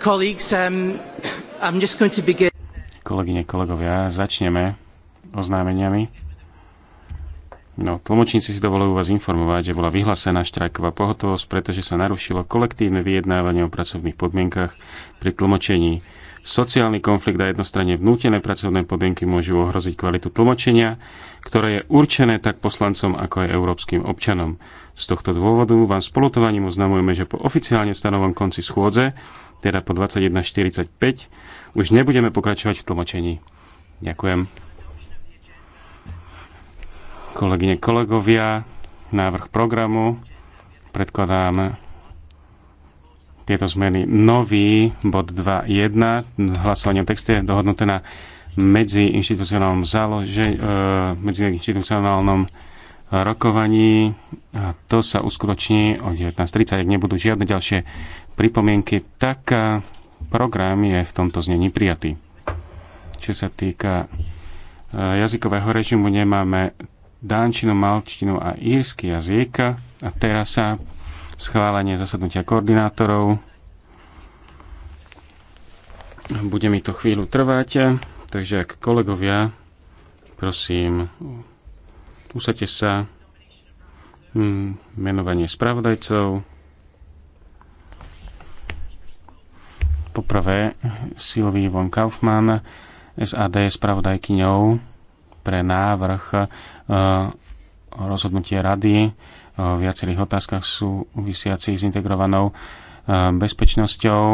Um, Kolegyne, kolegovia, začneme oznámeniami. No, tlmočníci si dovolujú vás informovať, že bola vyhlásená štrajková pohotovosť, pretože sa narušilo kolektívne vyjednávanie o pracovných podmienkach pri tlmočení. Sociálny konflikt a jednostranne vnútené pracovné podmienky môžu ohroziť kvalitu tlmočenia, ktoré je určené tak poslancom, ako aj európskym občanom. Z tohto dôvodu vám spolutovaním oznamujeme, že po oficiálne stanovom konci schôdze teda po 21.45, už nebudeme pokračovať v tlmočení. Ďakujem. Kolegyne, kolegovia, návrh programu predkladám tieto zmeny. Nový bod 2.1, hlasovanie o texte dohodnuté na medziinstitucionálnom zálože, e, medziinstitucionálnom rokovaní. A to sa uskutoční o 19.30, ak nebudú žiadne ďalšie pripomienky, tak e, program je v tomto znení prijatý. Čo sa týka e, jazykového režimu, nemáme dánčinu, malčinu a írsky jazyk. A teraz sa schválenie zasadnutia koordinátorov. Bude mi to chvíľu trvať, takže ak kolegovia, prosím, usadte sa mm, menovanie spravodajcov. Poprvé, Silvii von Kaufmann, SAD e, e, e, je spravodajkyňou pre návrh rozhodnutie rady v viacerých otázkach súvisiacich s integrovanou bezpečnosťou,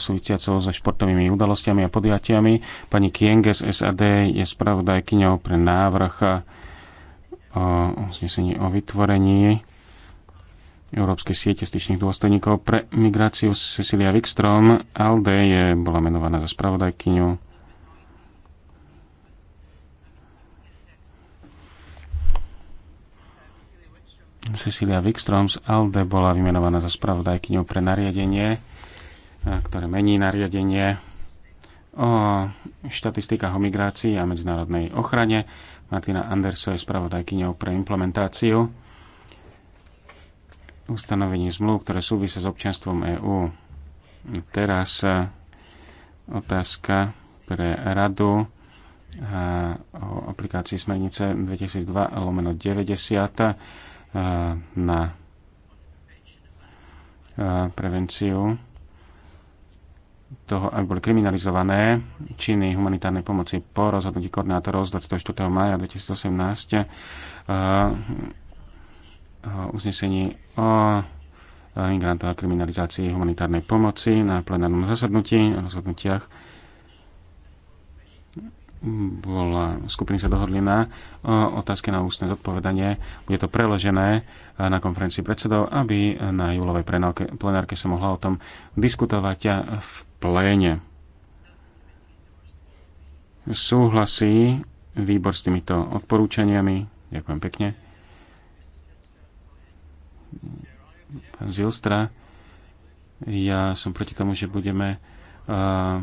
súvisiacou so športovými udalostiami a podujatiami. Pani Kienge SAD je spravodajkyňou pre návrh o o vytvorení Európskej siete styčných dôstojníkov pre migráciu Cecilia Wikström. Alde je, bola menovaná za spravodajkyňu. Cecilia Wikström z Alde bola vymenovaná za spravodajkyňu pre nariadenie, ktoré mení nariadenie o štatistikách o migrácii a medzinárodnej ochrane. Martina Anderso je spravodajkyňou pre implementáciu ustanovení zmluv, ktoré súvisia s občanstvom EÚ. Teraz e, otázka pre radu e, o aplikácii smernice 2002 lomeno 90 e, na prevenciu toho, ak boli kriminalizované činy humanitárnej pomoci po rozhodnutí koordinátorov z 24. maja 2018 Eh, uznesení o imigrantov eh, a kriminalizácii humanitárnej pomoci na plenárnom zasadnutí a rozhodnutiach bola, skupiny sa dohodli na eh, otázke na ústne zodpovedanie. Bude to preložené na konferencii predsedov, aby na júlovej plenárke sa mohla o tom diskutovať v pléne. Súhlasí výbor s týmito odporúčaniami. Ďakujem pekne pán Zilstra. Ja som proti tomu, že budeme uh,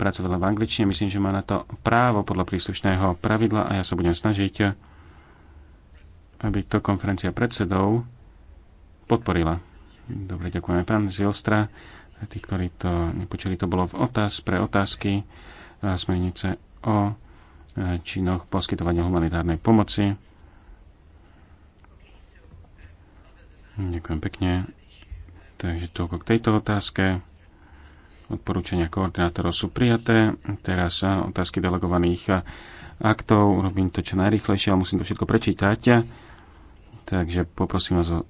pracovať v angličtine. Myslím, že má na to právo podľa príslušného pravidla a ja sa budem snažiť, aby to konferencia predsedov podporila. Dobre, ďakujeme pán Zilstra. Tí, ktorí to nepočuli, to bolo v otáz pre otázky smernice o e, činoch poskytovania humanitárnej pomoci. Ďakujem pekne. Takže toľko k tejto otázke. Odporúčania koordinátorov sú prijaté. Teraz eh, otázky delegovaných eh, aktov. Robím to čo najrychlejšie, ale musím to všetko prečítať. Takže poprosím vás o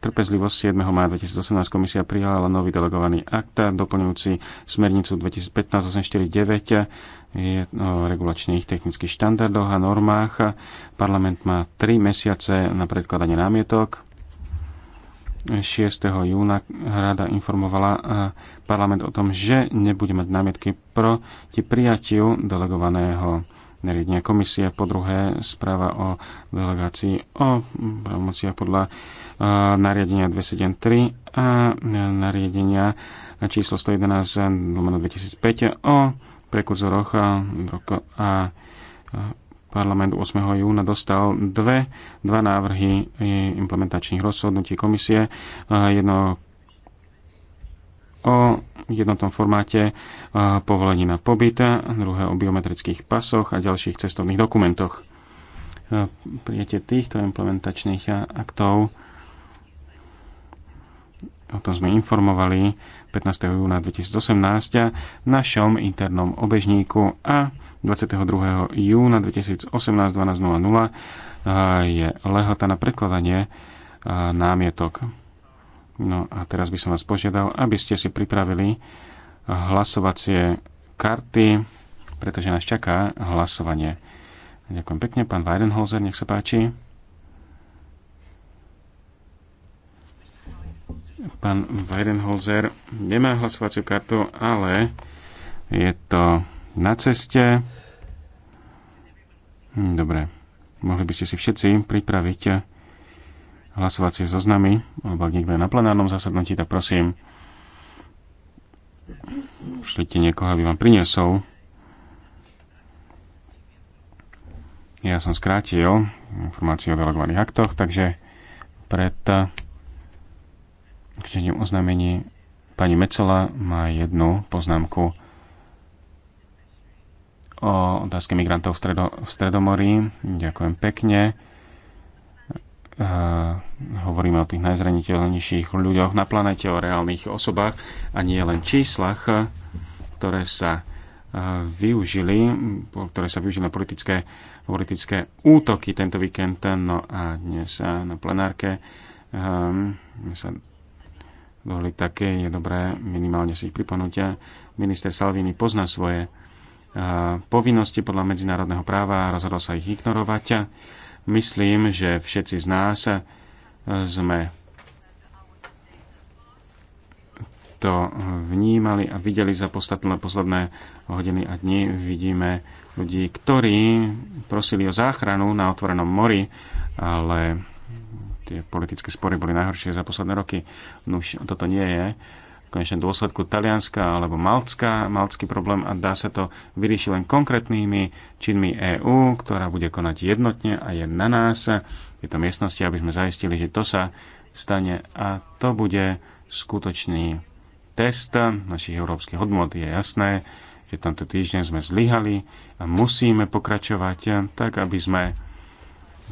trpezlivosť 7. maja 2018 komisia prijala nový delegovaný akt doplňujúci smernicu 2015-849 o regulačných technických štandardoch a normách. Parlament má 3 mesiace na predkladanie námietok. 6. júna rada informovala e, parlament o tom, že nebude mať námietky proti prijatiu delegovaného nariadenia komisie, po druhé správa o delegácii o pravomociach podľa e, nariadenia 273 a nariadenia číslo 111 2005 o prekurzoroch e, a, a, a Parlament 8. júna dostal dve, dva návrhy eh, implementačných rozhodnutí komisie. Eh, jedno o jednotnom formáte eh, povolení na pobyt, druhé o biometrických pasoch a ďalších cestovných dokumentoch. Prijete týchto implementačných aktov o tom sme informovali 15. júna 2018 v našom internom obežníku a 22. júna 2018 12.00 eh, je lehota na prekladanie eh, námietok. No a teraz by som vás požiadal, aby ste si pripravili hlasovacie karty, pretože nás čaká hlasovanie. Ďakujem pekne, pán Weidenholzer, nech sa páči. Pán Weidenholzer nemá hlasovaciu kartu, ale je to na ceste. Hm, dobre, mohli by ste si všetci pripraviť hlasovacie zoznamy, alebo ak niekto je na plenárnom zasadnutí, tak prosím, všlite niekoho, aby vám priniesol. Ja som skrátil informácie o delegovaných aktoch, takže pred ukončením oznámení pani Mecela má jednu poznámku o otázke migrantov v, stredo, v Stredomorí. Ďakujem pekne. Uh, hovoríme o tých najzraniteľnejších ľuďoch na planete, o reálnych osobách a nie len číslach, ktoré sa uh, využili, ktoré sa využili na politické, politické útoky tento víkend. No a dnes e, na plenárke um, sa dohli také, je dobré minimálne si ich pripomenúť. Minister Salvini pozná svoje povinnosti podľa medzinárodného práva a rozhodol sa ich ignorovať. Myslím, že všetci z nás e, sme to vnímali a videli za podstatné posledné hodiny a dni. Vidíme ľudí, ktorí prosili o záchranu na otvorenom mori, ale tie politické spory boli najhoršie za posledné roky. No už toto nie je konečnom dôsledku Talianska alebo Malcka, malcký problém a dá sa to vyriešiť len konkrétnymi činmi EÚ, ktorá bude konať jednotne a je na nás v tejto miestnosti, aby sme zaistili, že to sa stane a to bude skutočný test našich európskych hodnot. Je jasné, že tento týždeň sme zlyhali a musíme pokračovať tak, aby sme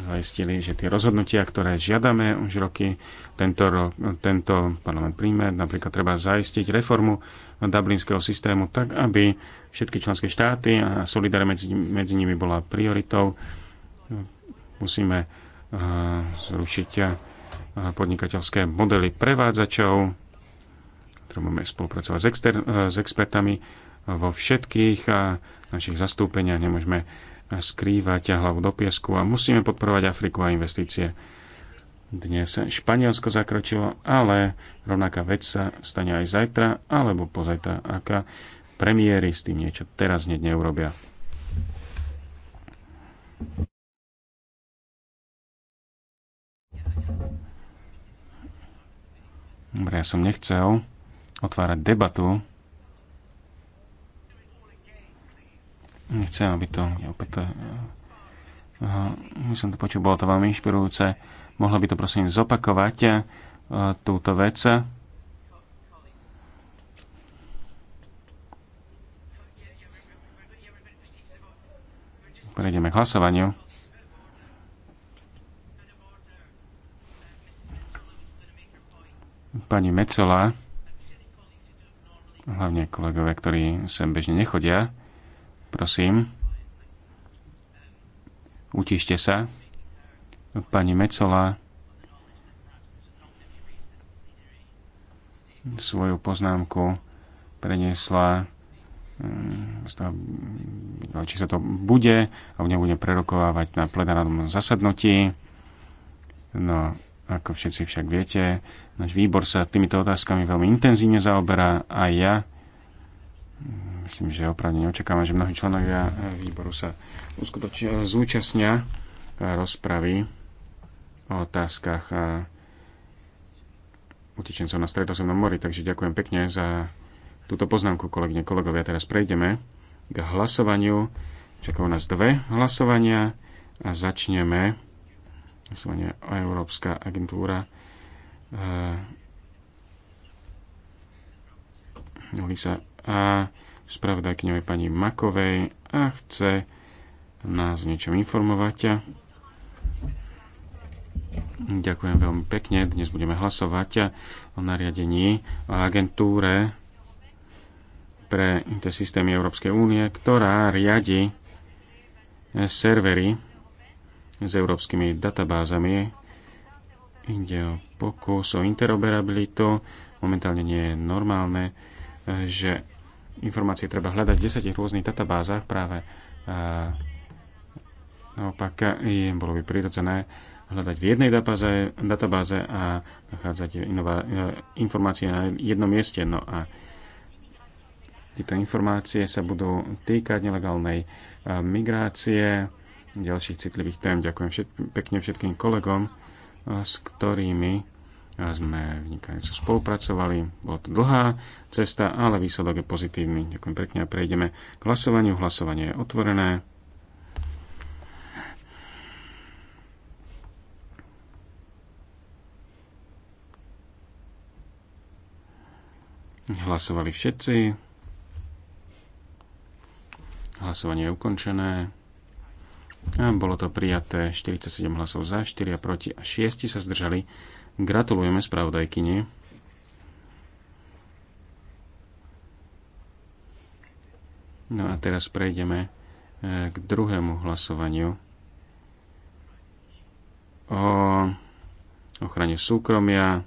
zaistili, že tie rozhodnutia, ktoré žiadame už roky, tento, rok, tento parlament príjme, napríklad treba zaistiť reformu dublinského systému tak, aby všetky členské štáty a solidar medzi, medzi nimi bola prioritou. Musíme eh, zrušiť eh, podnikateľské modely prevádzačov, trebujeme spolupracovať s, exter, eh, s expertami vo všetkých našich zastúpeniach, nemôžeme skrývať hlavu do piesku a musíme podporovať Afriku a investície. Dnes Španielsko zakročilo, ale rovnaká vec sa stane aj zajtra alebo pozajtra, aká premiéry s tým niečo teraz hneď neurobia. Dobre, ja som nechcel otvárať debatu Nechcem, aby to... Ja opäť to my som to počul, bolo to veľmi inšpirujúce. Mohla by to prosím zopakovať, e, túto vec. Prejdeme k hlasovaniu. Pani Mecola, hlavne kolegovia, ktorí sem bežne nechodia, Prosím. Utište sa. Pani Mecola svoju poznámku preniesla mm, mm, či sa to bude alebo nebude prerokovávať na plenárnom zasadnutí. No, ako všetci však viete, náš výbor sa týmito otázkami veľmi intenzívne zaoberá a ja myslím, že opravne neočakávam, že mnohí členovia výboru sa eh, zúčastnia eh, rozpravy o otázkach eh, utečencov na stredozemnom mori. Takže ďakujem pekne za túto poznámku, kolegyne, kolegovia. Teraz prejdeme k hlasovaniu. Čakajú nás dve hlasovania a začneme hlasovanie Európska agentúra uh, sa spravodajkyňovej pani Makovej a chce nás niečom informovať. Ďakujem veľmi pekne. Dnes budeme hlasovať o nariadení o agentúre pre systémy Európskej únie, ktorá riadi servery s európskymi databázami. Ide o pokus o interoperabilitu. Momentálne nie je normálne, že informácie treba hľadať v desetich rôznych databázach práve naopak je, bolo by prirodzené hľadať v jednej databáze, databáze a nachádzať inová, e, informácie na jednom mieste. No a tieto informácie sa budú týkať nelegálnej e, migrácie, ďalších citlivých tém. Ďakujem všet, pekne všetkým kolegom, e, s ktorými sme vynikajúco spolupracovali. Bola to dlhá cesta, ale výsledok je pozitívny. Ďakujem pekne a prejdeme k hlasovaniu. Hlasovanie je otvorené. Hlasovali všetci. Hlasovanie je ukončené. A bolo to prijaté 47 hlasov za, 4 a proti a 6 sa zdržali Gratulujeme spravodajkyni. No a teraz prejdeme e, k druhému hlasovaniu o ochrane súkromia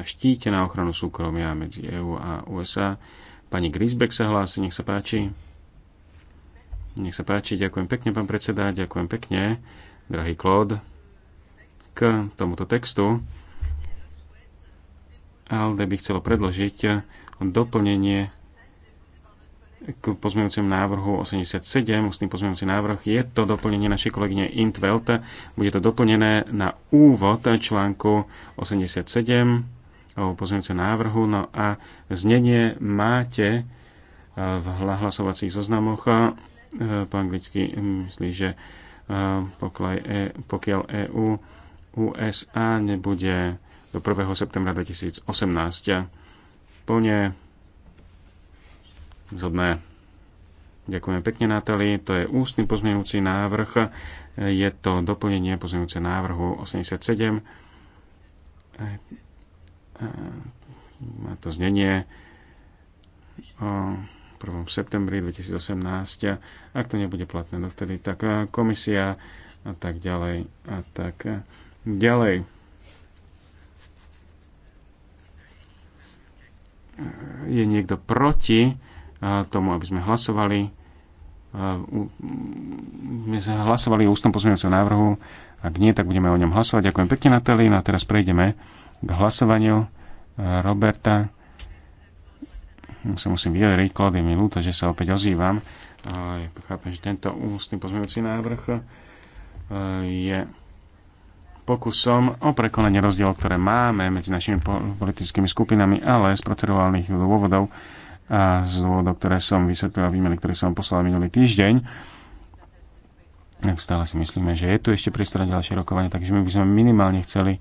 a štíte na ochranu súkromia medzi EÚ a USA. Pani Grisbeck sa hlási, nech sa páči. Nech sa páči, ďakujem pekne, pán predseda, ďakujem pekne, drahý Claude, k tomuto textu. ALDE by chcelo predložiť doplnenie k pozmeňujúcemu návrhu 87, ústny pozmeňujúci návrh. Je to doplnenie našej kolegyne Intvelt. Bude to doplnené na úvod článku 87 pozmeňujúceho návrhu. No a znenie máte v hlasovacích zoznamoch. E, po anglicky myslí, že e, e, pokiaľ EU USA nebude do 1. septembra 2018 plne zhodné. Ďakujem pekne, Natali. To je ústny pozmeňujúci návrh. Je to doplnenie pozmeňujúce návrhu 87. Má to znenie o 1. septembri 2018. Ak to nebude platné dovtedy, tak komisia a tak ďalej a tak ďalej. je niekto proti e, tomu, aby sme hlasovali, e, my sme hlasovali o ústnom pozmeňujúcom návrhu. Ak nie, tak budeme o ňom hlasovať. Ďakujem pekne, Natalín. No a teraz prejdeme k hlasovaniu e, Roberta. Sa musím vyjadriť, Klody, mi ľúto, že sa opäť ozývam. Chápem, že tento ústny pozmeňujúci návrh je pokusom o prekonanie rozdielov, ktoré máme medzi našimi politickými skupinami, ale z procedurálnych dôvodov a z dôvodov, ktoré som vysvetlil a výmeny, ktoré som poslal minulý týždeň. Stále si myslíme, že je tu ešte priestor na ďalšie rokovanie, takže my by sme minimálne chceli,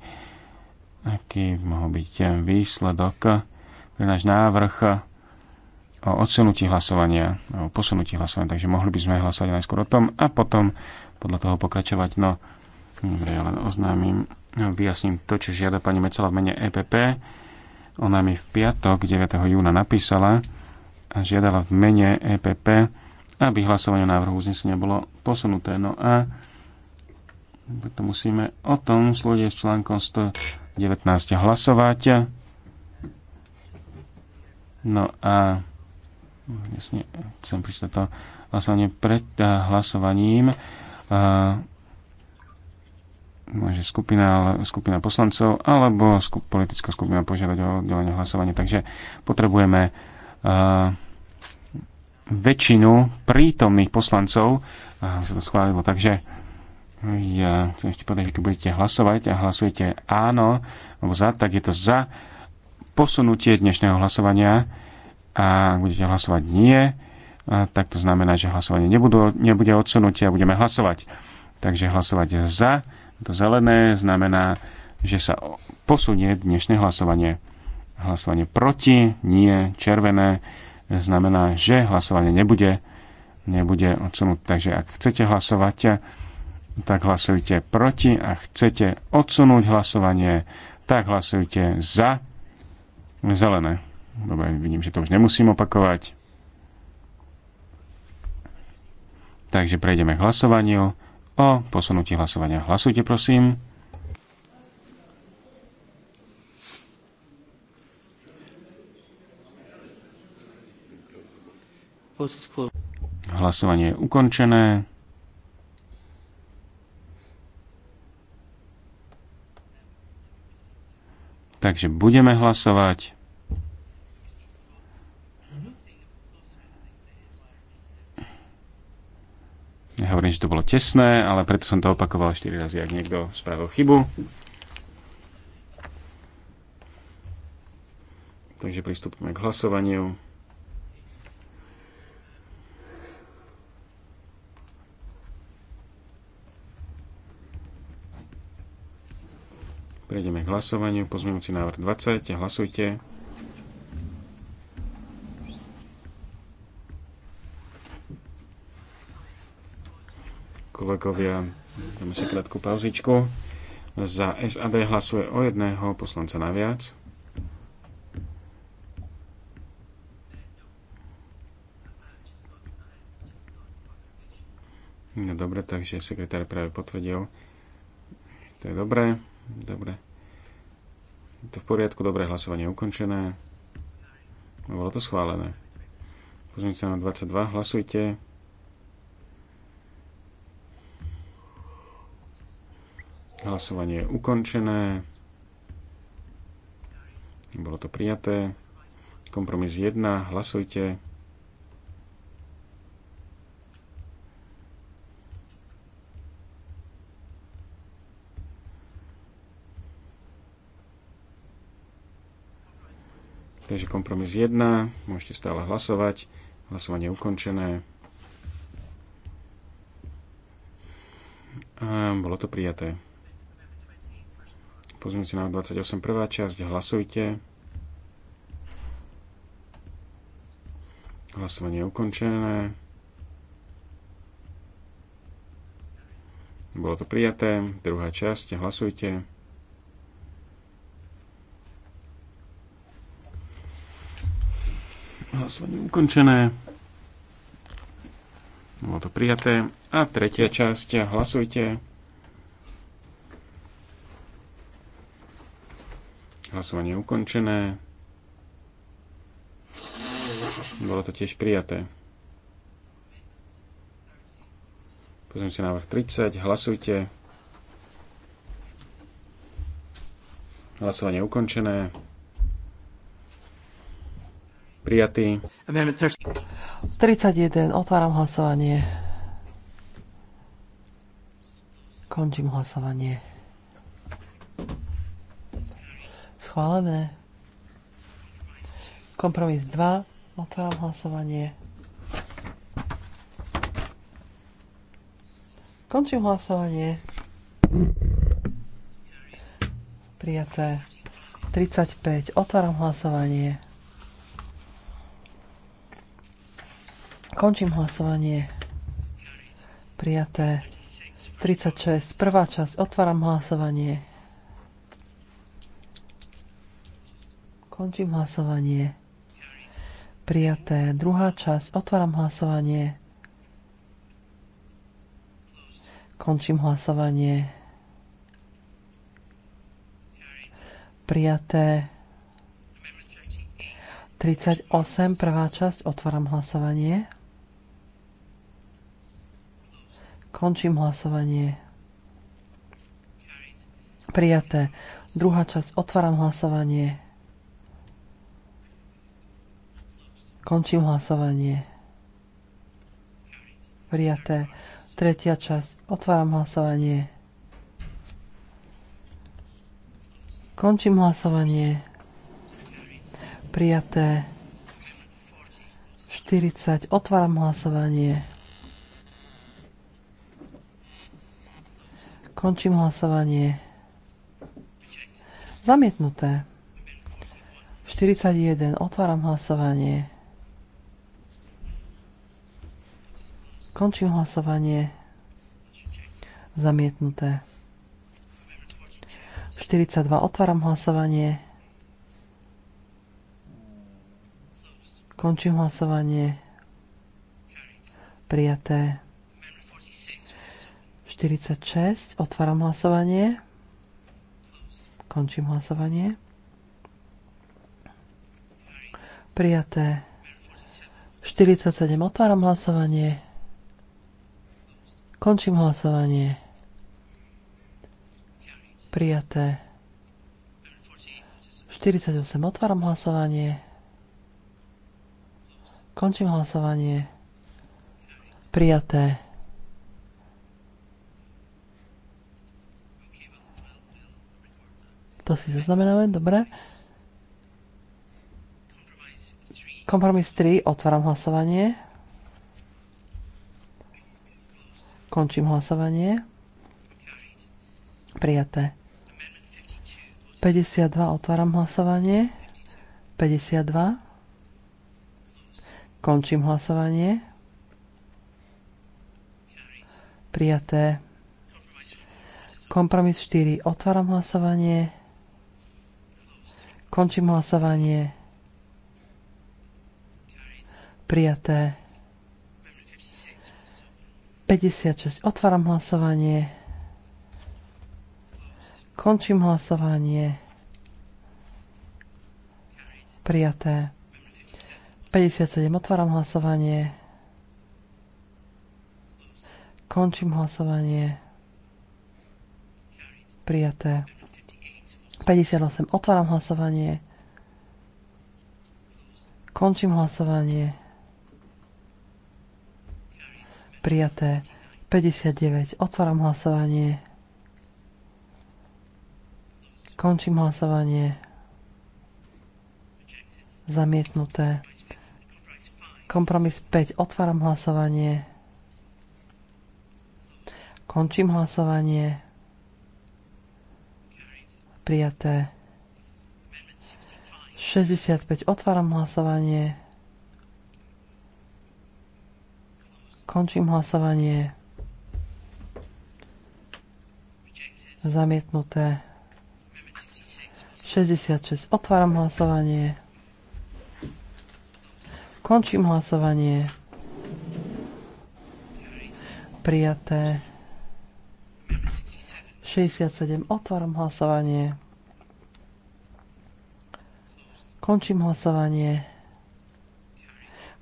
aký mohol byť výsledok pre náš návrh o odsunutí hlasovania, o posunutí hlasovania, takže mohli by sme hlasovať najskôr o tom a potom podľa toho pokračovať. No, Dobre, ja len oznámim, vyjasním to, čo žiada pani Mecela v mene EPP. Ona mi v piatok 9. júna napísala a žiadala v mene EPP, aby hlasovanie návrhu uznesenia bolo posunuté. No a to musíme o tom slúdiť s článkom 119 hlasovať. No a jasne, chcem prečítať to hlasovanie pred eh, hlasovaním. Eh, môže skupina, skupina poslancov alebo skup, politická skupina požiadať o oddelenie hlasovania. Takže potrebujeme uh, väčšinu prítomných poslancov, aby sa to schválilo. Takže ja chcem ešte povedať, že keď budete hlasovať a hlasujete áno alebo za, tak je to za posunutie dnešného hlasovania a ak budete hlasovať nie, tak to znamená, že hlasovanie nebudú, nebude odsunutie a budeme hlasovať. Takže hlasovať za to zelené znamená, že sa posunie dnešné hlasovanie. Hlasovanie proti, nie, červené znamená, že hlasovanie nebude, nebude odsunuté. Takže ak chcete hlasovať, tak hlasujte proti. a chcete odsunúť hlasovanie, tak hlasujte za zelené. Dobre, vidím, že to už nemusím opakovať. Takže prejdeme k hlasovaniu o posunutí hlasovania. Hlasujte, prosím. Hlasovanie je ukončené. Takže budeme hlasovať. Ja hovorím, že to bolo tesné, ale preto som to opakoval 4 razy, ak niekto spravil chybu. Takže pristúpime k hlasovaniu. Prejdeme k hlasovaniu. Pozmeňujúci návrh 20. Hlasujte. Kolegovia, dáme si krátku pauzičku. Za SAD hlasuje o jedného poslanca naviac. No dobre, takže sekretár práve potvrdil. To je dobré, dobre. Je to v poriadku, dobré hlasovanie ukončené. Bolo to schválené. Pozrite sa na 22, hlasujte. Hlasovanie je ukončené. Bolo to prijaté. Kompromis 1. Hlasujte. Takže kompromis 1, môžete stále hlasovať. Hlasovanie je ukončené. A bolo to prijaté. Pozrieme si na 28. prvá časť. Hlasujte. Hlasovanie je ukončené. Bolo to prijaté. Druhá časť. Hlasujte. Hlasovanie ukončené. Bolo to prijaté. A tretia časť. Hlasujte. Hlasovanie je ukončené. Bolo to tiež prijaté. Pozrieme si návrh 30. Hlasujte. Hlasovanie je ukončené. Prijatý. 31. Otváram hlasovanie. Končím hlasovanie schválené. Kompromis 2. Otváram hlasovanie. Končím hlasovanie. Prijaté 35. Otváram hlasovanie. Končím hlasovanie. Prijaté 36. Prvá časť. Otváram hlasovanie. Končím hlasovanie. Prijaté. Druhá časť. Otváram hlasovanie. Končím hlasovanie. Prijaté. 38. Prvá časť. Otváram hlasovanie. Končím hlasovanie. Prijaté. Druhá časť. Otváram hlasovanie. Končím hlasovanie. Prijaté. Tretia časť. Otváram hlasovanie. Končím hlasovanie. Prijaté. 40. Otváram hlasovanie. Končím hlasovanie. Zamietnuté. 41. Otváram hlasovanie. Končím hlasovanie. Zamietnuté. 42. Otváram hlasovanie. Končím hlasovanie. Prijaté. 46. Otváram hlasovanie. Končím hlasovanie. Prijaté. 47. Otváram hlasovanie. Končím hlasovanie. Prijaté. 48. Otváram hlasovanie. Končím hlasovanie. Prijaté. To si zaznamenáme, dobre. Kompromis 3, otváram hlasovanie. Končím hlasovanie. Prijaté. 52. Otváram hlasovanie. 52. Končím hlasovanie. Prijaté. Kompromis 4. Otváram hlasovanie. Končím hlasovanie. Prijaté. 56. Otváram hlasovanie. Končím hlasovanie. Prijaté. 57. Otváram hlasovanie. Končím hlasovanie. Prijaté. 58. Otváram hlasovanie. Končím hlasovanie prijaté. 59. Otváram hlasovanie. Končím hlasovanie. Zamietnuté. Kompromis 5. Otváram hlasovanie. Končím hlasovanie. Prijaté. 65. Otváram hlasovanie. Končím hlasovanie. Zamietnuté. 66. Otváram hlasovanie. Končím hlasovanie. Prijaté. 67. Otváram hlasovanie. Končím hlasovanie.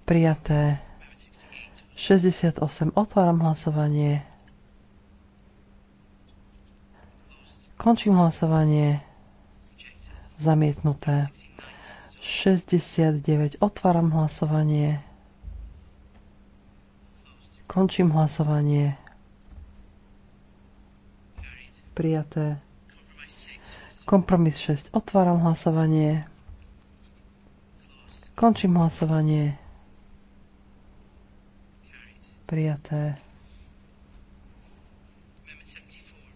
Prijaté. 68. Otváram hlasovanie. Končím hlasovanie. Zamietnuté. 69. Otváram hlasovanie. Končím hlasovanie. Prijaté. Kompromis 6. Otváram hlasovanie. Končím hlasovanie prijaté.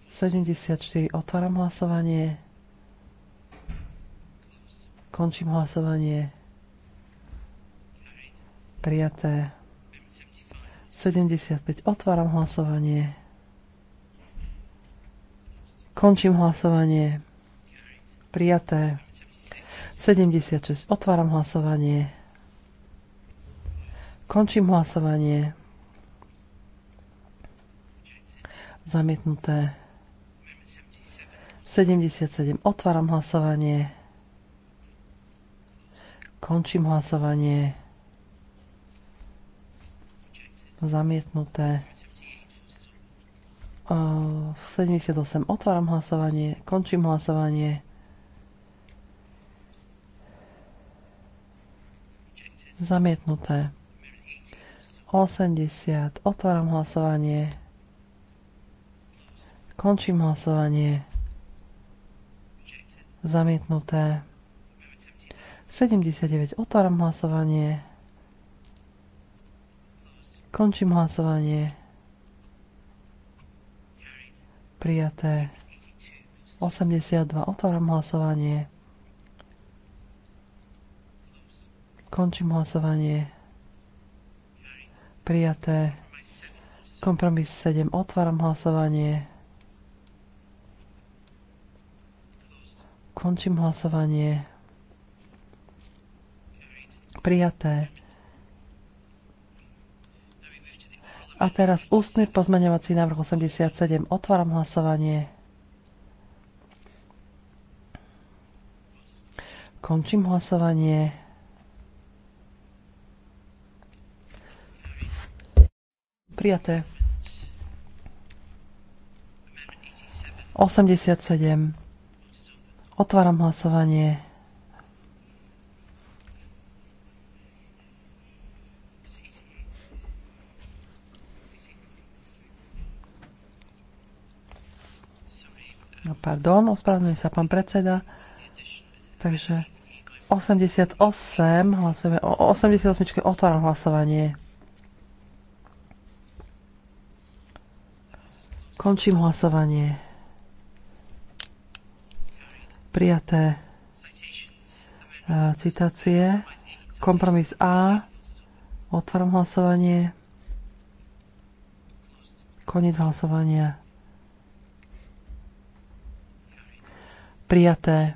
74. Otváram hlasovanie. Končím hlasovanie. Prijaté. 75. Otváram hlasovanie. Končím hlasovanie. Prijaté. 76. Otváram hlasovanie. Končím hlasovanie. Zamietnuté. 77. Otváram hlasovanie. Končím hlasovanie. Zamietnuté. 78. Otváram hlasovanie. Končím hlasovanie. Zamietnuté. 80. Otváram hlasovanie. Končím hlasovanie. Zamietnuté. 79. Otváram hlasovanie. Končím hlasovanie. Prijaté. 82. Otváram hlasovanie. Končím hlasovanie. Prijaté. Kompromis 7. Otváram hlasovanie. Končím hlasovanie. Prijaté. A teraz ústny pozmeňovací návrh 87. Otváram hlasovanie. Končím hlasovanie. Prijaté. 87. Otváram hlasovanie. No, pardon, ospravedlňuje sa pán predseda. Takže 88, hlasujeme o 88, otváram hlasovanie. Končím hlasovanie. Prijaté e, citácie. Kompromis A. Otváram hlasovanie. Koniec hlasovania. Prijaté.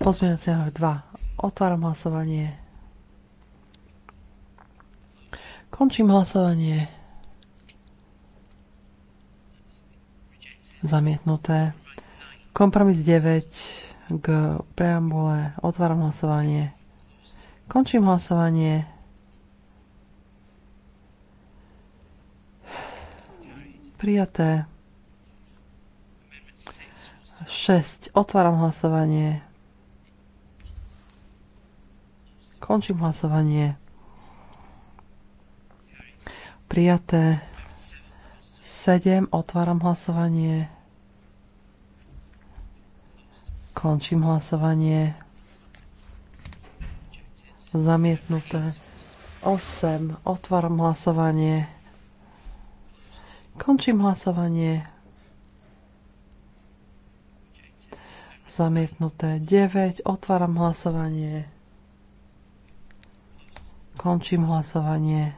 Pozmeňovací návrh 2. Otváram hlasovanie. Končím hlasovanie. Zamietnuté. Kompromis 9 k preambule. Otváram hlasovanie. Končím hlasovanie. Prijaté. 6. Otváram hlasovanie. Končím hlasovanie. Prijaté. 7. Otváram hlasovanie. Končím hlasovanie. Zamietnuté. 8. Otváram hlasovanie. Končím hlasovanie. Zamietnuté. 9. Otváram hlasovanie. Končím hlasovanie.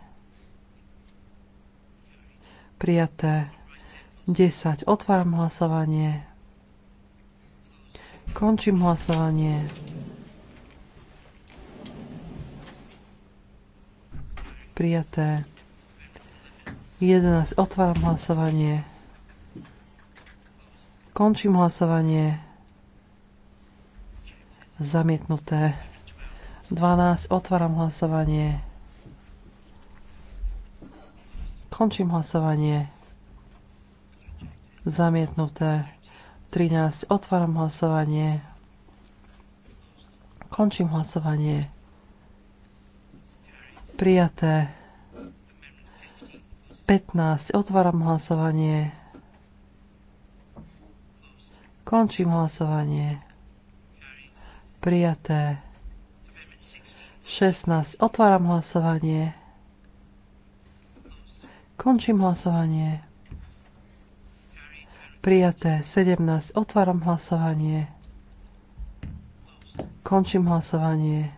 Prijaté. 10. Otváram hlasovanie. Končím hlasovanie. Prijaté. 11. Otváram hlasovanie. Končím hlasovanie. Zamietnuté. 12. Otváram hlasovanie. Končím hlasovanie. Zamietnuté. 13. Otváram hlasovanie. Končím hlasovanie. Prijaté. 15. Otváram hlasovanie. Končím hlasovanie. Prijaté. 16. Otváram hlasovanie. Končím hlasovanie. Prijaté 17. Otváram hlasovanie. Končím hlasovanie.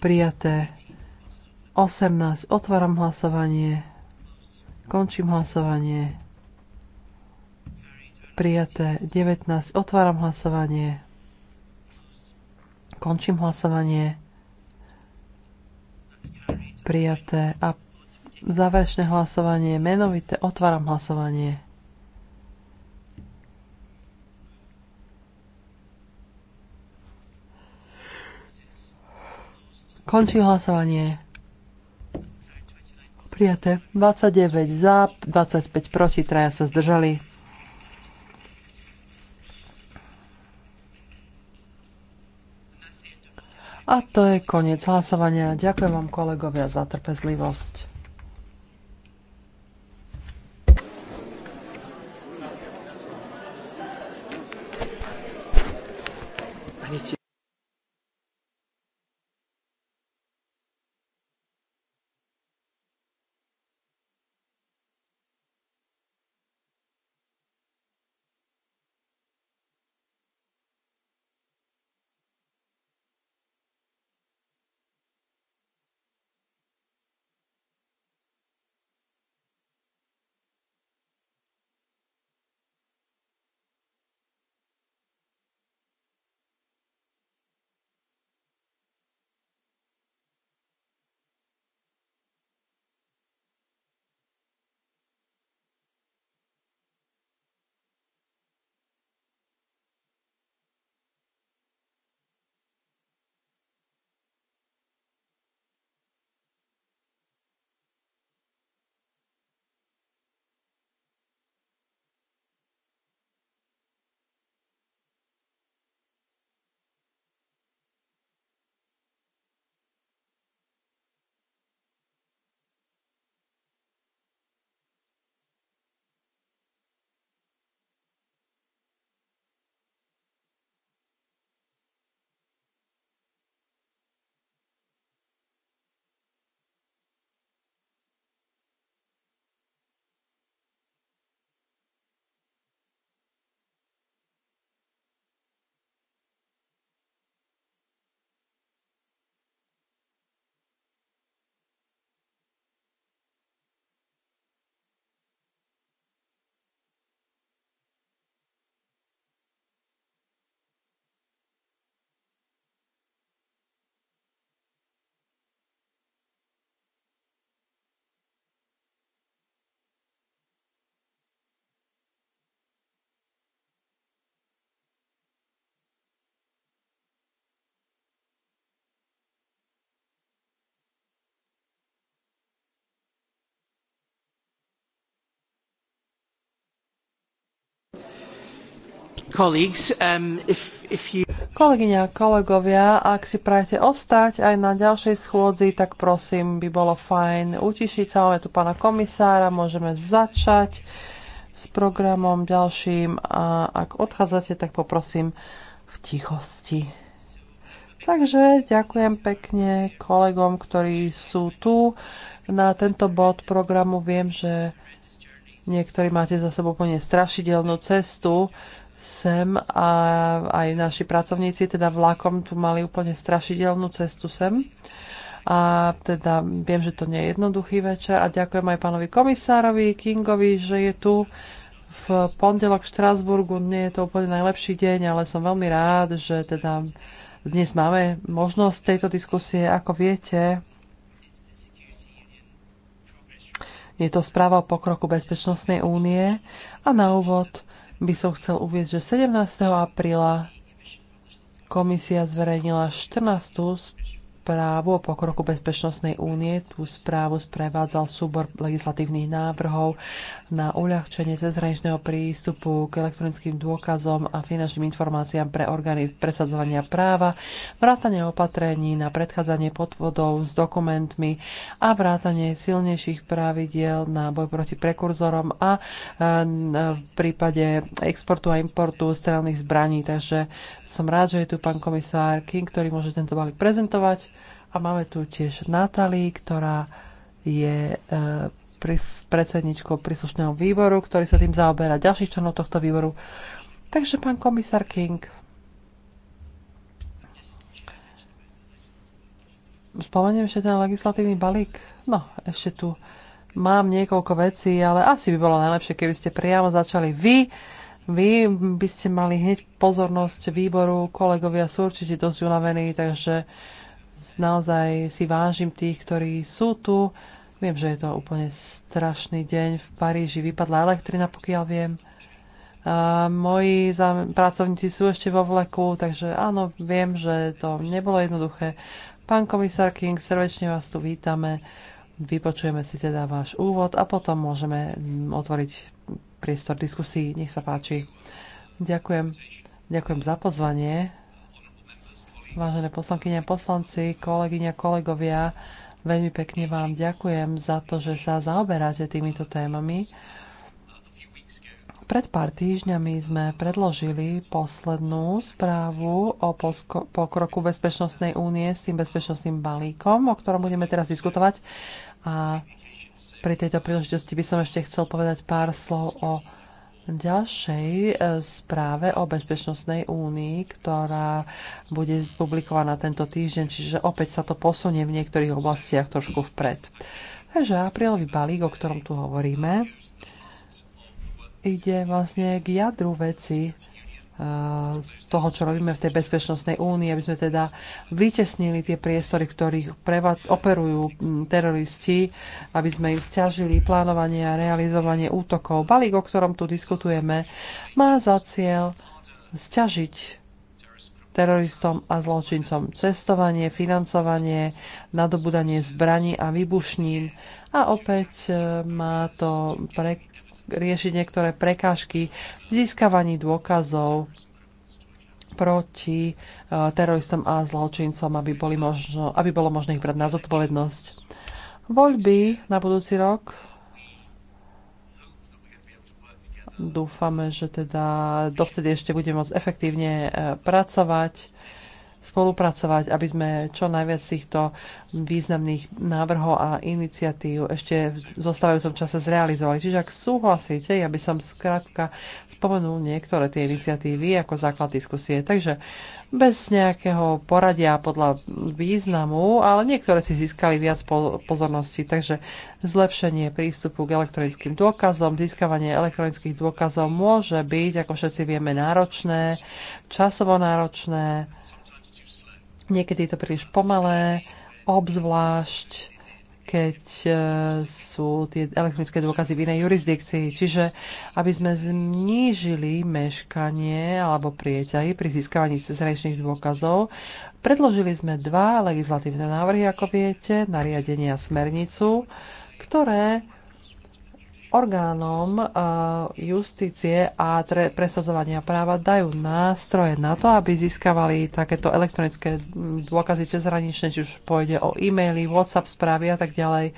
Prijaté 18. Otváram hlasovanie. Končím hlasovanie. Prijaté 19. Otváram hlasovanie. Končím hlasovanie. Prijaté a Záverečné hlasovanie menovité. Otváram hlasovanie. Končím hlasovanie. Prijaté. 29 za, 25 proti, traja sa zdržali. A to je koniec hlasovania. Ďakujem vám kolegovia za trpezlivosť. Um, Kolegyňa, kolegovia, ak si prajete ostať aj na ďalšej schôdzi, tak prosím, by bolo fajn utišiť sa. Máme tu pána komisára, môžeme začať s programom ďalším a ak odchádzate, tak poprosím v tichosti. Takže ďakujem pekne kolegom, ktorí sú tu. Na tento bod programu viem, že niektorí máte za sebou plne strašidelnú cestu sem a aj naši pracovníci teda vlakom tu mali úplne strašidelnú cestu sem. A teda viem, že to nie je jednoduchý večer a ďakujem aj pánovi komisárovi Kingovi, že je tu v pondelok v Štrasburgu. Nie je to úplne najlepší deň, ale som veľmi rád, že teda dnes máme možnosť tejto diskusie. Ako viete, Je to správa o pokroku Bezpečnostnej únie a na úvod by som chcel uvieť, že 17. apríla komisia zverejnila 14 správu o pokroku Bezpečnostnej únie. Tú správu sprevádzal súbor legislatívnych návrhov na uľahčenie cezhraničného prístupu k elektronickým dôkazom a finančným informáciám pre orgány presadzovania práva, vrátanie opatrení na predchádzanie podvodov s dokumentmi a vrátanie silnejších pravidiel na boj proti prekurzorom a e, v prípade exportu a importu strelných zbraní. Takže som rád, že je tu pán komisár King, ktorý môže tento balík prezentovať. A máme tu tiež Natalí, ktorá je e, predsedničkou príslušného výboru, ktorý sa tým zaoberá ďalších členov tohto výboru. Takže pán komisár King, spomeniem ešte ten legislatívny balík. No, ešte tu mám niekoľko vecí, ale asi by bolo najlepšie, keby ste priamo začali vy. Vy by ste mali hneď pozornosť výboru, kolegovia sú určite dosť unavení, takže Naozaj si vážim tých, ktorí sú tu. Viem, že je to úplne strašný deň. V Paríži vypadla elektrina, pokiaľ viem. A moji pracovníci sú ešte vo vleku, takže áno, viem, že to nebolo jednoduché. Pán komisár King, srdečne vás tu vítame. Vypočujeme si teda váš úvod a potom môžeme otvoriť priestor diskusí. Nech sa páči. Ďakujem. Ďakujem za pozvanie. Vážené poslankyne a poslanci, kolegyňa, kolegovia, veľmi pekne vám ďakujem za to, že sa zaoberáte týmito témami. Pred pár týždňami sme predložili poslednú správu o pokroku Bezpečnostnej únie s tým bezpečnostným balíkom, o ktorom budeme teraz diskutovať. A pri tejto príležitosti by som ešte chcel povedať pár slov o ďalšej e, správe o Bezpečnostnej únii, ktorá bude publikovaná tento týždeň, čiže opäť sa to posunie v niektorých oblastiach trošku vpred. Takže aprílový balík, o ktorom tu hovoríme, ide vlastne k jadru veci Eh, toho, čo robíme v tej bezpečnostnej únii, aby sme teda vytesnili tie priestory, ktorých operujú mm, teroristi, aby sme im stiažili plánovanie a realizovanie útokov. Balík, o ktorom tu diskutujeme, má za cieľ stiažiť teroristom a zločincom cestovanie, financovanie, nadobudanie zbraní a výbušnín a opäť eh, má to pre, riešiť niektoré prekážky v získavaní dôkazov proti eh, teroristom a zločincom, aby, boli možno, aby bolo možné ich brať na zodpovednosť. Voľby na budúci rok dúfame, že teda dovtedy ešte budeme môcť efektívne eh, pracovať spolupracovať, aby sme čo najviac týchto významných návrhov a iniciatív ešte v zostávajúcom čase zrealizovali. Čiže ak súhlasíte, ja by som skrátka spomenul niektoré tie iniciatívy ako základ diskusie. Takže bez nejakého poradia podľa významu, ale niektoré si získali viac pozornosti. Takže zlepšenie prístupu k elektronickým dôkazom, získavanie elektronických dôkazov môže byť, ako všetci vieme, náročné, časovo náročné, Niekedy je to príliš pomalé, obzvlášť keď e, sú tie elektronické dôkazy v inej jurisdikcii. Čiže aby sme znížili meškanie alebo prieťahy pri získavaní cezhraničných dôkazov, predložili sme dva legislatívne návrhy, ako viete, nariadenie a smernicu, ktoré orgánom eh, justície a tre, presazovania práva dajú nástroje na to, aby získavali takéto elektronické mm, dôkazy cezhraničné, či už pôjde o e-maily, WhatsApp správy a tak ďalej,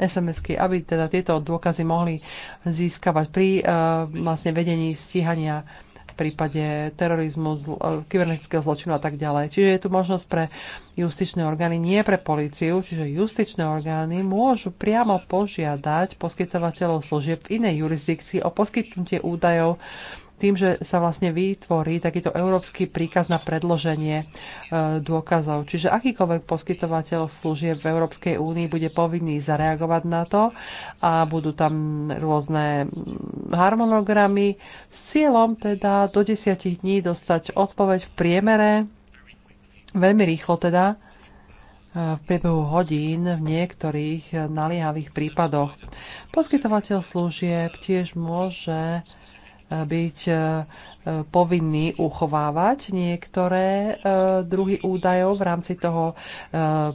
SMS-ky, aby teda tieto dôkazy mohli získavať pri uh, vlastne vedení stíhania prípade terorizmu, e, kybernetického zločinu a tak ďalej. Čiže je tu možnosť pre justičné orgány, nie pre políciu, čiže justičné orgány môžu priamo požiadať poskytovateľov služieb v inej jurisdikcii o poskytnutie údajov tým, že sa vlastne vytvorí takýto európsky príkaz na predloženie e, dôkazov. Čiže akýkoľvek poskytovateľ služieb v Európskej únii bude povinný zareagovať na to a budú tam rôzne mm, harmonogramy s cieľom teda do 10 dní dostať odpoveď v priemere, veľmi rýchlo teda, e, v priebehu hodín v niektorých naliehavých prípadoch. Poskytovateľ služieb tiež môže byť e, povinní uchovávať niektoré e, druhy údajov v rámci toho e,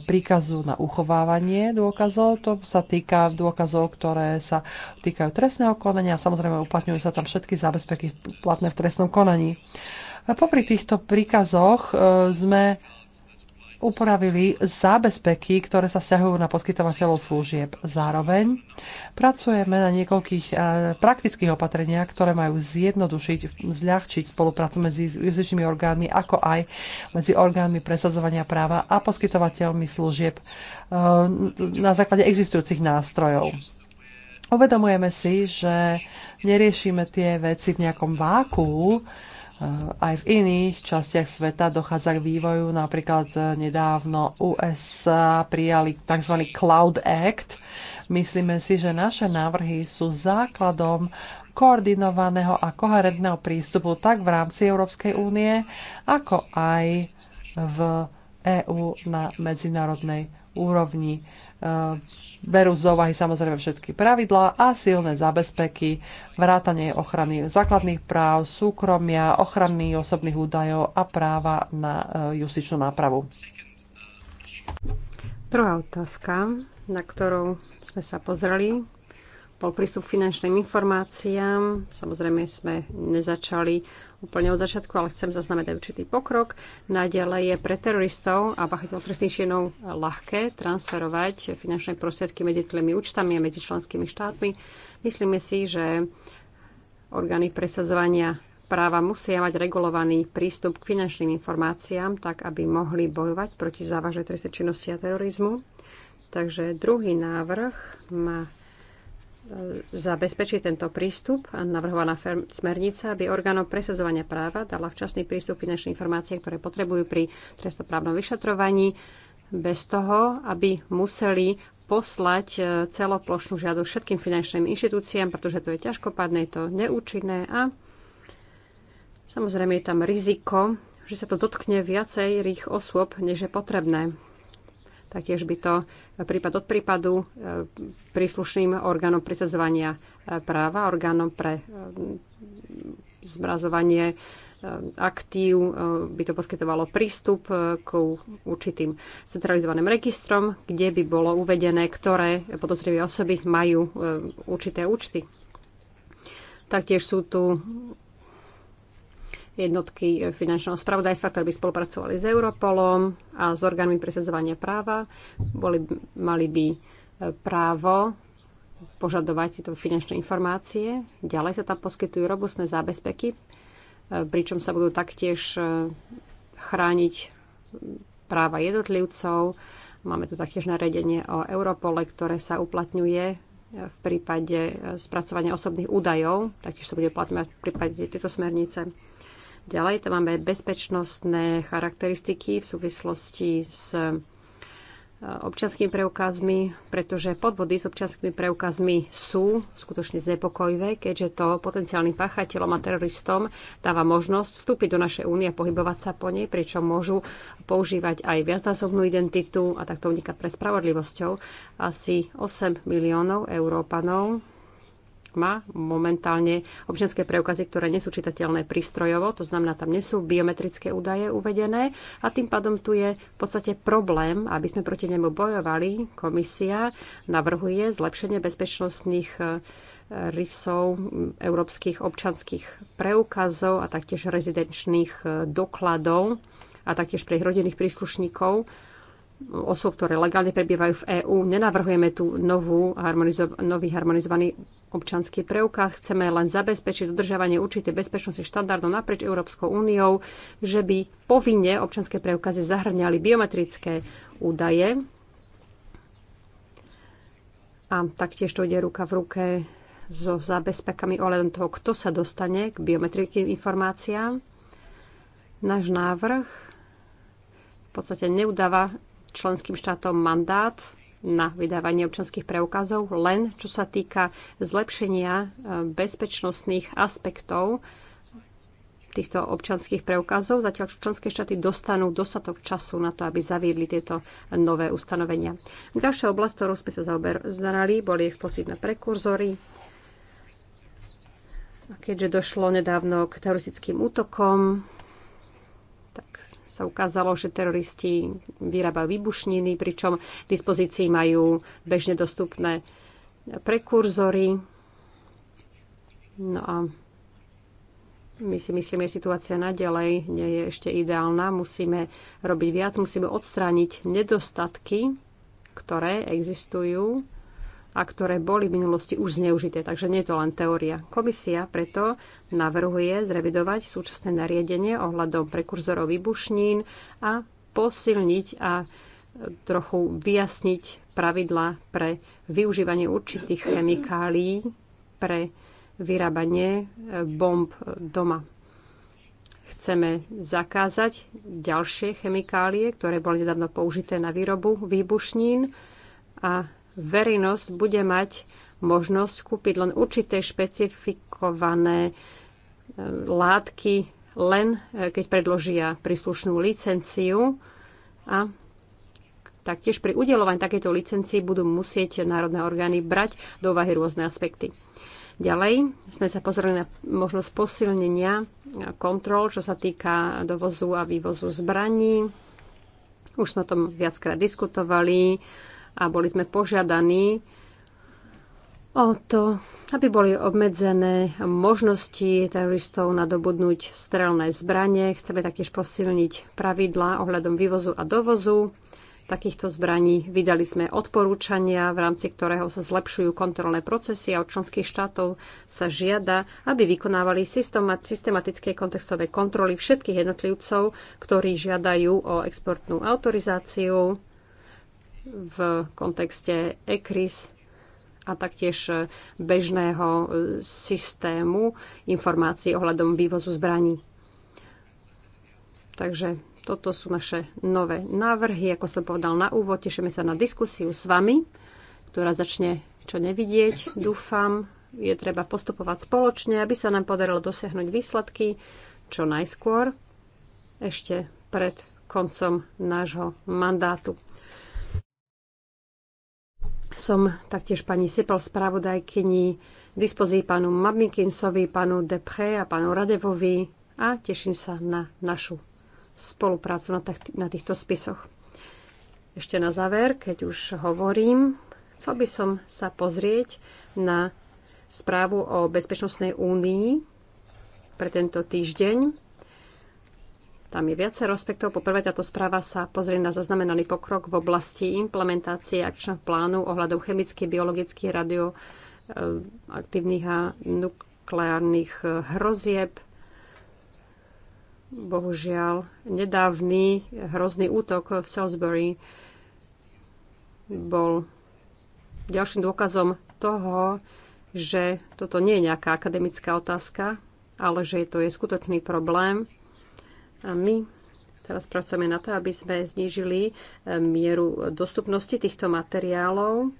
príkazu na uchovávanie dôkazov. To sa týka dôkazov, ktoré sa týkajú trestného konania a samozrejme uplatňujú sa tam všetky zábezpeky platné v trestnom konaní. A popri týchto príkazoch sme upravili zábezpeky, ktoré sa vzťahujú na poskytovateľov služieb. Zároveň pracujeme na niekoľkých eh, praktických opatreniach, ktoré majú zjednodušiť, zľahčiť spoluprácu medzi justičnými orgánmi, ako aj medzi orgánmi presadzovania práva a poskytovateľmi služieb eh, na základe existujúcich nástrojov. Uvedomujeme si, že neriešime tie veci v nejakom váku, aj v iných častiach sveta dochádza k vývoju. Napríklad nedávno USA prijali tzv. Cloud Act. Myslíme si, že naše návrhy sú základom koordinovaného a koherentného prístupu tak v rámci Európskej únie, ako aj v EÚ na medzinárodnej úrovni. Eh, berú z úvahy samozrejme všetky pravidlá a silné zabezpeky, vrátanie ochrany základných práv, súkromia, ochrany osobných údajov a práva na eh, justičnú nápravu. Druhá otázka, na ktorú sme sa pozreli, bol prístup k finančným informáciám. Samozrejme sme nezačali úplne od začiatku, ale chcem zaznamenať určitý pokrok. Naďalej je pre teroristov a pachateľov trestných činov ľahké transferovať finančné prostriedky medzi tými účtami a medzi členskými štátmi. Myslíme si, že orgány presadzovania práva musia mať regulovaný prístup k finančným informáciám, tak aby mohli bojovať proti závažnej trestnej činnosti a terorizmu. Takže druhý návrh má zabezpečiť tento prístup a navrhovaná smernica, aby orgánom presadzovania práva dala včasný prístup finančnej informácie, ktoré potrebujú pri trestoprávnom vyšetrovaní, bez toho, aby museli poslať e, celoplošnú žiadu všetkým finančným inštitúciám, pretože to je ťažkopádne, je to neúčinné a samozrejme je tam riziko, že sa to dotkne viacej rých osôb, než je potrebné. Taktiež by to prípad od prípadu e, príslušným orgánom prisadzovania e, práva, orgánom pre e, zmrazovanie aktív by to poskytovalo prístup k určitým centralizovaným registrom, kde by bolo uvedené, ktoré podozrivé osoby majú určité účty. Taktiež sú tu jednotky finančného spravodajstva, ktoré by spolupracovali s Europolom a s orgánmi presadzovania práva. Boli, mali by e, právo požadovať tieto finančné informácie. Ďalej sa tam poskytujú robustné zábezpeky, e, pričom sa budú taktiež e, chrániť práva jednotlivcov. Máme tu taktiež nariadenie o Europole, ktoré sa uplatňuje v prípade spracovania osobných údajov, taktiež sa bude uplatňovať v prípade tejto smernice. Ďalej tam máme bezpečnostné charakteristiky v súvislosti s e, občanskými preukazmi, pretože podvody s občanskými preukazmi sú skutočne znepokojivé, keďže to potenciálnym páchateľom a teroristom dáva možnosť vstúpiť do našej únie a pohybovať sa po nej, pričom môžu používať aj viacnásobnú identitu a takto unikať pred spravodlivosťou. Asi 8 miliónov Európanov má momentálne občianské preukazy, ktoré nie sú čitateľné prístrojovo, to znamená, tam nie sú biometrické údaje uvedené a tým pádom tu je v podstate problém, aby sme proti nemu bojovali. Komisia navrhuje zlepšenie bezpečnostných e, rysov európskych občanských preukazov a taktiež rezidenčných e, dokladov a taktiež pre ich rodinných príslušníkov osôb, ktoré legálne prebývajú v EÚ. Nenavrhujeme tu novú, harmonizo- nový harmonizovaný občanský preukaz. Chceme len zabezpečiť dodržiavanie určitej bezpečnosti štandardov naprieč Európskou úniou, že by povinne občanské preukazy zahrňali biometrické údaje. A taktiež to ide ruka v ruke so zabezpekami ohľadom toho, kto sa dostane k biometrickým informáciám. Náš návrh v podstate neudáva členským štátom mandát na vydávanie občanských preukazov, len čo sa týka zlepšenia e, bezpečnostných aspektov týchto občanských preukazov, zatiaľ čo členské štáty dostanú dostatok času na to, aby zaviedli tieto nové ustanovenia. Ďalšia oblasť, ktorou sme sa zaoberali, boli explosívne prekurzory. Keďže došlo nedávno k teroristickým útokom, sa ukázalo, že teroristi vyrábajú výbušniny, pričom v dispozícii majú bežne dostupné prekurzory. No a my si myslíme, že situácia naďalej nie je ešte ideálna. Musíme robiť viac, musíme odstrániť nedostatky, ktoré existujú a ktoré boli v minulosti už zneužité, takže nie je to len teória. Komisia preto navrhuje zrevidovať súčasné nariadenie ohľadom prekurzorov výbušnín a posilniť a e, trochu vyjasniť pravidla pre využívanie určitých chemikálií pre vyrábanie e, bomb e, doma. Chceme zakázať ďalšie chemikálie, ktoré boli nedávno použité na výrobu výbušnín a verejnosť bude mať možnosť kúpiť len určité špecifikované e, látky, len e, keď predložia príslušnú licenciu a Taktiež pri udelovaní takejto licencii budú musieť národné orgány brať do úvahy rôzne aspekty. Ďalej sme sa pozreli na možnosť posilnenia kontrol, čo sa týka dovozu a vývozu zbraní. Už sme o tom viackrát diskutovali a boli sme požiadaní o to, aby boli obmedzené možnosti teroristov nadobudnúť strelné zbranie. Chceme taktiež posilniť pravidlá ohľadom vývozu a dovozu takýchto zbraní. Vydali sme odporúčania, v rámci ktorého sa zlepšujú kontrolné procesy a od členských štátov sa žiada, aby vykonávali systematické kontextové kontroly všetkých jednotlivcov, ktorí žiadajú o exportnú autorizáciu v kontexte ECRIS a taktiež bežného e, systému informácií ohľadom vývozu zbraní. Takže toto sú naše nové návrhy. Ako som povedal na úvod, tešíme sa na diskusiu s vami, ktorá začne čo nevidieť, dúfam. Je treba postupovať spoločne, aby sa nám podarilo dosiahnuť výsledky čo najskôr, ešte pred koncom nášho mandátu. Som taktiež pani Sepal spravodajkyni, dispozí pánu Mamikinsovi, pánu Depre a pánu Radevovi a teším sa na našu spoluprácu na, na týchto spisoch. Ešte na záver, keď už hovorím, chcel by som sa pozrieť na správu o Bezpečnostnej únii pre tento týždeň. Tam je viacero aspektov. Poprvé, táto správa sa pozrie na zaznamenaný pokrok v oblasti implementácie akčného plánu ohľadom chemických, biologických, radioaktívnych eh, a nukleárnych eh, hrozieb. Bohužiaľ, nedávny hrozný útok v Salisbury bol ďalším dôkazom toho, že toto nie je nejaká akademická otázka, ale že to je skutočný problém, a my teraz pracujeme na to, aby sme znížili e, mieru dostupnosti týchto materiálov.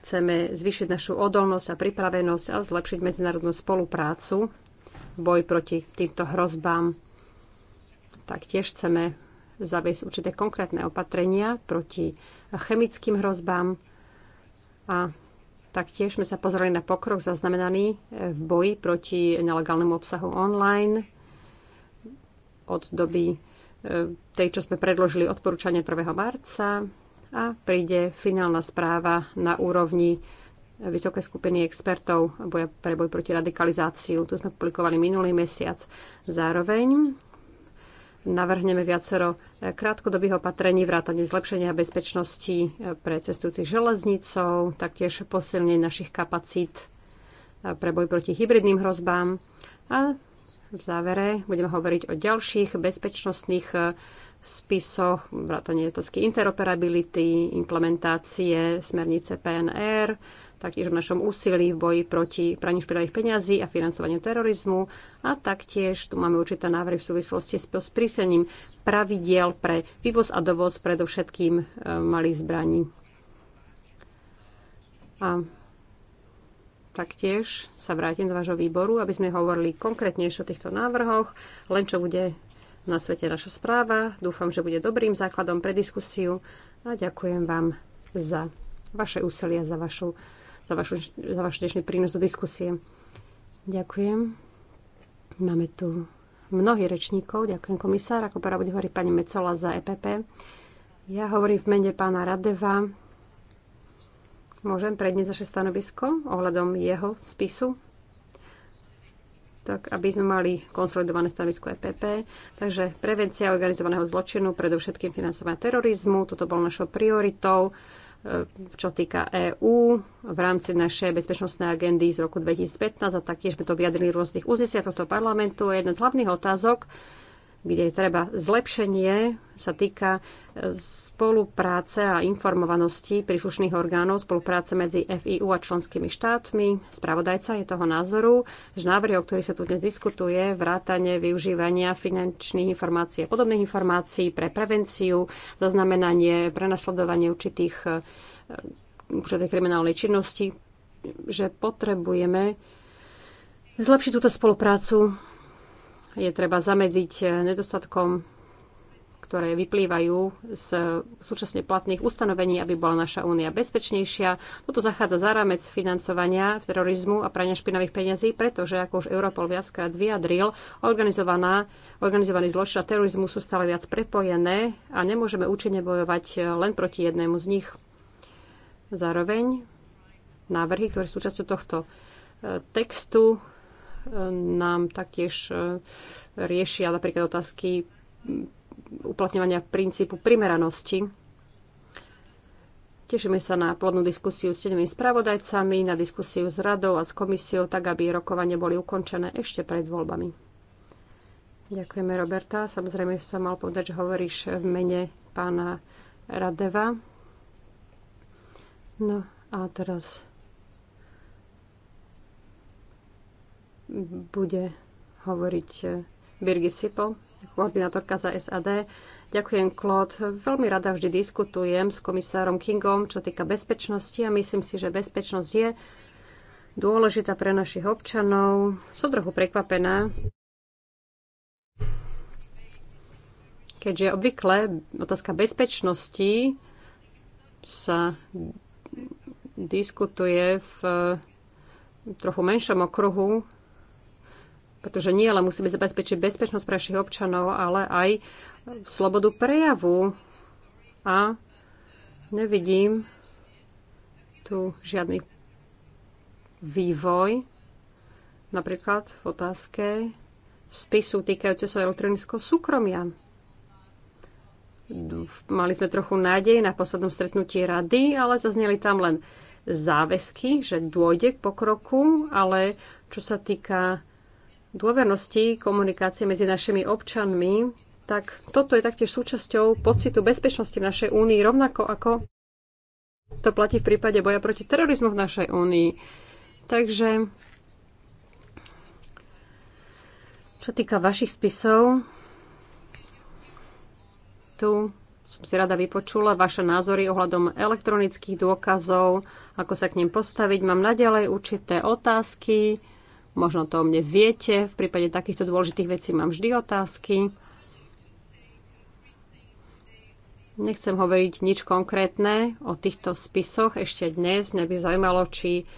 Chceme zvýšiť našu odolnosť a pripravenosť a zlepšiť medzinárodnú spoluprácu v boji proti týmto hrozbám. Taktiež chceme zaviesť určité konkrétne opatrenia proti chemickým hrozbám a taktiež sme sa pozreli na pokrok zaznamenaný v boji proti nelegálnemu obsahu online od doby e, tej, čo sme predložili odporúčanie 1. marca a príde finálna správa na úrovni vysokej skupiny expertov boja pre boj proti radikalizáciu. Tu sme publikovali minulý mesiac. Zároveň navrhneme viacero e, krátkodobých opatrení vrátane zlepšenia bezpečnosti e, pre cestujúcich železnicou, taktiež posilnenie našich kapacít pre boj proti hybridným hrozbám a v závere budeme hovoriť o ďalších bezpečnostných eh, spisoch, vrátanie otázky interoperability, implementácie smernice PNR, taktiež v našom úsilí v boji proti praniu špinavých peňazí a financovaniu terorizmu a taktiež tu máme určité návrhy v súvislosti s prísením pravidiel pre vývoz a dovoz predovšetkým eh, malých zbraní. A taktiež sa vrátim do vášho výboru, aby sme hovorili konkrétnejšie o týchto návrhoch, len čo bude na svete naša správa. Dúfam, že bude dobrým základom pre diskusiu a ďakujem vám za vaše úsilie, za, vašu, za, vašu, za vaš dnešný prínos do diskusie. Ďakujem. Máme tu mnohých rečníkov. Ďakujem komisár, ako práve hovorí pani Mecola za EPP. Ja hovorím v mene pána Radeva, Môžem predniesť naše stanovisko ohľadom jeho spisu? tak aby sme mali konsolidované stanovisko EPP. Takže prevencia organizovaného zločinu, predovšetkým financovania terorizmu, toto bolo našou prioritou, e, čo týka EÚ v rámci našej bezpečnostnej agendy z roku 2015 a taktiež sme to vyjadrili v rôznych uzneseniach tohto parlamentu. Jedna z hlavných otázok, kde je treba zlepšenie, sa týka e, spolupráce a informovanosti príslušných orgánov, spolupráce medzi FIU a členskými štátmi. Spravodajca je toho názoru, že návrhy, o ktorých sa tu dnes diskutuje, vrátanie využívania finančných informácií a podobných informácií pre prevenciu, zaznamenanie, prenasledovanie určitých e, určitej kriminálnej činnosti, že potrebujeme zlepšiť túto spoluprácu je treba zamedziť nedostatkom, ktoré vyplývajú z súčasne platných ustanovení, aby bola naša únia bezpečnejšia. Toto zachádza za rámec financovania terorizmu a prania špinavých peňazí, pretože, ako už Europol viackrát vyjadril, organizovaná, organizovaný zločin a terorizmu sú stále viac prepojené a nemôžeme účinne bojovať len proti jednému z nich. Zároveň návrhy, ktoré sú súčasťou tohto e, textu, nám taktiež e, riešia napríklad otázky uplatňovania princípu primeranosti. Tešíme sa na plodnú diskusiu s tenými spravodajcami, na diskusiu s radou a s komisiou, tak aby rokovanie boli ukončené ešte pred voľbami. Ďakujeme, Roberta. Samozrejme som mal povedať, že hovoríš v mene pána Radeva. No a teraz bude hovoriť e, Birgit Sipo, koordinátorka za SAD. Ďakujem, Claude. Veľmi rada vždy diskutujem s komisárom Kingom, čo týka bezpečnosti a myslím si, že bezpečnosť je dôležitá pre našich občanov. Som trochu prekvapená, keďže obvykle otázka bezpečnosti sa diskutuje v trochu menšom okruhu pretože nie len musíme zabezpečiť bezpečnosť pre našich občanov, ale aj slobodu prejavu. A nevidím tu žiadny vývoj, napríklad v otázke spisu týkajúce sa elektronického súkromia. Mali sme trochu nádej na poslednom stretnutí rady, ale zazneli tam len záväzky, že dôjde k pokroku, ale čo sa týka dôvernosti komunikácie medzi našimi občanmi, tak toto je taktiež súčasťou pocitu bezpečnosti v našej únii, rovnako ako to platí v prípade boja proti terorizmu v našej únii. Takže čo týka vašich spisov, tu som si rada vypočula vaše názory ohľadom elektronických dôkazov, ako sa k nim postaviť. Mám naďalej určité otázky Možno to o mne viete. V prípade takýchto dôležitých vecí mám vždy otázky. Nechcem hovoriť nič konkrétne o týchto spisoch ešte dnes. Mňa by zaujímalo, či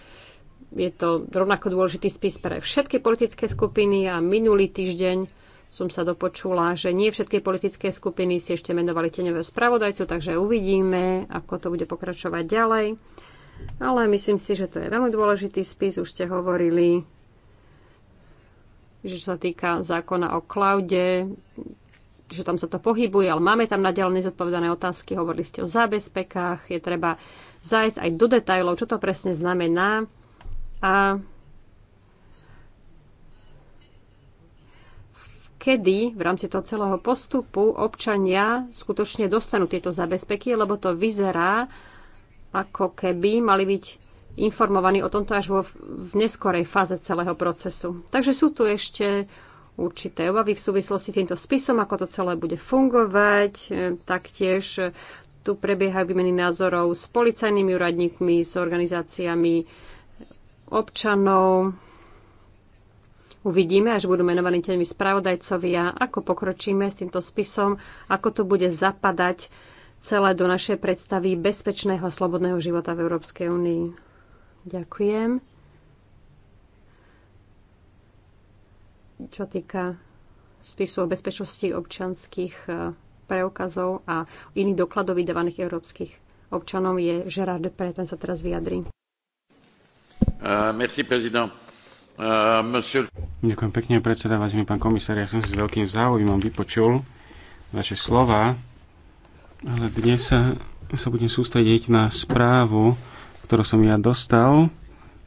je to rovnako dôležitý spis pre všetky politické skupiny a minulý týždeň som sa dopočula, že nie všetky politické skupiny si ešte menovali teňového spravodajcu, takže uvidíme, ako to bude pokračovať ďalej. Ale myslím si, že to je veľmi dôležitý spis, už ste hovorili že čo sa týka zákona o cloude, že tam sa to pohybuje, ale máme tam naďalej nezodpovedané otázky. Hovorili ste o zábezpekách, je treba zájsť aj do detajlov, čo to presne znamená. A kedy v rámci toho celého postupu občania skutočne dostanú tieto zabezpeky, lebo to vyzerá, ako keby mali byť informovaní o tomto až vo, v neskorej fáze celého procesu. Takže sú tu ešte určité obavy v súvislosti s týmto spisom, ako to celé bude fungovať. E, taktiež e, tu prebiehajú výmeny názorov s policajnými úradníkmi, s organizáciami občanov. Uvidíme, až budú menovaní tými spravodajcovia, ako pokročíme s týmto spisom, ako to bude zapadať celé do našej predstavy bezpečného slobodného života v Európskej únii. Ďakujem. Čo týka spisu o bezpečnosti občanských e, preukazov a iných dokladov vydávaných európskych občanom je Gerard pre ten sa teraz vyjadrí. Uh, merci, prezident. Uh, monsieur... Ďakujem pekne, predseda, vážený pán komisár. Ja som si s veľkým záujmom vypočul vaše slova, ale dnes sa, sa budem sústrediť na správu ktorú som ja dostal,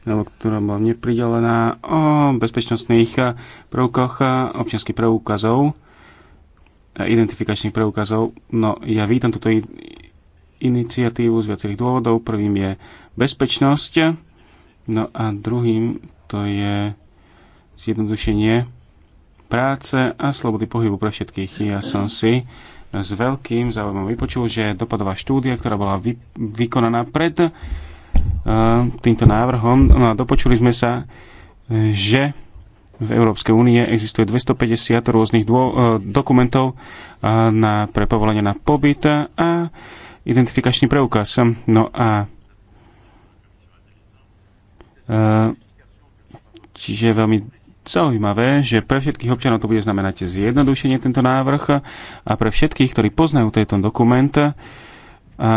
alebo ktorá bola mne pridelená o bezpečnostných prvkoch, občianských preukazov a identifikačných preukazov. No ja vítam túto iniciatívu z viacerých dôvodov. Prvým je bezpečnosť, no a druhým to je zjednodušenie práce a slobody pohybu pre všetkých. Ja som si s veľkým záujmom vypočul, že dopadová štúdia, ktorá bola vy, vykonaná pred k týmto návrhom. No a dopočuli sme sa, e, že v Európskej únie existuje 250 rôznych dô, e, dokumentov e, na, pre povolenie na pobyt a identifikačný preukaz. No a čiže je veľmi zaujímavé, že pre všetkých občanov to bude znamenať zjednodušenie tento návrh a pre všetkých, ktorí poznajú tento dokument a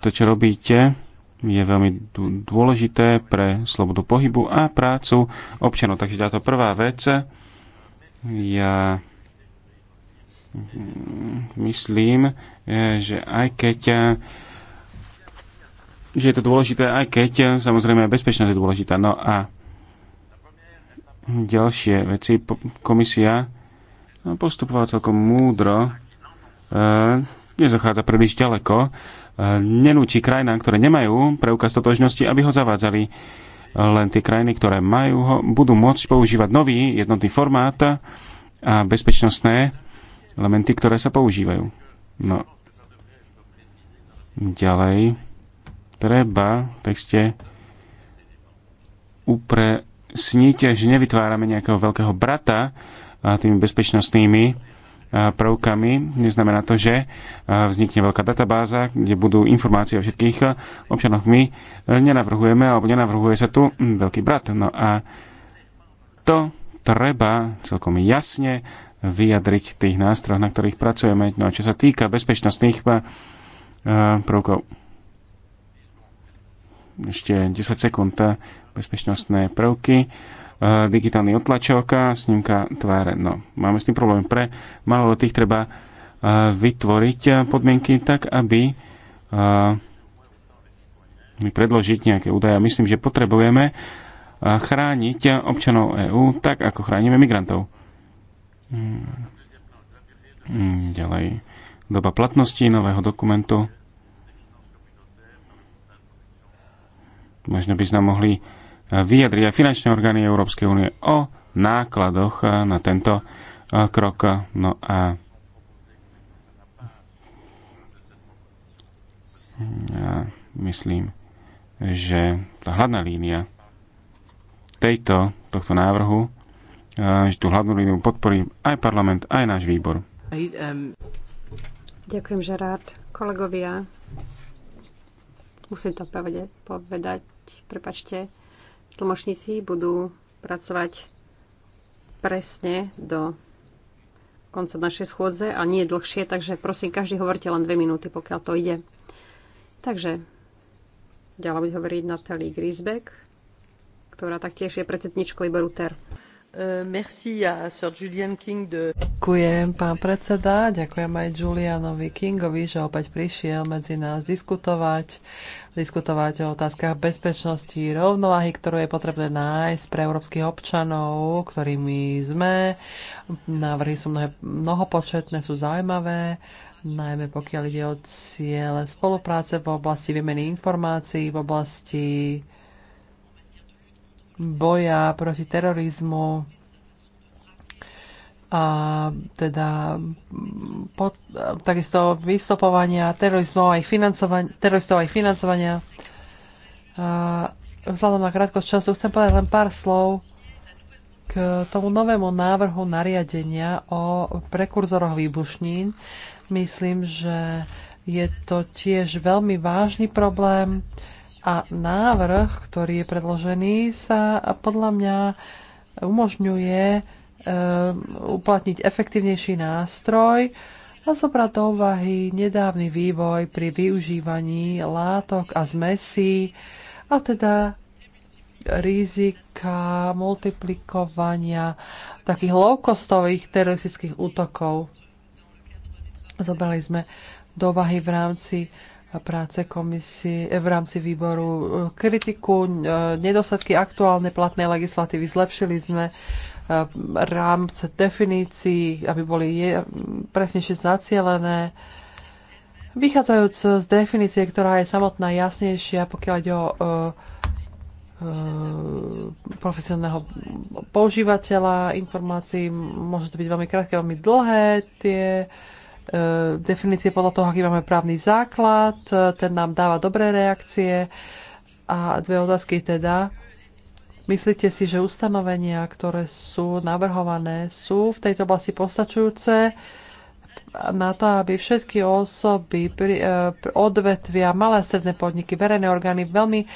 to, čo robíte, je veľmi dôležité pre slobodu pohybu a prácu občanov. Takže táto prvá vec, ja mm, myslím, e, že aj keď že je to dôležité, aj keď samozrejme bezpečnosť je dôležitá. No a ďalšie veci. Komisia no, postupovala celkom múdro, e, nezachádza príliš ďaleko nenúti krajinám, ktoré nemajú preukaz totožnosti, aby ho zavádzali. Len tie krajiny, ktoré majú ho, budú môcť používať nový jednotný formát a bezpečnostné elementy, ktoré sa používajú. No. Ďalej. Treba v texte upresniť, že nevytvárame nejakého veľkého brata a tými bezpečnostnými prvkami. Neznamená to, že vznikne veľká databáza, kde budú informácie o všetkých e, občanoch. My e, nenavrhujeme, alebo nenavrhuje sa tu hm, veľký brat. No a to treba celkom jasne vyjadriť tých nástroch, na ktorých pracujeme. No a čo sa týka bezpečnostných e, prvkov, ešte 10 sekúnd bezpečnostné prvky Eh, digitálny otlačovka, snímka tváre. No, máme s tým problém. Pre maloletých treba eh, vytvoriť eh, podmienky tak, aby predložiť nejaké údaje. Myslím, že potrebujeme chrániť občanov EÚ tak, ako chránime migrantov. Mm, ďalej. Doba platnosti nového dokumentu. Možno by sme mohli vyjadria finančné orgány Európskej únie o nákladoch na tento krok. No a ja myslím, že tá hladná línia tejto, tohto návrhu, že tú hladnú líniu podporí aj parlament, aj náš výbor. Ďakujem, Žerard. Kolegovia, musím to povedať, prepačte, Tlmočníci budú pracovať presne do konca našej schôdze a nie dlhšie, takže prosím, každý hovorte len dve minúty, pokiaľ to ide. Takže ďalej bude hovoriť Natalie Grisbeck, ktorá taktiež je predsedničkou výboru TER. Eh, Ďakujem, pán predseda. Ďakujem aj Julianovi Kingovi, že opäť prišiel medzi nás diskutovať. Diskutovať o otázkach bezpečnosti, rovnováhy, ktorú je potrebné nájsť pre európskych občanov, ktorými sme. Návrhy sú mnohé, mnohopočetné, sú zaujímavé najmä pokiaľ ide o ciele spolupráce v oblasti výmeny informácií, v oblasti boja proti terorizmu a teda pod, takisto vystupovania terorizmov aj financovania, teroristov aj financovania. A vzhľadom na krátkosť času chcem povedať len pár slov k tomu novému návrhu nariadenia o prekurzoroch výbušnín. Myslím, že je to tiež veľmi vážny problém. A návrh, ktorý je predložený, sa podľa mňa umožňuje eh, uplatniť efektívnejší nástroj a zobrať do úvahy nedávny vývoj pri využívaní látok a zmesí a teda rizika multiplikovania takých low-costových teroristických útokov. Zobrali sme do v rámci práce komisie eh, v rámci výboru eh, kritiku, eh, nedostatky aktuálne platnej legislatívy. Zlepšili sme rámce definícií, aby boli presnejšie zacielené. Vychádzajúc z definície, ktorá je samotná jasnejšia, pokiaľ ide o profesionálneho používateľa informácií. Môže to byť veľmi krátke, veľmi dlhé tie E, definície podľa toho, aký máme právny základ, e, ten nám dáva dobré reakcie. A dve otázky teda. Myslíte si, že ustanovenia, ktoré sú navrhované, sú v tejto oblasti postačujúce na to, aby všetky osoby, e, odvetvia, malé a stredné podniky, verejné orgány veľmi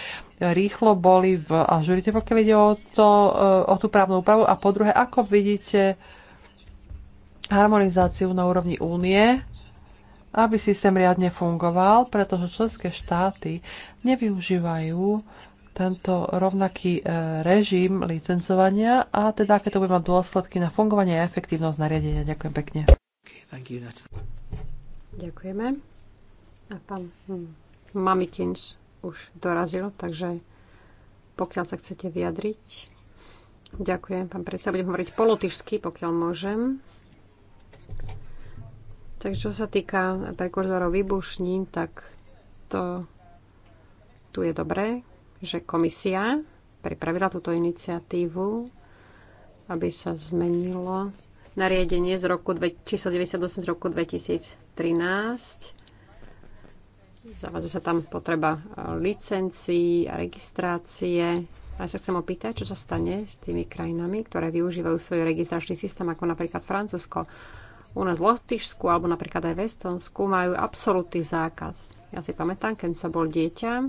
rýchlo boli v ažurite, pokiaľ ide o, to, o tú právnu úpravu? A po druhé, ako vidíte harmonizáciu na úrovni únie, aby systém riadne fungoval, pretože členské štáty nevyužívajú tento rovnaký e, režim licencovania a teda aké to bude mať dôsledky na fungovanie a efektívnosť nariadenia. Ďakujem pekne. Ďakujeme. A pán hm, Mamikins už dorazil, takže pokiaľ sa chcete vyjadriť. Ďakujem, pán predseda. Budem hovoriť polotyšsky, pokiaľ môžem. Takže čo sa týka prekurzorov výbušnín, tak to tu je dobré, že komisia pripravila túto iniciatívu, aby sa zmenilo nariadenie z roku číslo 98 z roku 2013. Zavádza sa tam potreba e, licencií a registrácie. A ja sa chcem opýtať, čo sa stane s tými krajinami, ktoré využívajú svoj registračný systém, ako napríklad Francúzsko. U nás v Lotyšsku alebo napríklad aj v Estonsku majú absolútny zákaz. Ja si pamätám, keď som bol dieťa,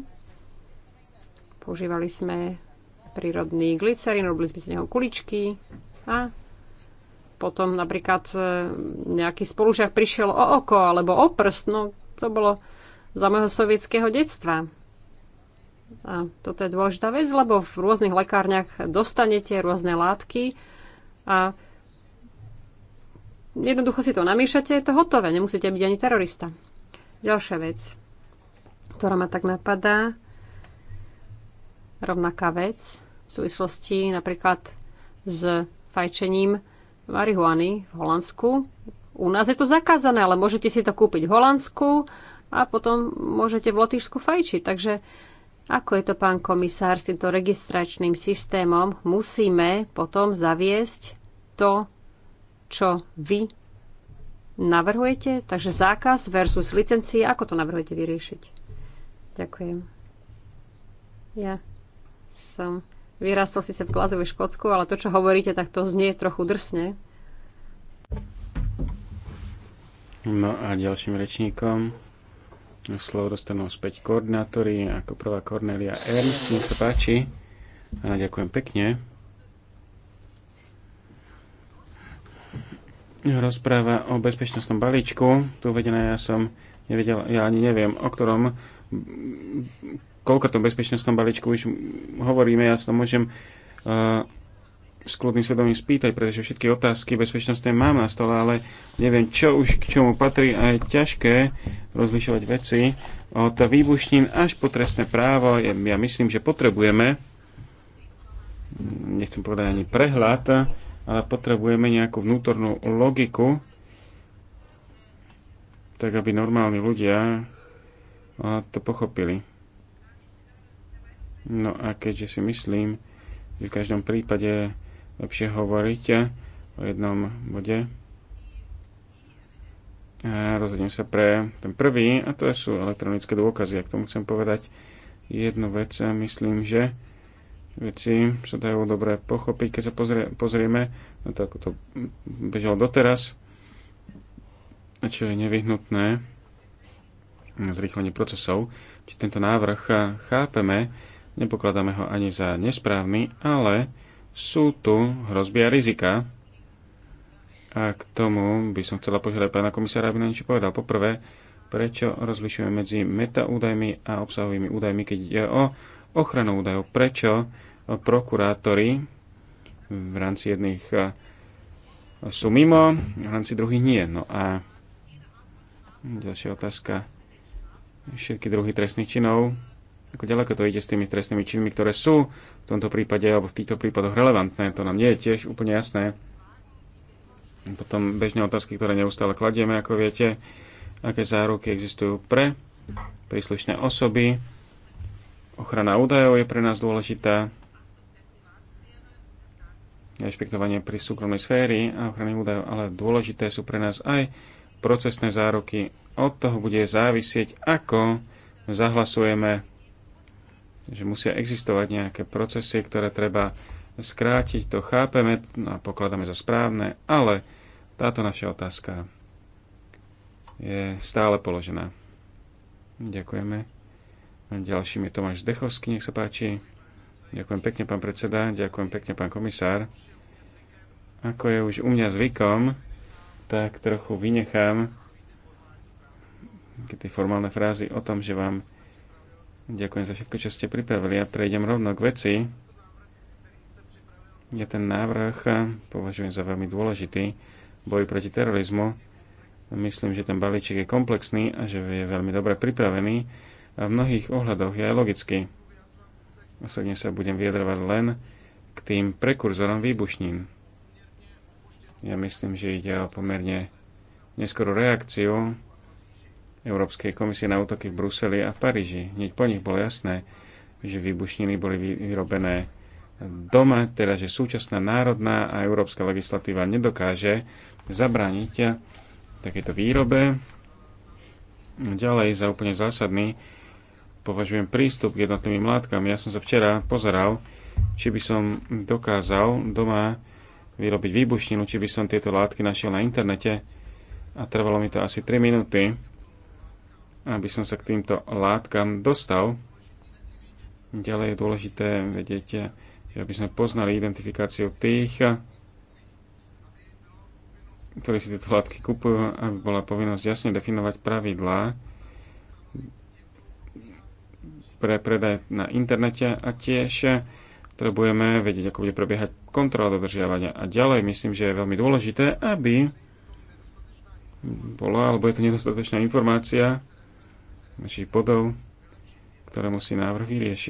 používali sme prírodný glycerín, robili sme z neho kuličky a potom napríklad e, nejaký spolužiak prišiel o oko alebo o prst, no to bolo za môjho sovietského detstva. A toto je dôležitá vec, lebo v rôznych lekárniach dostanete rôzne látky a Jednoducho si to namiešate, je to hotové, nemusíte byť ani terorista. Ďalšia vec, ktorá ma tak napadá, rovnaká vec v súvislosti napríklad s fajčením marihuany v Holandsku. U nás je to zakázané, ale môžete si to kúpiť v Holandsku a potom môžete v Lotyšsku fajčiť. Takže ako je to, pán komisár, s týmto registračným systémom musíme potom zaviesť to, čo vy navrhujete? Takže zákaz versus licencie. ako to navrhujete vyriešiť? Ďakujem. Ja som vyrastol sa v Glazovej Škótsku, ale to, čo hovoríte, tak to znie trochu drsne. No a ďalším rečníkom slovo dostanú späť koordinátori, ako prvá Cornelia Ernst, nech sa páči. A ďakujem pekne. rozpráva o bezpečnostnom balíčku. Tu uvedené ja som nevedel, ja ani neviem, o ktorom koľko tom bezpečnostnom balíčku už hovoríme, ja sa môžem uh, s kľudným svedomím spýtať, pretože všetky otázky bezpečnostné mám na stole, ale neviem, čo už k čomu patrí a je ťažké rozlišovať veci od výbušnín až po trestné právo. Ja myslím, že potrebujeme, nechcem povedať ani prehľad, ale potrebujeme nejakú vnútornú logiku, tak aby normálni ľudia to pochopili. No a keďže si myslím, že v každom prípade lepšie hovoriť o jednom bode, rozhodnem sa pre ten prvý, a to sú elektronické dôkazy. A k tomu chcem povedať jednu vec. Myslím, že veci sa dajú dobre pochopiť, keď sa pozrie, pozrieme na to, ako to bežalo doteraz, a čo je nevyhnutné na zrýchlenie procesov. Či tento návrh chápeme, nepokladáme ho ani za nesprávny, ale sú tu hrozby a rizika. A k tomu by som chcela požiadať pána komisára, aby nám niečo povedal. Poprvé, prečo rozlišujeme medzi metaúdajmi a obsahovými údajmi, keď ide o ochranu údajov. Prečo prokurátori v rámci jedných e, sú mimo, v rámci druhých nie. No a ďalšia otázka. Všetky druhy trestných činov. Ako ďaleko to ide s tými trestnými činmi, ktoré sú v tomto prípade alebo v týchto prípadoch relevantné, to nám nie je tiež úplne jasné. Potom bežné otázky, ktoré neustále kladieme, ako viete, aké záruky existujú pre príslušné osoby, Ochrana údajov je pre nás dôležitá. Rešpektovanie pri súkromnej sféry a ochrany údajov, ale dôležité sú pre nás aj procesné záruky. Od toho bude závisieť, ako zahlasujeme, že musia existovať nejaké procesy, ktoré treba skrátiť, to chápeme a pokladáme za správne, ale táto naša otázka je stále položená. Ďakujeme. Ďalším je Tomáš Zdechovský, nech sa páči. Ďakujem pekne, pán predseda, ďakujem pekne, pán komisár. Ako je už u mňa zvykom, tak trochu vynechám tie formálne frázy o tom, že vám ďakujem za všetko, čo ste pripravili a ja prejdem rovno k veci. Ja ten návrh považujem za veľmi dôležitý boj proti terorizmu. Myslím, že ten balíček je komplexný a že je veľmi dobre pripravený v mnohých ohľadoch je aj logický. Osobne sa budem vyjadrovať len k tým prekurzorom výbušnín. Ja myslím, že ide o pomerne neskorú reakciu Európskej komisie na útoky v Bruseli a v Paríži. Hneď po nich bolo jasné, že výbušniny boli vyrobené doma, teda že súčasná národná a európska legislatíva nedokáže zabrániť takéto výrobe. Ďalej za úplne zásadný považujem prístup k jednotlivým látkam. Ja som sa včera pozeral, či by som dokázal doma vyrobiť výbušninu, či by som tieto látky našiel na internete a trvalo mi to asi 3 minúty, aby som sa k týmto látkam dostal. Ďalej je dôležité vedieť, že aby sme poznali identifikáciu tých, ktorí si tieto látky kupujú, aby bola povinnosť jasne definovať pravidlá, pre predaj na internete a tiež trebujeme vedieť, ako bude prebiehať kontrola dodržiavania. A ďalej myslím, že je veľmi dôležité, aby bola, alebo je to nedostatočná informácia našich bodov, ktoré musí návrh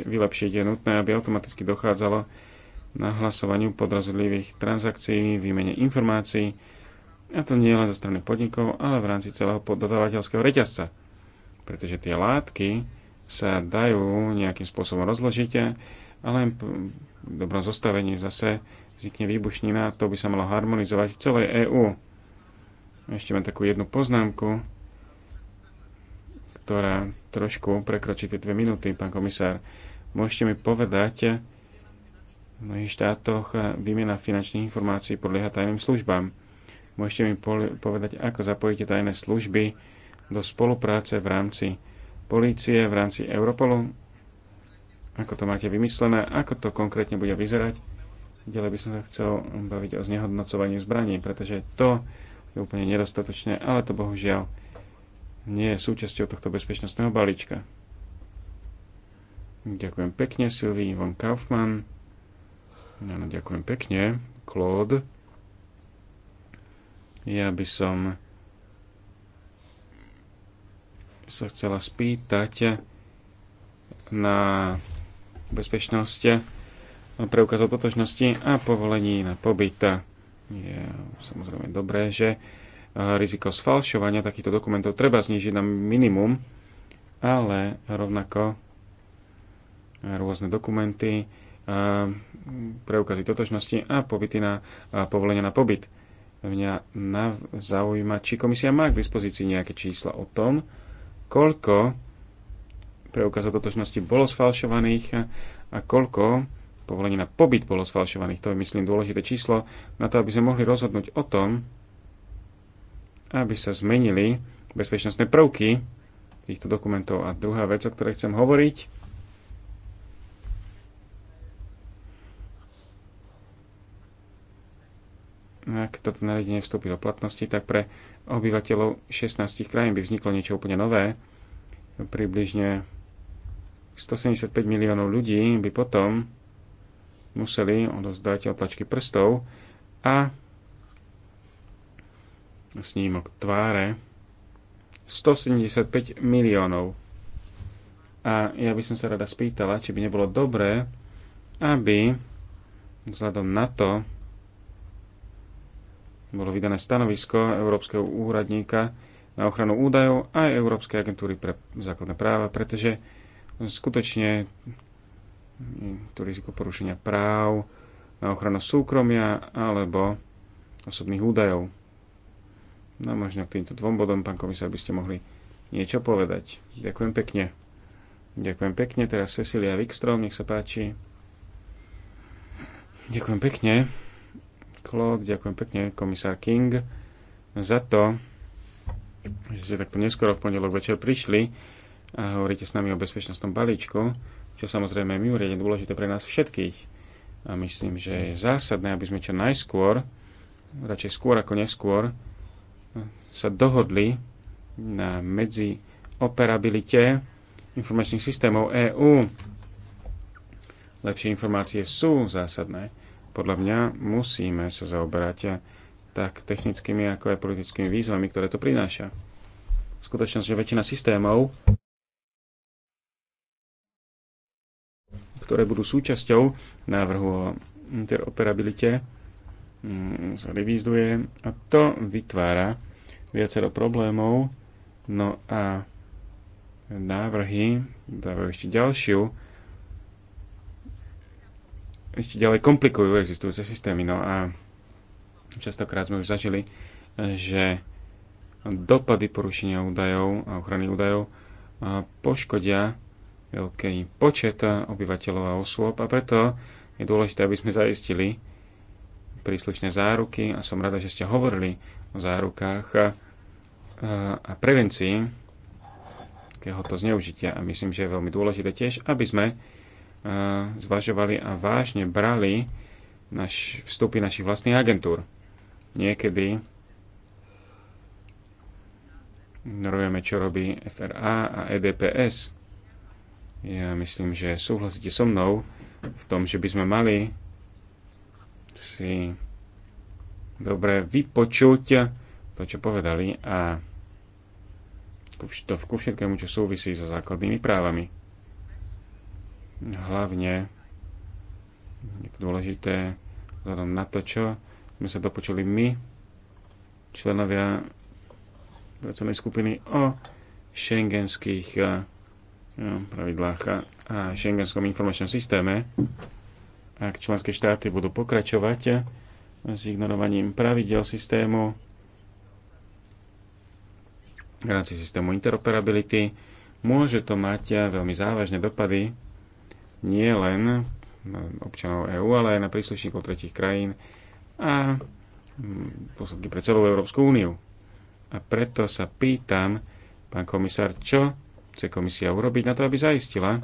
vylepšiť. Je nutné, aby automaticky dochádzalo na hlasovaniu podrazlivých transakcií, výmene informácií, a to nie len zo strany podnikov, ale v rámci celého dodávateľského reťazca. Pretože tie látky, sa dajú nejakým spôsobom rozložiť, eh, ale len v dobrom zostavení zase vznikne výbušnina, to by sa malo harmonizovať v celej EÚ. Ešte mám takú jednu poznámku, ktorá trošku prekročí tie dve minúty, pán komisár. Môžete mi povedať, eh, v mnohých štátoch eh, výmena finančných informácií podlieha tajným službám. Môžete mi povedať, ako zapojíte tajné služby do spolupráce v rámci polície v rámci Europolu? Ako to máte vymyslené? Ako to konkrétne bude vyzerať? Ďalej by som sa chcel baviť o znehodnocovaní zbraní, pretože to je úplne nedostatočné, ale to bohužiaľ nie je súčasťou tohto bezpečnostného balíčka. Ďakujem pekne, Silvii von Kaufmann. Áno, ďakujem pekne, Claude. Ja by som sa chcela spýtať na bezpečnosť preukazov totožnosti a povolení na pobyt. Je samozrejme dobré, že riziko sfalšovania takýchto dokumentov treba znižiť na minimum, ale rovnako rôzne dokumenty, preukazy totožnosti a pobyty na a povolenie na pobyt. Mňa zaujíma, či komisia má k dispozícii nejaké čísla o tom, koľko preukazov totožnosti bolo sfalšovaných a koľko povolení na pobyt bolo sfalšovaných. To je, myslím, dôležité číslo na to, aby sme mohli rozhodnúť o tom, aby sa zmenili bezpečnostné prvky týchto dokumentov. A druhá vec, o ktorej chcem hovoriť, ak toto nariadenie vstúpi do platnosti, tak pre obyvateľov 16 krajín by vzniklo niečo úplne nové. Približne 175 miliónov ľudí by potom museli odozdať otlačky prstov a snímok tváre 175 miliónov. A ja by som sa rada spýtala, či by nebolo dobré, aby vzhľadom na to, bolo vydané stanovisko Európskeho úradníka na ochranu údajov aj Európskej agentúry pre základné práva, pretože skutočne to riziko porušenia práv na ochranu súkromia alebo osobných údajov. No možno k týmto dvom bodom, pán komisár, by ste mohli niečo povedať. Ďakujem pekne. Ďakujem pekne. Teraz Cecilia Wikström, nech sa páči. Ďakujem pekne. Klok, ďakujem pekne, komisár King, za to, že ste takto neskoro v pondelok večer prišli a hovoríte s nami o bezpečnostnom balíčku, čo samozrejme je mimoriadne dôležité pre nás všetkých. A myslím, že je zásadné, aby sme čo najskôr, radšej skôr ako neskôr, sa dohodli na medzi operabilite informačných systémov EÚ. Lepšie informácie sú zásadné podľa mňa musíme sa zaoberať tak technickými ako aj politickými výzvami, ktoré to prináša. Skutočnosť, že väčšina systémov, ktoré budú súčasťou návrhu o interoperabilite, mm, sa revízduje a to vytvára viacero problémov. No a návrhy dávajú ešte ďalšiu ešte ďalej komplikujú existujúce systémy. No a častokrát sme už zažili, že dopady porušenia údajov a ochrany údajov poškodia veľký počet obyvateľov a osôb a preto je dôležité, aby sme zaistili príslušné záruky a som rada, že ste hovorili o zárukách a, a prevencii takéhoto zneužitia a myslím, že je veľmi dôležité tiež, aby sme zvažovali a vážne brali naš, vstupy našich vlastných agentúr. Niekedy ignorujeme, čo robí FRA a EDPS. Ja myslím, že súhlasíte so mnou v tom, že by sme mali si dobre vypočuť to, čo povedali a to ku všetkému, čo súvisí so základnými právami hlavne dôležité vzhľadom na to, čo sme sa dopočuli my, členovia pracovnej skupiny o šengenských eh, pravidlách a šengenskom informačnom systéme. Ak členské štáty budú pokračovať eh, s ignorovaním pravidel systému, v rámci systému interoperability, môže to mať eh, veľmi závažné dopady nie len eh, občanov EÚ, ale aj na príslušníkov tretich krajín a mm, posledky pre celú Európsku úniu. A preto sa pýtam, pán komisár, čo chce komisia urobiť na to, aby zaistila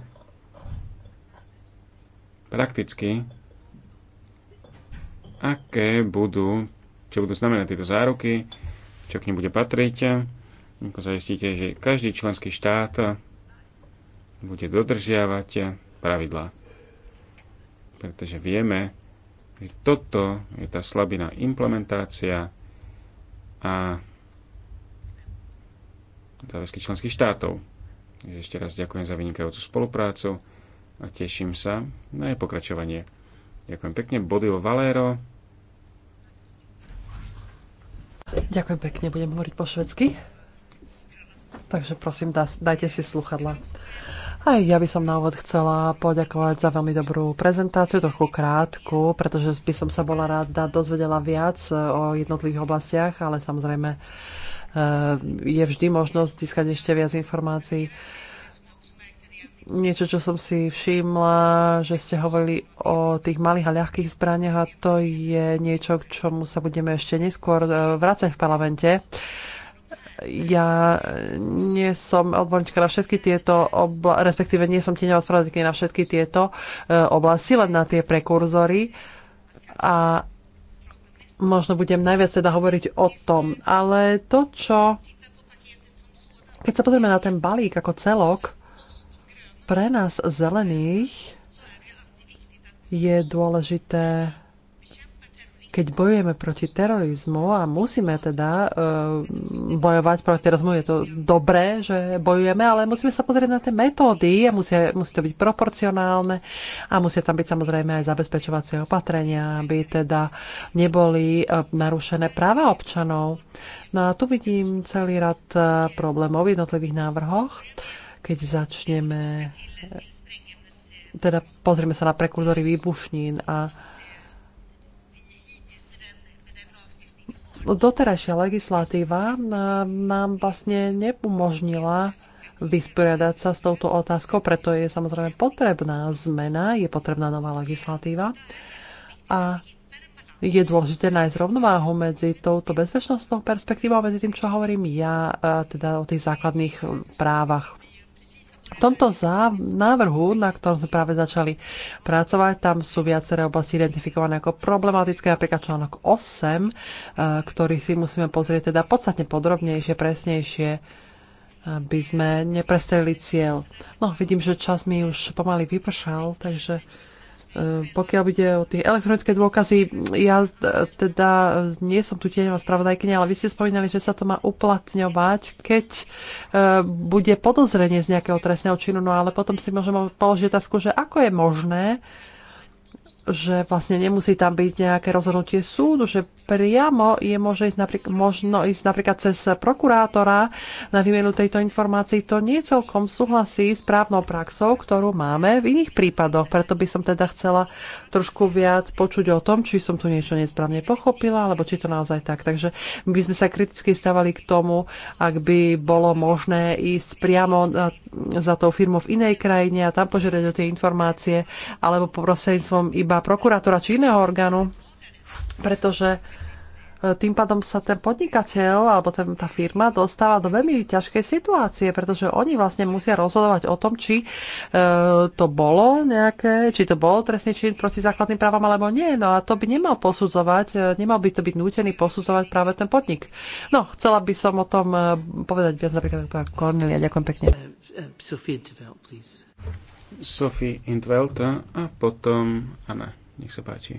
prakticky, aké budú, čo budú znamenať tieto záruky, čo k nim bude patriť, ako zaistíte, že každý členský štát bude dodržiavať pravidlá. Pretože vieme, že toto je tá slabina implementácia a záväzky členských štátov. Ešte raz ďakujem za vynikajúcu spoluprácu a teším sa na jej pokračovanie. Ďakujem pekne. Bodil Valero. Ďakujem pekne, budem hovoriť po švedsky. Takže prosím, dajte si sluchadla. Aj ja by som na úvod chcela poďakovať za veľmi dobrú prezentáciu, trochu krátku, pretože by som sa bola rada dozvedela viac e, o jednotlivých oblastiach, ale samozrejme e, je vždy možnosť získať ešte viac informácií. Niečo, čo som si všimla, že ste hovorili o tých malých a ľahkých zbraniach a to je niečo, k čomu sa budeme ešte neskôr e, vrácať v parlamente. Uh, ja nie som odborníčka na všetky tieto oblasti, respektíve nie som tieňová spravodajkynia na všetky tieto e, oblasti, len na tie prekurzory. A možno budem najviac teda hovoriť o tom. Ale to, čo... Keď sa pozrieme na ten balík ako celok, pre nás zelených je dôležité keď bojujeme proti terorizmu a musíme teda e, bojovať proti terorizmu, je to dobré, že bojujeme, ale musíme sa pozrieť na tie metódy a musí, musí to byť proporcionálne a musia tam byť samozrejme aj zabezpečovacie opatrenia, aby teda neboli e, narušené práva občanov. No a tu vidím celý rad e, problémov v jednotlivých návrhoch. Keď začneme, e, teda pozrieme sa na prekurzory výbušnín a doterajšia legislatíva e, nám, vlastne neumožnila vysporiadať sa s touto otázkou, preto je samozrejme potrebná zmena, je potrebná nová legislatíva a je dôležité nájsť rovnováhu medzi touto bezpečnostnou perspektívou a medzi tým, čo hovorím ja, e, teda o tých základných právach v tomto návrhu, na ktorom sme práve začali pracovať, tam sú viaceré oblasti identifikované ako problematické, napríklad článok 8, e, ktorý si musíme pozrieť teda podstatne podrobnejšie, presnejšie, aby sme neprestreli cieľ. No, vidím, že čas mi už pomaly vypršal, takže E, pokiaľ bude o tie elektronické dôkazy, ja e, teda nie som tu tieňová spravodajkynia, ale vy ste spomínali, že sa to má uplatňovať, keď e, bude podozrenie z nejakého trestného činu, no ale potom si môžeme položiť otázku, že ako je možné, že vlastne nemusí tam byť nejaké rozhodnutie súdu, že priamo je môže ísť napríklad, možno ísť napríklad cez prokurátora na výmenu tejto informácií. To nie celkom súhlasí s právnou praxou, ktorú máme v iných prípadoch. Preto by som teda chcela trošku viac počuť o tom, či som tu niečo nesprávne pochopila, alebo či to naozaj tak. Takže my by sme sa kriticky stavali k tomu, ak by bolo možné ísť priamo e, za tou firmou v inej krajine a tam požiadať o tie informácie, alebo poprosím som iba iba prokurátora či iného orgánu, pretože e, tým pádom sa ten podnikateľ alebo ten, tá firma dostáva do veľmi ťažkej situácie, pretože oni vlastne musia rozhodovať o tom, či e, to bolo nejaké, či to bol trestný čin proti základným právam alebo nie. No a to by nemal posudzovať, e, nemal by to byť nútený posudzovať práve ten podnik. No, chcela by som o tom e, povedať viac napríklad Kornelia. Ďakujem pekne. Uh, uh, Sophie Devel, please. Sophie Intvelta a potom Anna. Nech sa páči.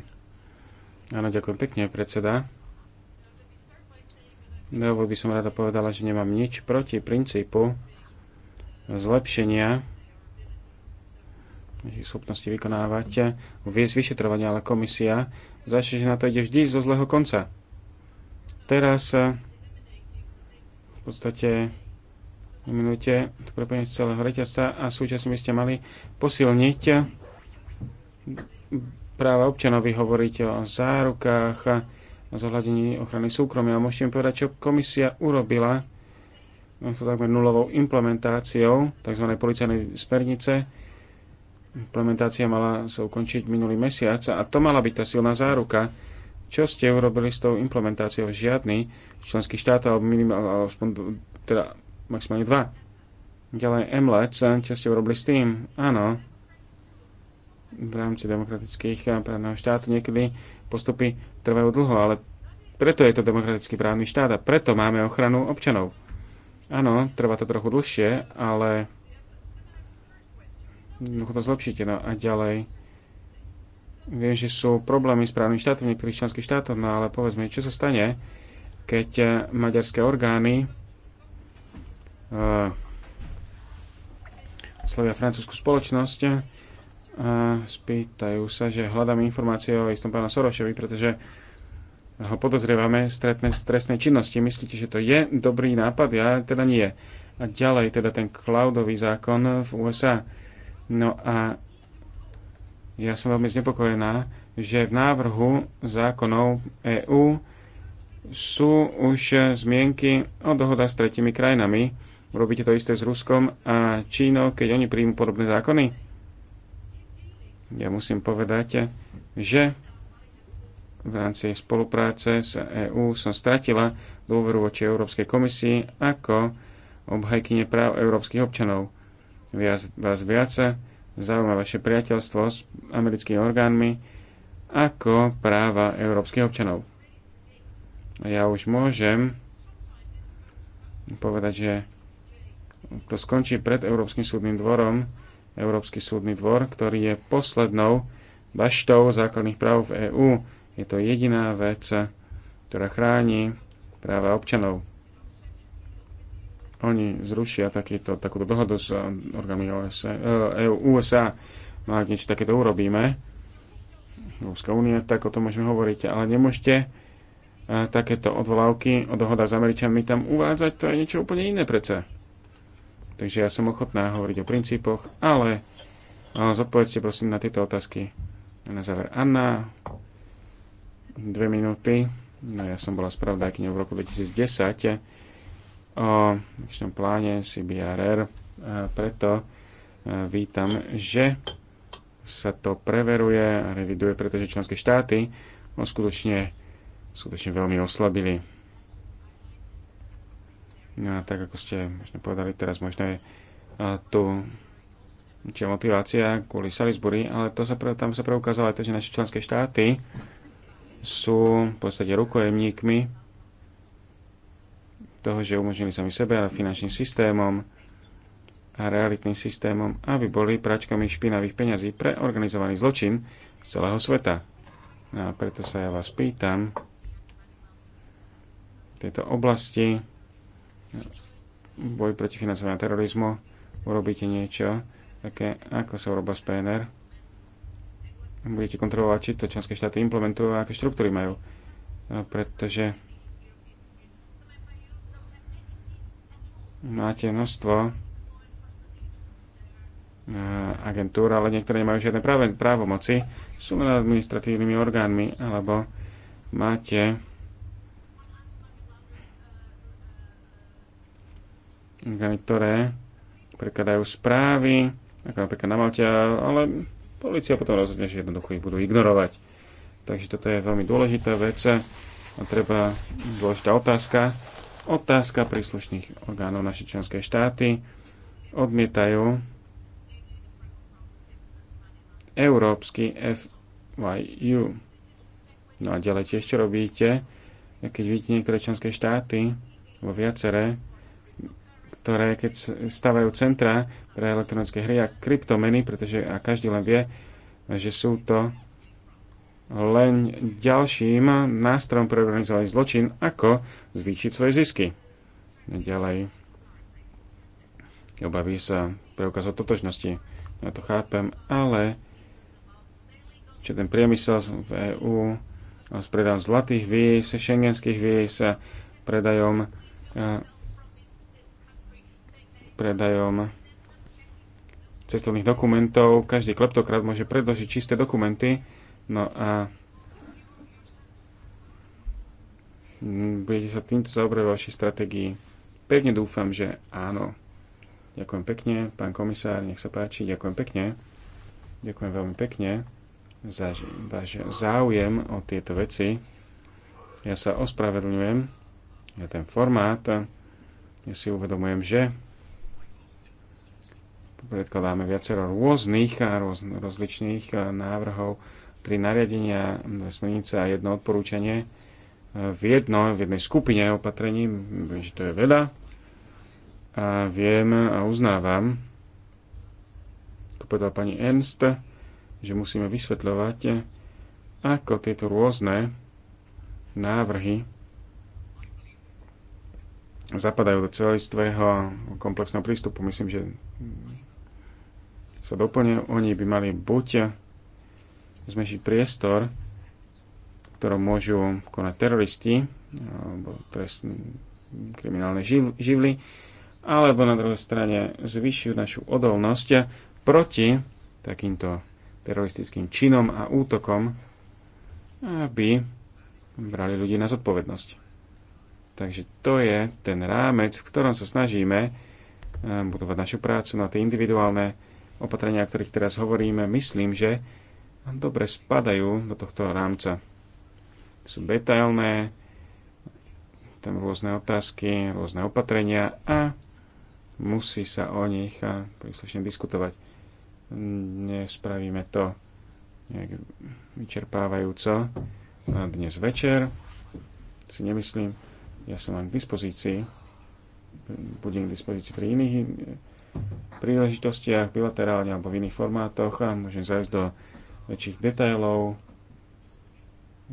Áno, ďakujem pekne, predseda. Dovol by som rada povedala, že nemám nič proti princípu zlepšenia našich schopností vykonávať, viesť vyšetrovania, ale komisia začne, že na to ide vždy zo zlého konca. Teraz v podstate minúte prepojenie z celého reťazca a súčasne by ste mali posilniť práva občanovi, hovoriť o zárukách a o zohľadení ochrany súkromia. Môžete mi povedať, čo komisia urobila s takmer nulovou implementáciou tzv. policajnej smernice. Implementácia mala sa ukončiť minulý mesiac a to mala byť tá silná záruka. Čo ste urobili s tou implementáciou? Žiadny členský štát, alebo minimálne, teda maximálne dva. Ďalej MLEC, čo ste urobili s tým? Áno, v rámci demokratických právneho štátu niekedy postupy trvajú dlho, ale preto je to demokratický právny štát a preto máme ochranu občanov. Áno, trvá to trochu dlhšie, ale jednoducho to zlepšíte. No a ďalej, viem, že sú problémy s právnym štátom v niektorých členských štátoch, no ale povedzme, čo sa stane, keď maďarské orgány Eh, slovia francúzsku spoločnosť a eh, spýtajú sa, že hľadáme informácie o istom pána Sorošovi, pretože ho podozrievame z trestnej činnosti. Myslíte, že to je dobrý nápad? Ja teda nie. A ďalej teda ten cloudový zákon v USA. No a ja som veľmi znepokojená, že v návrhu zákonov EÚ sú už zmienky o dohodách s tretimi krajinami, Robíte to isté s Ruskom a Čínou, keď oni príjmú podobné zákony? Ja musím povedať, že v rámci spolupráce s EÚ som stratila dôveru voči Európskej komisii ako obhajkyne práv európskych občanov. Viac, vás viac zaujíma vaše priateľstvo s americkými orgánmi ako práva európskych občanov. Ja už môžem povedať, že to skončí pred Európskym súdnym dvorom. Európsky súdny dvor, ktorý je poslednou baštou základných práv v EÚ. Je to jediná vec, ktorá chráni práva občanov. Oni zrušia takýto, takúto dohodu s orgánmi USA. E no ak niečo takéto urobíme, Európska únia, tak o tom môžeme hovoriť, ale nemôžete e, takéto odvolávky o dohodách s Američanmi tam uvádzať, to je niečo úplne iné prece. Takže ja som ochotná hovoriť o princípoch, ale zodpovedzte prosím na tieto otázky. Na záver Anna, dve minúty. No ja som bola spravodajkyňou v roku 2010 o dnešnom pláne CBRR. A preto e, vítam, že sa to preveruje a reviduje, pretože členské štáty skutočne, skutočne veľmi oslabili No a tak ako ste možno povedali, teraz možno je tu či motivácia kvôli Salisbury, ale to sa, tam sa preukázalo aj to, že naše členské štáty sú v podstate rukojemníkmi toho, že umožnili sami sebe a finančným systémom a realitným systémom, aby boli pračkami špinavých peňazí pre organizovaný zločin z celého sveta. A preto sa ja vás pýtam, v tejto oblasti boj proti financovaniu terorizmu, urobíte niečo také, ako sa urobil z PNR. Budete kontrolovať, či to členské štáty implementujú a aké štruktúry majú. No, pretože máte množstvo e, agentúr, ale niektoré nemajú žiadne práve, právomoci, sú len administratívnymi orgánmi, alebo máte ktoré prekladajú správy, ako napríklad na Malte, ale policia potom rozhodne, že jednoducho ich budú ignorovať. Takže toto je veľmi dôležitá vec a treba dôležitá otázka. Otázka príslušných orgánov naše členské štáty odmietajú európsky FYU. No a ďalej tiež, čo robíte, keď vidíte niektoré členské štáty, vo viaceré, ktoré keď stavajú centra pre elektronické hry a kryptomeny, pretože a každý len vie, že sú to len ďalším nástrojom pre organizovaný zločin, ako zvýšiť svoje zisky. Ďalej obaví sa preukaz o totožnosti. Ja to chápem, ale čo ten priemysel v EÚ s predám zlatých víz, šengenských víz, predajom predajom cestovných dokumentov. Každý kleptokrat môže predložiť čisté dokumenty. No a budete sa týmto zaobrať vašej stratégii. Pevne dúfam, že áno. Ďakujem pekne, pán komisár, nech sa páči, ďakujem pekne. Ďakujem veľmi pekne za váš záujem o tieto veci. Ja sa ospravedlňujem, ja ten formát, ja si uvedomujem, že predkladáme viacero rôznych a rôz, rozličných e, návrhov, tri nariadenia, dve smernice a jedno odporúčanie e, v, jedno, v jednej skupine opatrení, že to je veľa. A viem a uznávam, ako povedala pani Ernst, že musíme vysvetľovať, ako tieto rôzne návrhy zapadajú do celistvého komplexného prístupu. Myslím, že sa doplňujú, oni by mali buď zmenšiť priestor, ktorom môžu konať teroristi alebo trestné kriminálne živly, alebo na druhej strane zvyšujú našu odolnosť proti takýmto teroristickým činom a útokom, aby brali ľudí na zodpovednosť. Takže to je ten rámec, v ktorom sa snažíme eh, budovať našu prácu na tie individuálne opatrenia, o ktorých teraz hovoríme, myslím, že dobre spadajú do tohto rámca. Sú detailné, tam rôzne otázky, rôzne opatrenia a musí sa o nich a príslušne diskutovať. Nespravíme to nejak vyčerpávajúco a dnes večer. Si nemyslím, ja som len k dispozícii, budem k dispozícii pri iných príležitostiach, bilaterálne alebo v iných formátoch a môžem zajsť do väčších detailov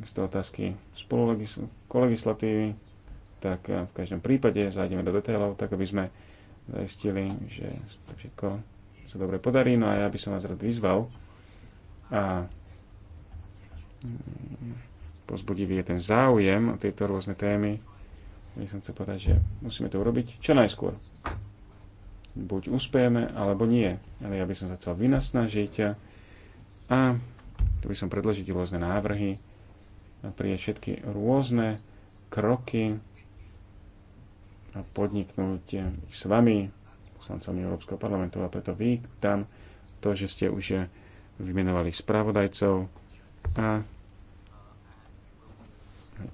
z toho otázky kolegislatívy, tak eh, v každom prípade zájdeme do detailov, tak aby sme zaistili, že to všetko sa dobre podarí. No a ja by som vás rád vyzval a mm, pozbudivý je ten záujem o tejto rôzne témy. Ja som chcel povedať, že musíme to urobiť čo najskôr buď uspejeme, alebo nie. Ale ja by som sa chcel vynasnažiť a tu by som predložiť rôzne návrhy, a prijať všetky rôzne kroky a podniknúť ich s vami, poslancami Európskeho parlamentu. A preto vítam to, že ste už vymenovali spravodajcov a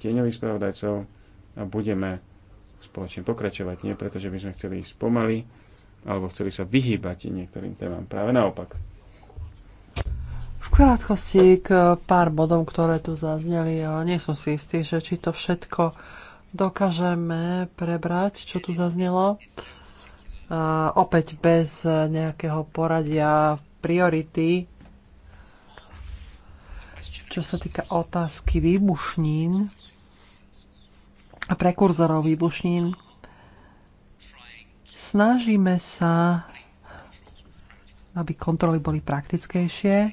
tieňových spravodajcov a budeme spoločne pokračovať. Nie preto, že by sme chceli ísť pomaly, alebo chceli sa vyhýbať niektorým témam. Práve naopak. V krátkosti k pár bodom, ktoré tu zazneli. nie som si istý, že či to všetko dokážeme prebrať, čo tu zaznelo. A opäť bez nejakého poradia priority. Čo sa týka otázky výbušnín a prekurzorov výbušnín, snažíme sa, aby kontroly boli praktickejšie.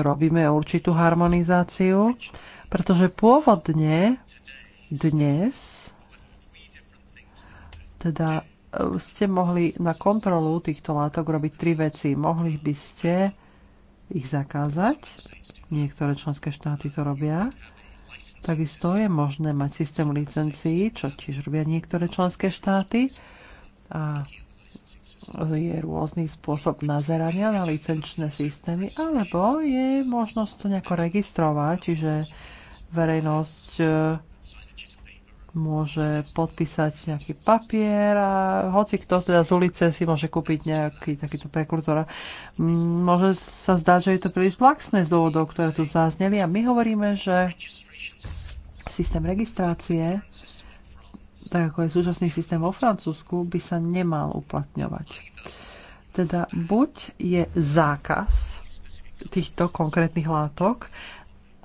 Robíme určitú harmonizáciu, pretože pôvodne dnes teda e, ste mohli na kontrolu týchto látok robiť tri veci. Mohli by ste ich zakázať, niektoré členské štáty to robia, Takisto je možné mať systém licencií, čo tiež robia niektoré členské štáty. A je rôzny spôsob nazerania na licenčné systémy, alebo je možnosť to nejako registrovať, čiže verejnosť e, môže podpísať nejaký papier a hoci kto teda z ulice si môže kúpiť nejaký takýto prekurzor. Môže sa zdať, že je to príliš laxné z dôvodov, ktoré tu zazneli a my hovoríme, že systém registrácie, tak ako je súčasný systém vo Francúzsku, by sa nemal uplatňovať. Teda buď je zákaz týchto konkrétnych látok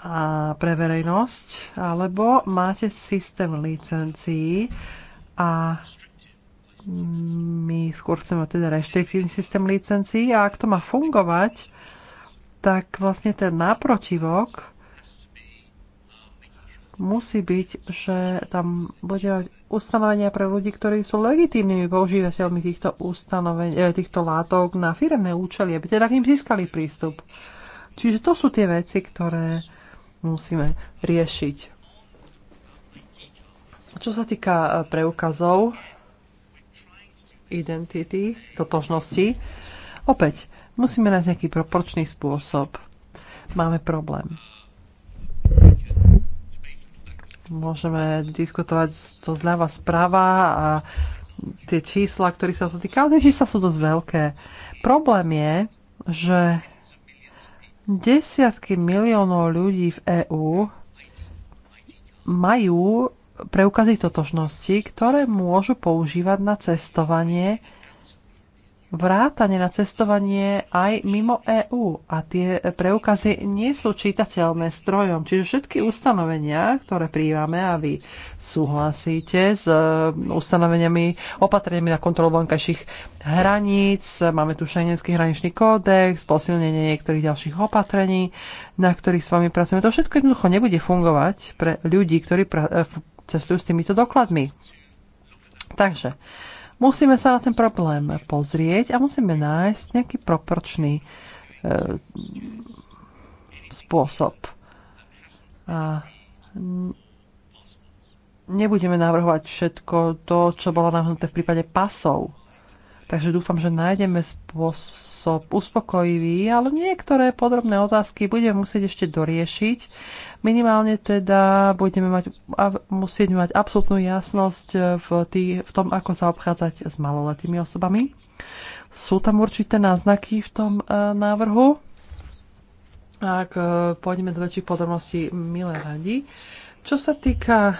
a pre verejnosť, alebo máte systém licencií a my skôr chceme teda reštriktívny systém licencií a ak to má fungovať, tak vlastne ten náprotivok musí byť, že tam bude mať ustanovenia pre ľudí, ktorí sú legitímnymi používateľmi týchto, eh, týchto látok na firemné účely, aby teda k ním získali prístup. Čiže to sú tie veci, ktoré musíme riešiť. Čo sa týka eh, preukazov, identity, totožnosti, opäť musíme nájsť nejaký proporčný spôsob. Máme problém môžeme diskutovať to zľava správa a tie čísla, ktorých sa to týka, tie čísla sú dosť veľké. Problém je, že desiatky miliónov ľudí v EÚ majú preukazy totožnosti, ktoré môžu používať na cestovanie vrátane na cestovanie aj mimo EÚ a tie preukazy nie sú čitateľné strojom. Čiže všetky ustanovenia, ktoré príjmame a vy súhlasíte s e, ustanoveniami, opatreniami na kontrolu vonkajších hraníc, máme tu šengenský hraničný kódex, posilnenie niektorých ďalších opatrení, na ktorých s vami pracujeme. To všetko jednoducho nebude fungovať pre ľudí, ktorí e, cestujú s týmito dokladmi. Takže Musíme sa na ten problém pozrieť a musíme nájsť nejaký proporčný e, spôsob. A nebudeme navrhovať všetko to, čo bolo navrhnuté v prípade pasov. Takže dúfam, že nájdeme spôsob uspokojivý, ale niektoré podrobné otázky budeme musieť ešte doriešiť Minimálne teda budeme mať, musieť mať absolútnu jasnosť v, tý, v tom, ako sa obchádzať s maloletými osobami. Sú tam určité náznaky v tom e, návrhu. Ak e, pôjdeme do väčších podrobností, milé radi. Čo sa týka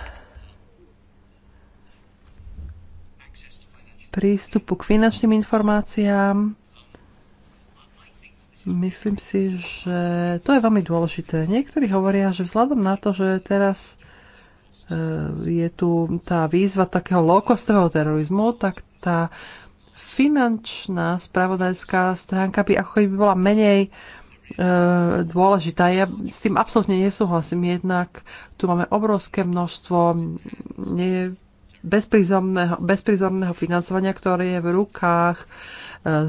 prístupu k finančným informáciám, Myslím si, že to je veľmi dôležité. Niektorí hovoria, že vzhľadom na to, že teraz e, je tu tá výzva takého lokostového terorizmu, tak tá finančná spravodajská stránka by ako keby bola menej e, dôležitá. Ja s tým absolútne nesúhlasím. Jednak tu máme obrovské množstvo bezprizorného, bezprizorného financovania, ktoré je v rukách e,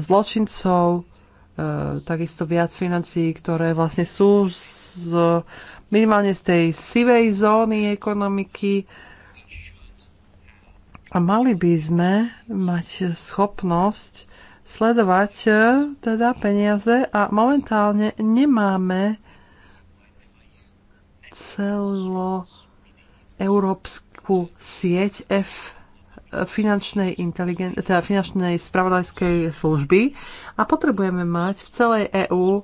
zločincov, E, takisto viac financií, ktoré vlastne sú z, minimálne z tej sivej zóny ekonomiky. A mali by sme mať schopnosť sledovať e, teda peniaze a momentálne nemáme celo európsku sieť F finančnej, inteligen- teda finančnej spravodajskej služby a potrebujeme mať v celej EÚ e,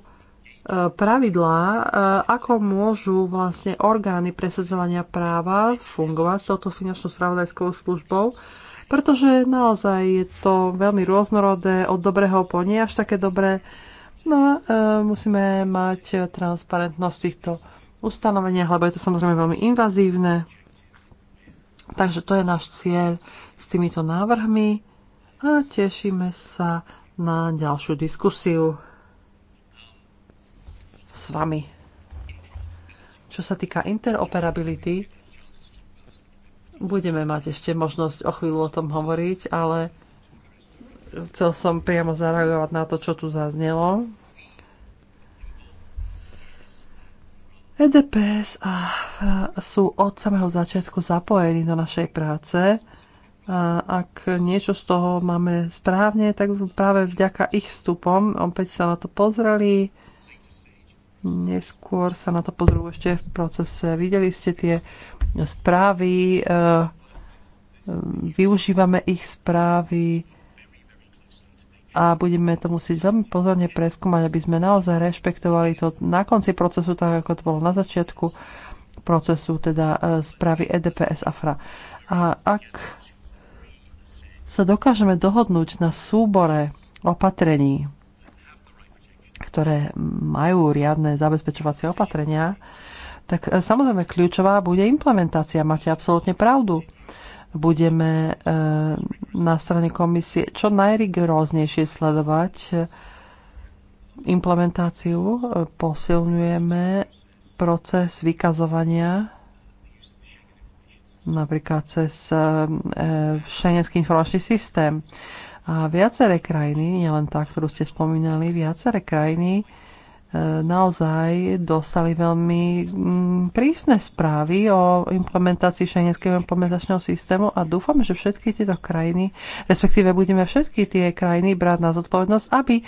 pravidlá, e, ako môžu vlastne orgány presadzovania práva fungovať s touto finančnou spravodajskou službou, pretože naozaj je to veľmi rôznorodé, od dobrého po nie až také dobré. No a e, musíme mať transparentnosť týchto ustanoveniach, lebo je to samozrejme veľmi invazívne Takže to je náš cieľ s týmito návrhmi a tešíme sa na ďalšiu diskusiu s vami. Čo sa týka interoperability, budeme mať ešte možnosť o chvíľu o tom hovoriť, ale chcel som priamo zareagovať na to, čo tu zaznelo. EDPS a FRA sú od samého začiatku zapojení do našej práce. A ak niečo z toho máme správne, tak práve vďaka ich vstupom opäť sa na to pozreli. Neskôr sa na to pozrú ešte v procese. Videli ste tie správy, e, e, využívame ich správy, a budeme to musieť veľmi pozorne preskúmať, aby sme naozaj rešpektovali to na konci procesu, tak ako to bolo na začiatku procesu, teda e, správy EDPS AFRA. A ak sa dokážeme dohodnúť na súbore opatrení, ktoré majú riadne zabezpečovacie opatrenia, tak e, samozrejme kľúčová bude implementácia. Máte absolútne pravdu budeme e, na strane komisie čo najrigoróznejšie sledovať implementáciu. E, posilňujeme proces vykazovania napríklad cez šengenský e, informačný systém. A viaceré krajiny, nielen tá, ktorú ste spomínali, viaceré krajiny naozaj dostali veľmi mm, prísne správy o implementácii šengenského implementačného systému a dúfame, že všetky tieto krajiny, respektíve budeme všetky tie krajiny brať na zodpovednosť, aby e,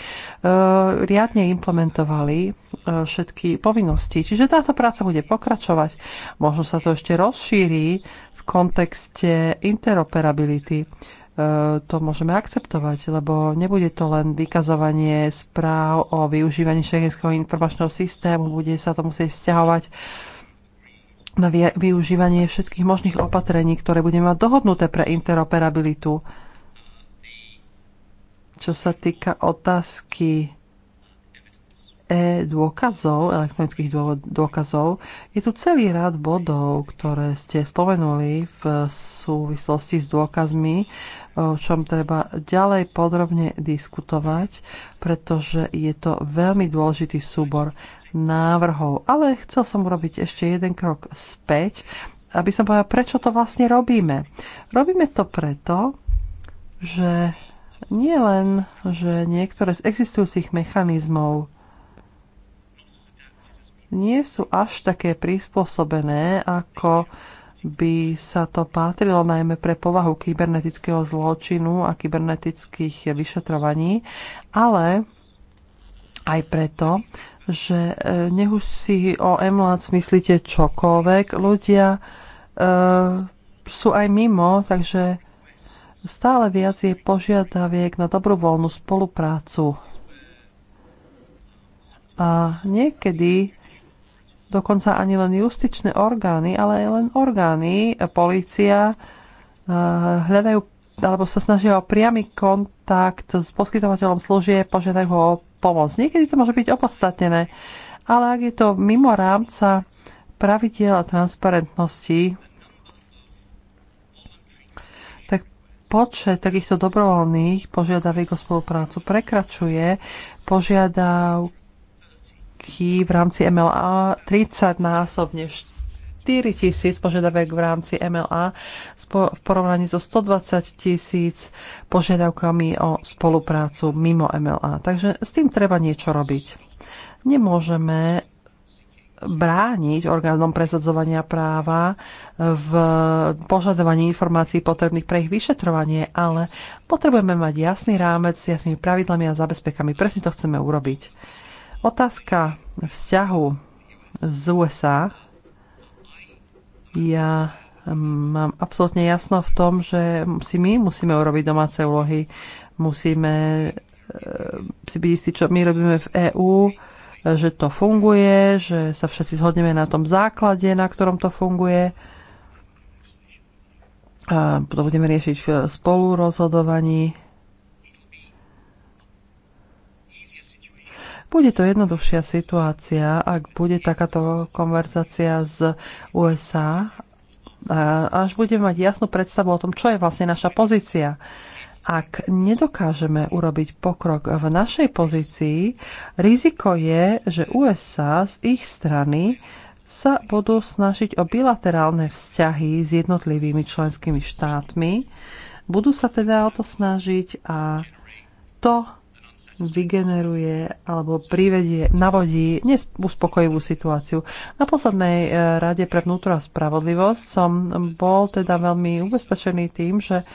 riadne implementovali e, všetky povinnosti. Čiže táto práca bude pokračovať. Možno sa to ešte rozšíri v kontexte interoperability E, to môžeme akceptovať, lebo nebude to len vykazovanie správ o využívaní šengenského informačného systému, bude sa to musieť vzťahovať na využívanie všetkých možných opatrení, ktoré budeme mať dohodnuté pre interoperabilitu. Čo sa týka otázky e dôkazov, elektronických dôkazov, je tu celý rád bodov, ktoré ste spomenuli v súvislosti s dôkazmi o čom treba ďalej podrobne diskutovať, pretože je to veľmi dôležitý súbor návrhov. Ale chcel som urobiť ešte jeden krok späť, aby som povedal, prečo to vlastne robíme. Robíme to preto, že nie len, že niektoré z existujúcich mechanizmov nie sú až také prispôsobené, ako by sa to patrilo najmä pre povahu kybernetického zločinu a kybernetických vyšetrovaní, ale aj preto, že e, nech už si o emulac myslíte čokoľvek, ľudia e, sú aj mimo, takže stále viac je požiadaviek na dobrovoľnú spoluprácu. A niekedy dokonca ani len justičné orgány, ale aj len orgány, policia eh, hľadajú alebo sa snažia o priamy kontakt s poskytovateľom služie, požiadajú ho o pomoc. Niekedy to môže byť opodstatnené, ale ak je to mimo rámca pravidiel a transparentnosti, tak počet takýchto dobrovoľných požiadaviek o spoluprácu prekračuje požiadavky požiadavky v rámci MLA 30 násobne 4 tisíc požiadavek v rámci MLA v porovnaní so 120 tisíc požiadavkami o spoluprácu mimo MLA. Takže s tým treba niečo robiť. Nemôžeme brániť orgánom presadzovania práva v požadovaní informácií potrebných pre ich vyšetrovanie, ale potrebujeme mať jasný rámec s jasnými pravidlami a zabezpekami. Presne to chceme urobiť. Otázka vzťahu z USA. Ja mm, mám absolútne jasno v tom, že si my musíme urobiť domáce úlohy, musíme e, si byť istí, čo my robíme v EÚ, že to funguje, že sa všetci zhodneme na tom základe, na ktorom to funguje. A to budeme riešiť v spolurozhodovaní. Bude to jednoduchšia situácia, ak bude takáto konverzácia z USA, až budeme mať jasnú predstavu o tom, čo je vlastne naša pozícia. Ak nedokážeme urobiť pokrok v našej pozícii, riziko je, že USA z ich strany sa budú snažiť o bilaterálne vzťahy s jednotlivými členskými štátmi. Budú sa teda o to snažiť a to vygeneruje alebo privedie, navodí neuspokojivú situáciu. Na poslednej e, rade pre vnútro a spravodlivosť som bol teda veľmi ubezpečený tým, že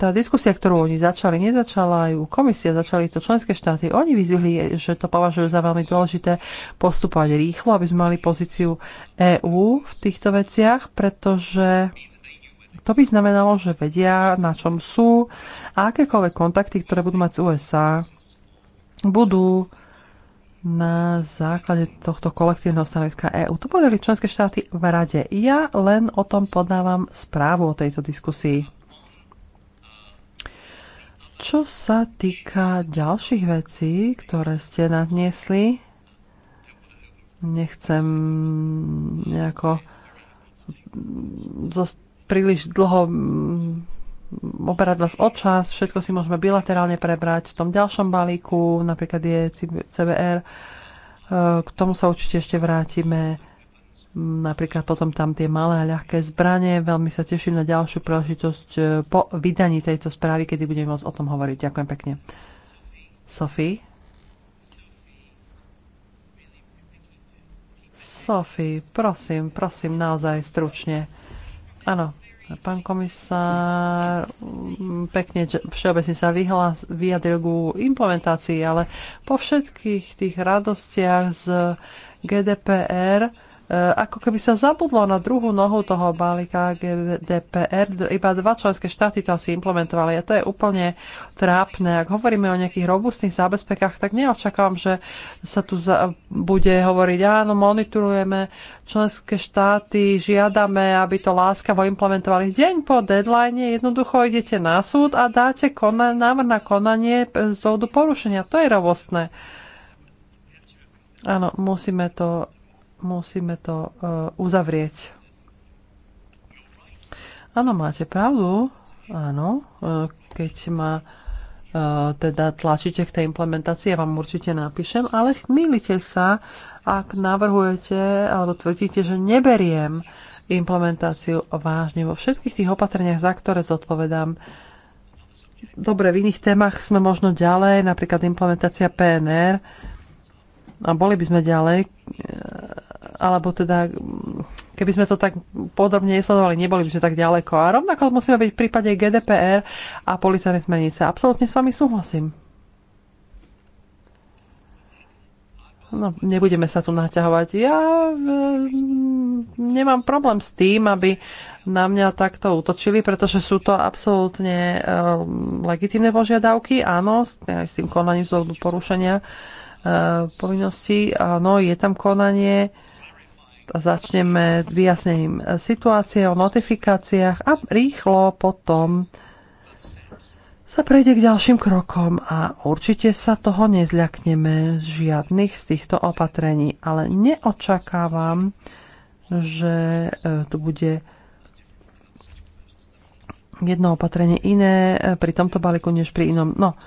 tá diskusia, ktorú oni začali, nezačala u komisia, začali to členské štáty. Oni vyzvihli, že to považujú za veľmi dôležité postupovať rýchlo, aby sme mali pozíciu EÚ v týchto veciach, pretože to by znamenalo, že vedia, na čom sú a akékoľvek kontakty, ktoré budú mať z USA, budú na základe tohto kolektívneho stanoviska EÚ. To povedali členské štáty v rade. Ja len o tom podávam správu o tejto diskusii. Čo sa týka ďalších vecí, ktoré ste nadniesli, nechcem nejako príliš dlho oberať vás o čas, všetko si môžeme bilaterálne prebrať. V tom ďalšom balíku napríklad je CBR, e, k tomu sa určite ešte vrátime. Napríklad potom tam tie malé a ľahké zbranie. Veľmi sa teším na ďalšiu príležitosť e, po vydaní tejto správy, kedy budeme môcť o tom hovoriť. Ďakujem pekne. Sophie? Sophie, prosím, prosím, naozaj stručne. Áno, Pán komisár mm, pekne všeobecne sa vyhlas, vyjadril ku implementácii, ale po všetkých tých radostiach z GDPR Eh, ako keby sa zabudlo na druhú nohu toho balíka GDPR. Iba dva členské štáty to asi implementovali a to je úplne trápne. Ak hovoríme o nejakých robustných zábezpekách, tak neočakávam, že sa tu za- bude hovoriť, áno, monitorujeme členské štáty, žiadame, aby to láskavo implementovali. Deň po deadline jednoducho idete na súd a dáte kona- návrh na konanie eh, z dôvodu porušenia. To je robustné. Áno, musíme to musíme to e, uzavrieť. Áno, máte pravdu. Áno, e, keď ma e, teda tlačíte k tej implementácii, ja vám určite napíšem, ale milite sa, ak navrhujete alebo tvrdíte, že neberiem implementáciu vážne vo všetkých tých opatreniach, za ktoré zodpovedám. Dobre, v iných témach sme možno ďalej, napríklad implementácia PNR, a boli by sme ďalej, alebo teda keby sme to tak podrobne nesledovali, neboli by sme tak ďaleko. A rovnako musíme byť v prípade GDPR a policajnej smernice. Absolútne s vami súhlasím. No, nebudeme sa tu naťahovať. Ja e, nemám problém s tým, aby na mňa takto útočili, pretože sú to absolútne e, legitimné požiadavky. Áno, aj s tým konaním z porušenia e, povinností. Áno, je tam konanie. E, začneme vyjasnením situácie o notifikáciách a rýchlo potom sa prejde k ďalším krokom a určite sa toho nezľakneme z žiadnych z týchto opatrení, ale neočakávam, že e, tu bude jedno opatrenie iné pri tomto balíku než pri inom. No,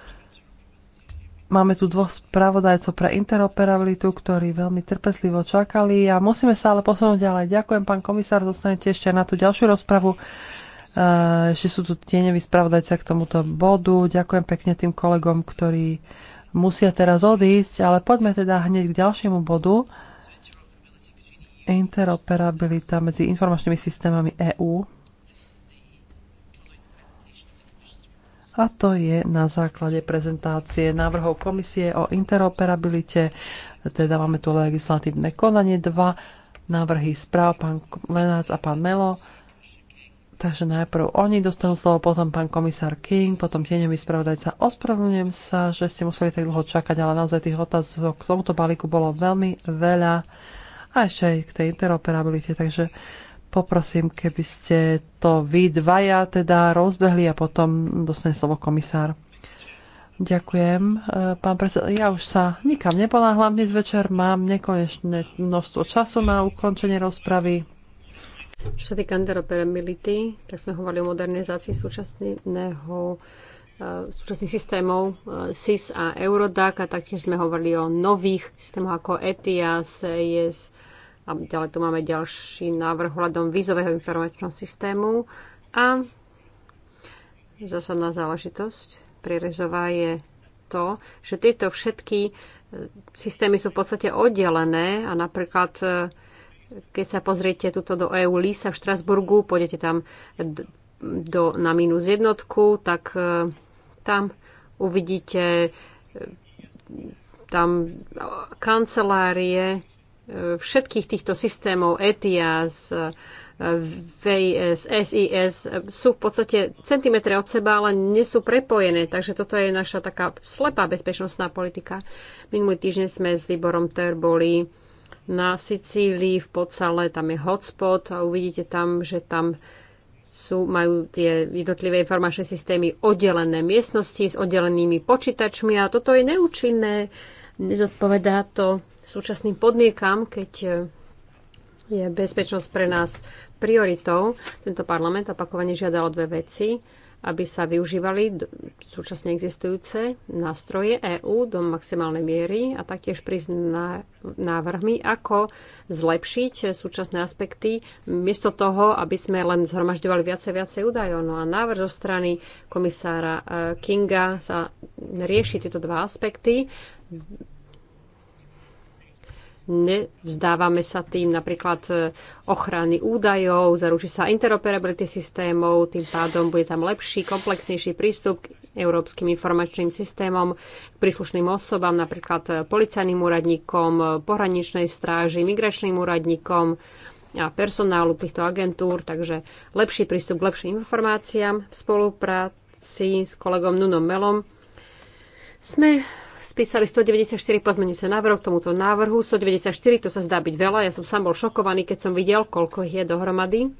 Máme tu dvoch spravodajcov pre interoperabilitu, ktorí veľmi trpezlivo čakali a musíme sa ale posunúť ďalej. Ďakujem, pán komisár, dostanete ešte na tú ďalšiu rozpravu. Eh, ešte sú tu tieňoví spravodajca k tomuto bodu. Ďakujem pekne tým kolegom, ktorí musia teraz odísť, ale poďme teda hneď k ďalšiemu bodu. Interoperabilita medzi informačnými systémami EÚ. a to je na základe prezentácie návrhov komisie o interoperabilite. Teda máme tu legislatívne konanie, dva návrhy správ, pán Lenác a pán Melo. Takže najprv oni dostanú slovo, potom pán komisár King, potom tieňový spravodajca. Ospravedlňujem sa, že ste museli tak dlho čakať, ale naozaj tých otázok k tomuto balíku bolo veľmi veľa a ešte aj k tej interoperabilite. Takže Poprosím, keby ste to vy dvaja teda rozbehli a potom dostane slovo komisár. Ďakujem, e, pán predseda. Ja už sa nikam neponáhľam dnes večer. Mám nekonečné množstvo času na ukončenie rozpravy. Čo sa týka interoperability, tak sme hovorili o modernizácii súčasného e, súčasných systémov e, SIS a Eurodac a taktiež sme hovorili o nových systémoch ako ETIAS, EIS, a ďalej tu máme ďalší návrh hľadom vízového informačného systému. A zásadná záležitosť prierezová je to, že tieto všetky e, systémy sú v podstate oddelené a napríklad e, keď sa pozriete tuto do EU LISA v Štrasburgu, pôjdete tam do, na minus jednotku, tak e, tam uvidíte tam kancelárie všetkých týchto systémov ETIAS, VIS, SIS sú v podstate centimetre od seba, ale nie sú prepojené. Takže toto je naša taká slepá bezpečnostná politika. Minulý týždeň sme s výborom TER boli na Sicílii v Podsale, tam je hotspot a uvidíte tam, že tam sú, majú tie jednotlivé informačné systémy oddelené miestnosti s oddelenými počítačmi a toto je neúčinné, nezodpovedá to súčasným podmienkam, keď eh, je bezpečnosť pre nás prioritou. Tento parlament opakovane žiadal dve veci, aby sa využívali súčasne existujúce nástroje EÚ do maximálnej miery a taktiež prísť návrhmi, ako zlepšiť súčasné aspekty, miesto toho, aby sme len zhromažďovali viacej viacej údajov. No a návrh zo strany komisára eh, Kinga sa rieši tieto dva aspekty Nevzdávame sa tým napríklad e, ochrany údajov, zaručí sa interoperability systémov, tým pádom bude tam lepší, komplexnejší prístup k európskym informačným systémom, k príslušným osobám, napríklad e, policajným úradníkom, e, pohraničnej stráži, migračným úradníkom a personálu týchto agentúr, takže lepší prístup k lepším informáciám v spolupráci s kolegom Nunom Melom. Sme spísali 194 pozmeňujúce návrhov k tomuto návrhu. 194, to sa zdá byť veľa. Ja som sám bol šokovaný, keď som videl, koľko ich je dohromady.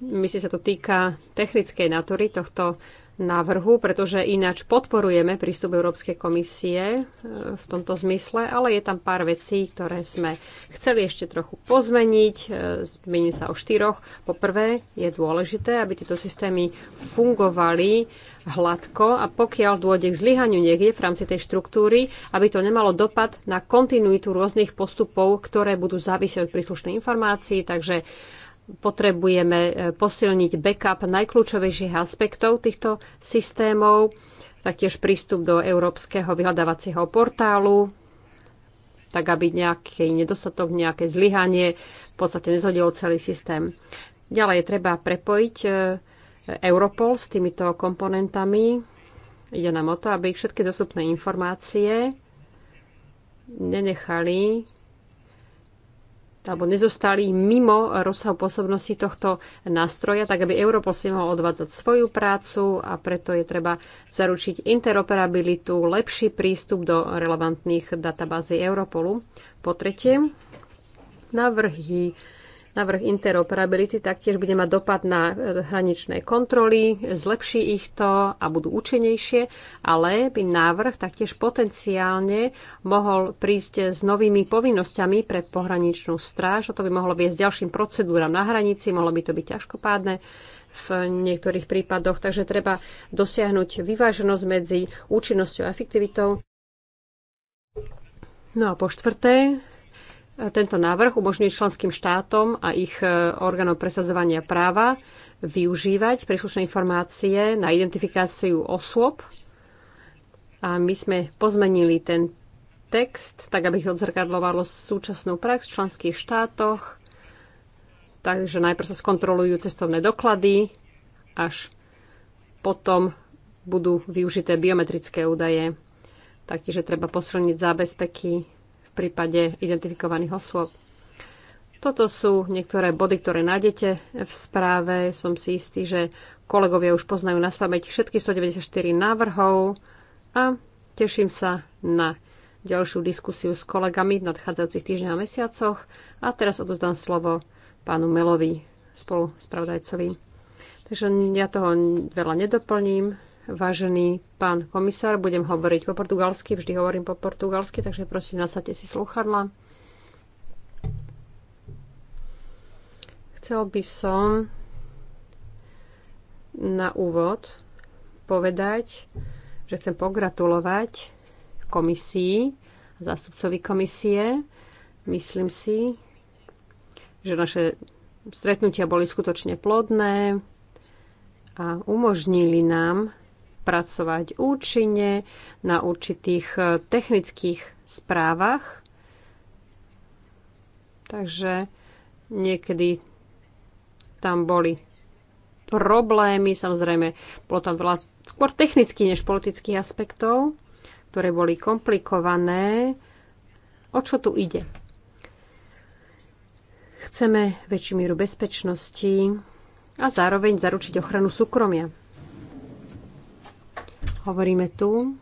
Myslím, sa to týka technickej natúry tohto návrhu, pretože ináč podporujeme prístup Európskej komisie e, v tomto zmysle, ale je tam pár vecí, ktoré sme chceli ešte trochu pozmeniť. E, Zmením sa o štyroch. Po prvé, je dôležité, aby tieto systémy fungovali hladko a pokiaľ dôjde k zlyhaniu niekde v rámci tej štruktúry, aby to nemalo dopad na kontinuitu rôznych postupov, ktoré budú závisieť od príslušnej informácií, takže potrebujeme e, posilniť backup najkľúčovejších aspektov týchto systémov, taktiež prístup do európskeho vyhľadávacieho portálu, tak aby nejaký nedostatok, nejaké zlyhanie v podstate nezhodilo celý systém. Ďalej treba prepojiť e, Europol s týmito komponentami. Ide nám o to, aby všetky dostupné informácie nenechali alebo nezostali mimo rozsahu pôsobnosti tohto nástroja, tak aby Europol si mohol odvádzať svoju prácu a preto je treba zaručiť interoperabilitu, lepší prístup do relevantných databází Europolu. Po tretie, navrhy Navrh interoperability taktiež bude mať dopad na e, hraničné kontroly, zlepší ich to a budú účinnejšie, ale by návrh taktiež potenciálne mohol prísť s novými povinnosťami pre pohraničnú stráž. O to by mohlo viesť ďalším procedúram na hranici, mohlo by to byť ťažkopádne v niektorých prípadoch, takže treba dosiahnuť vyváženosť medzi účinnosťou a efektivitou. No a po štvrté, tento návrh umožňuje členským štátom a ich e, orgánom presadzovania práva využívať príslušné informácie na identifikáciu osôb. A my sme pozmenili ten text, tak aby ich odzrkadlovalo súčasnú prax v členských štátoch. Takže najprv sa skontrolujú cestovné doklady, až potom budú využité biometrické údaje. Taktiež treba posilniť zábezpeky prípade identifikovaných osôb. Toto sú niektoré body, ktoré nájdete v správe. Som si istý, že kolegovia už poznajú na spameť všetky 194 návrhov a teším sa na ďalšiu diskusiu s kolegami v nadchádzajúcich týždňoch a mesiacoch. A teraz odozdám slovo pánu Melovi, spolu spravodajcovi. Takže ja toho veľa nedoplním. Vážený pán komisár, budem hovoriť po portugalsky, vždy hovorím po portugalsky, takže prosím, nasadte si slúchadla. Chcel by som na úvod povedať, že chcem pogratulovať komisii, zástupcovi komisie. Myslím si, že naše stretnutia boli skutočne plodné a umožnili nám pracovať účinne na určitých e, technických správach. Takže niekedy tam boli problémy, samozrejme, bolo tam veľa skôr technických než politických aspektov, ktoré boli komplikované. O čo tu ide? Chceme väčšiu mieru bezpečnosti a zároveň zaručiť ochranu súkromia. Hovoríme tu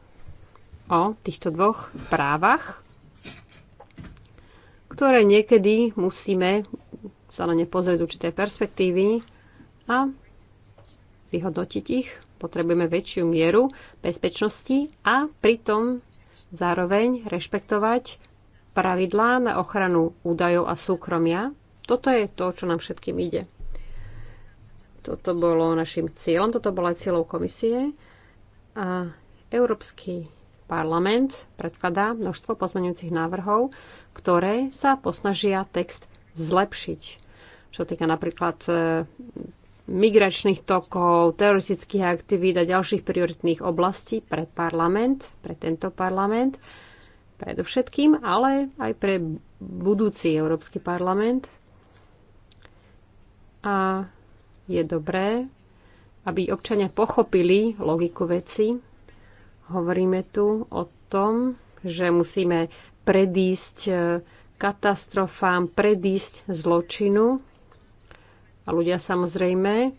o týchto dvoch právach, ktoré niekedy musíme sa na ne pozrieť z určitej perspektívy a vyhodnotiť ich. Potrebujeme väčšiu mieru bezpečnosti a pritom zároveň rešpektovať pravidlá na ochranu údajov a súkromia. Toto je to, čo nám všetkým ide. Toto bolo našim cieľom, toto bolo aj cieľou komisie. A Európsky parlament predkladá množstvo pozmeňujúcich návrhov, ktoré sa posnažia text zlepšiť. Čo týka napríklad e, migračných tokov, teroristických aktivít a ďalších prioritných oblastí pre parlament, pre tento parlament, predovšetkým, ale aj pre budúci Európsky parlament. A je dobré, aby občania pochopili logiku veci. Hovoríme tu o tom, že musíme predísť e, katastrofám, predísť zločinu. A ľudia samozrejme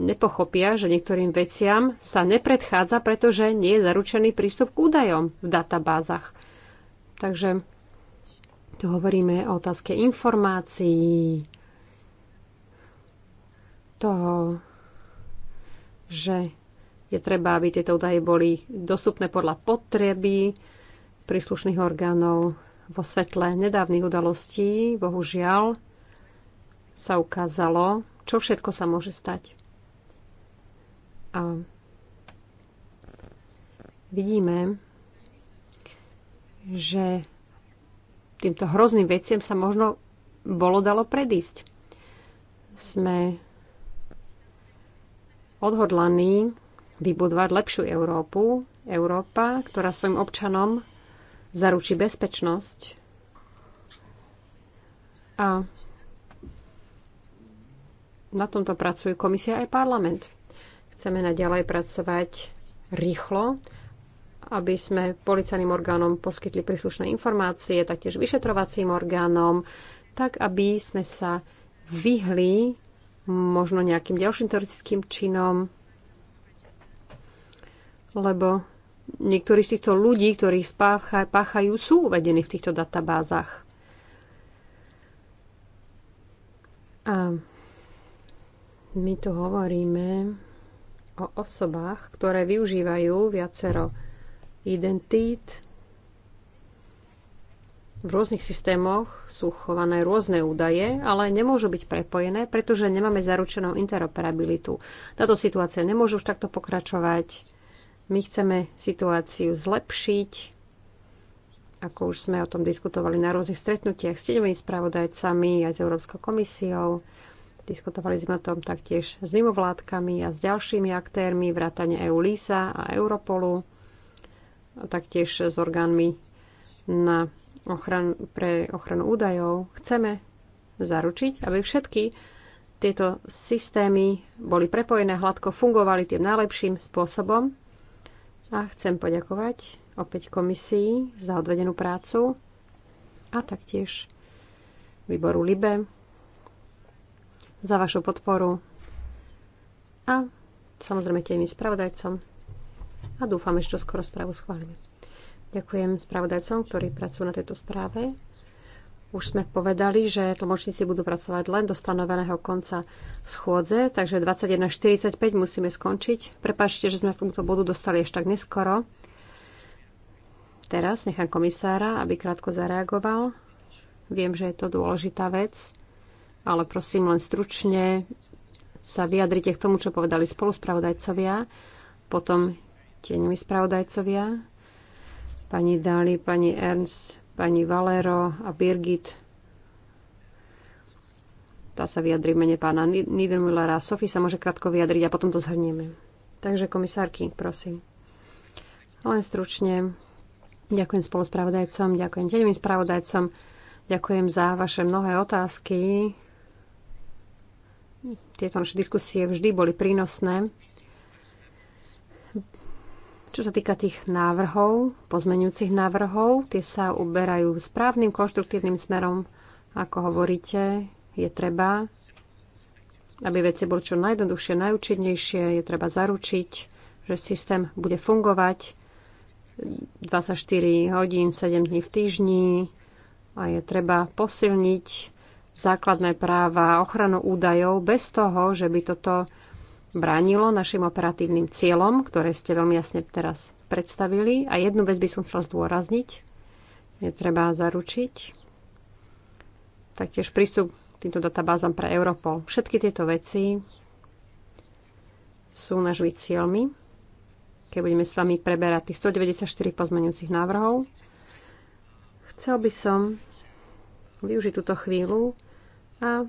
nepochopia, že niektorým veciam sa nepredchádza, pretože nie je zaručený prístup k údajom v databázach. Takže tu hovoríme o otázke informácií, toho, že je treba, aby tieto údaje boli dostupné podľa potreby príslušných orgánov vo svetle nedávnych udalostí. Bohužiaľ sa ukázalo, čo všetko sa môže stať. A vidíme, že týmto hrozným veciam sa možno bolo dalo predísť. Sme odhodlaní vybudovať lepšiu Európu, Európa, ktorá svojim občanom zaručí bezpečnosť a na tomto pracujú komisia aj parlament. Chceme naďalej pracovať rýchlo, aby sme policajným orgánom poskytli príslušné informácie, taktiež vyšetrovacím orgánom, tak aby sme sa vyhli možno nejakým ďalším teoretickým činom, lebo niektorí z týchto ľudí, ktorí páchajú, sú uvedení v týchto databázach. A my tu hovoríme o osobách, ktoré využívajú viacero identít, v rôznych systémoch sú chované rôzne údaje, ale nemôžu byť prepojené, pretože nemáme zaručenú interoperabilitu. Táto situácia nemôže už takto pokračovať. My chceme situáciu zlepšiť, ako už sme o tom diskutovali na rôznych stretnutiach s tieňovými spravodajcami aj s Európskou komisiou. Diskutovali sme o tom taktiež s mimovládkami a s ďalšími aktérmi, vrátane EULISA a Europolu, a taktiež s orgánmi na ochran- pre ochranu údajov. Chceme zaručiť, aby všetky tieto systémy boli prepojené hladko, fungovali tým najlepším spôsobom. A chcem poďakovať opäť komisii za odvedenú prácu a taktiež výboru LIBE za vašu podporu a samozrejme tým spravodajcom a dúfam, že čo skoro správu schválime. Ďakujem spravodajcom, ktorí pracujú na tejto správe. Už sme povedali, že tlmočníci budú pracovať len do stanoveného konca schôdze, takže 21.45 musíme skončiť. Prepačte, že sme v tomto bodu dostali ešte tak neskoro. Teraz nechám komisára, aby krátko zareagoval. Viem, že je to dôležitá vec, ale prosím len stručne sa vyjadrite k tomu, čo povedali spoluspravodajcovia, potom tieňmi spravodajcovia pani Dali, pani Ernst, pani Valero a Birgit. Tá sa vyjadrí mene pána Niedermüllera. Sofie sa môže krátko vyjadriť a potom to zhrnieme. Takže komisár King, prosím. Len stručne. Ďakujem spoluspravodajcom, ďakujem tieňovým spravodajcom, ďakujem za vaše mnohé otázky. Tieto naše diskusie vždy boli prínosné. Čo sa týka tých návrhov, pozmeňujúcich návrhov, tie sa uberajú správnym konštruktívnym smerom, ako hovoríte, je treba, aby veci boli čo najjednoduchšie, najúčinnejšie, je treba zaručiť, že systém bude fungovať 24 hodín, 7 dní v týždni a je treba posilniť základné práva, ochranu údajov bez toho, že by toto bránilo našim operatívnym cieľom, ktoré ste veľmi jasne teraz predstavili. A jednu vec by som chcel zdôrazniť. Je treba zaručiť taktiež prístup k týmto databázam pre Europol. Všetky tieto veci sú našimi cieľmi, keď budeme s vami preberať tých 194 pozmeňujúcich návrhov. Chcel by som využiť túto chvíľu a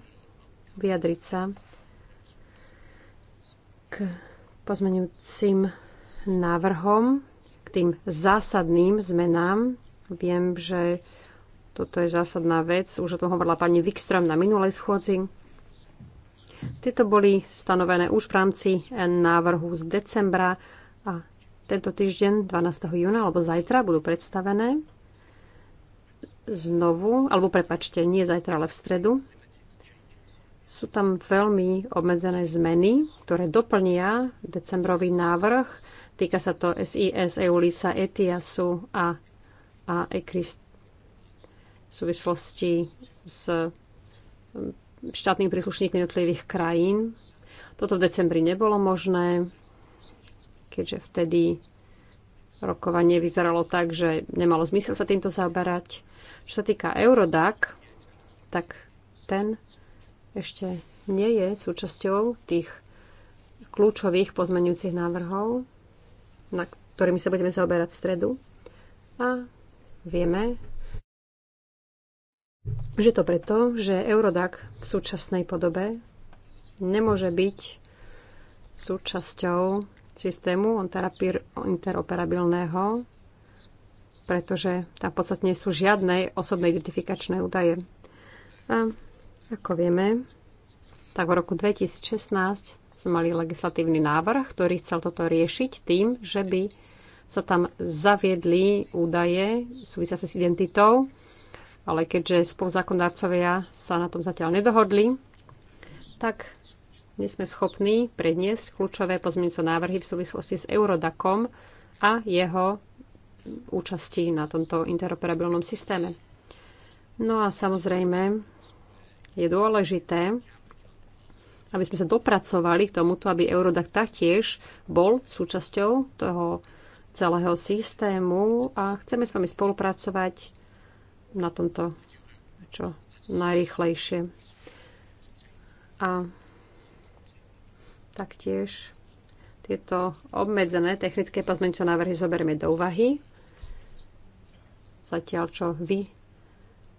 vyjadriť sa k pozmeňujúcim návrhom, k tým zásadným zmenám. Viem, že toto je zásadná vec. Už o tom hovorila pani Wikström na minulej schôdzi. Tieto boli stanovené už v rámci návrhu z decembra a tento týždeň, 12. júna alebo zajtra, budú predstavené znovu, alebo prepačte, nie zajtra, ale v stredu. Sú tam veľmi obmedzené zmeny, ktoré doplnia decembrový návrh. Týka sa to SIS, EULISA, ETIASu a, a ECRIS v súvislosti s štátnym príslušníkmi jednotlivých krajín. Toto v decembri nebolo možné, keďže vtedy rokovanie vyzeralo tak, že nemalo zmysel sa týmto zaoberať. Čo sa týka Eurodac, tak ten ešte nie je súčasťou tých kľúčových pozmeňujúcich návrhov, na ktorými sa budeme zaoberať v stredu. A vieme, že to preto, že Eurodac v súčasnej podobe nemôže byť súčasťou systému interoperabilného, pretože tam v podstate nie sú žiadne osobné identifikačné údaje. A ako vieme, tak v roku 2016 sme mali legislatívny návrh, ktorý chcel toto riešiť tým, že by sa tam zaviedli údaje súvisiace s identitou, ale keďže spoluzákonodárcovia sa na tom zatiaľ nedohodli, tak nie sme schopní predniesť kľúčové pozmeňujúce návrhy v súvislosti s Eurodacom a jeho účasti na tomto interoperabilnom systéme. No a samozrejme, je dôležité, aby sme sa dopracovali k tomuto, aby Eurodac taktiež bol súčasťou toho celého systému a chceme s vami spolupracovať na tomto čo najrychlejšie. A taktiež tieto obmedzené technické pozmeňujúce návrhy zoberieme do úvahy. Zatiaľ, čo vy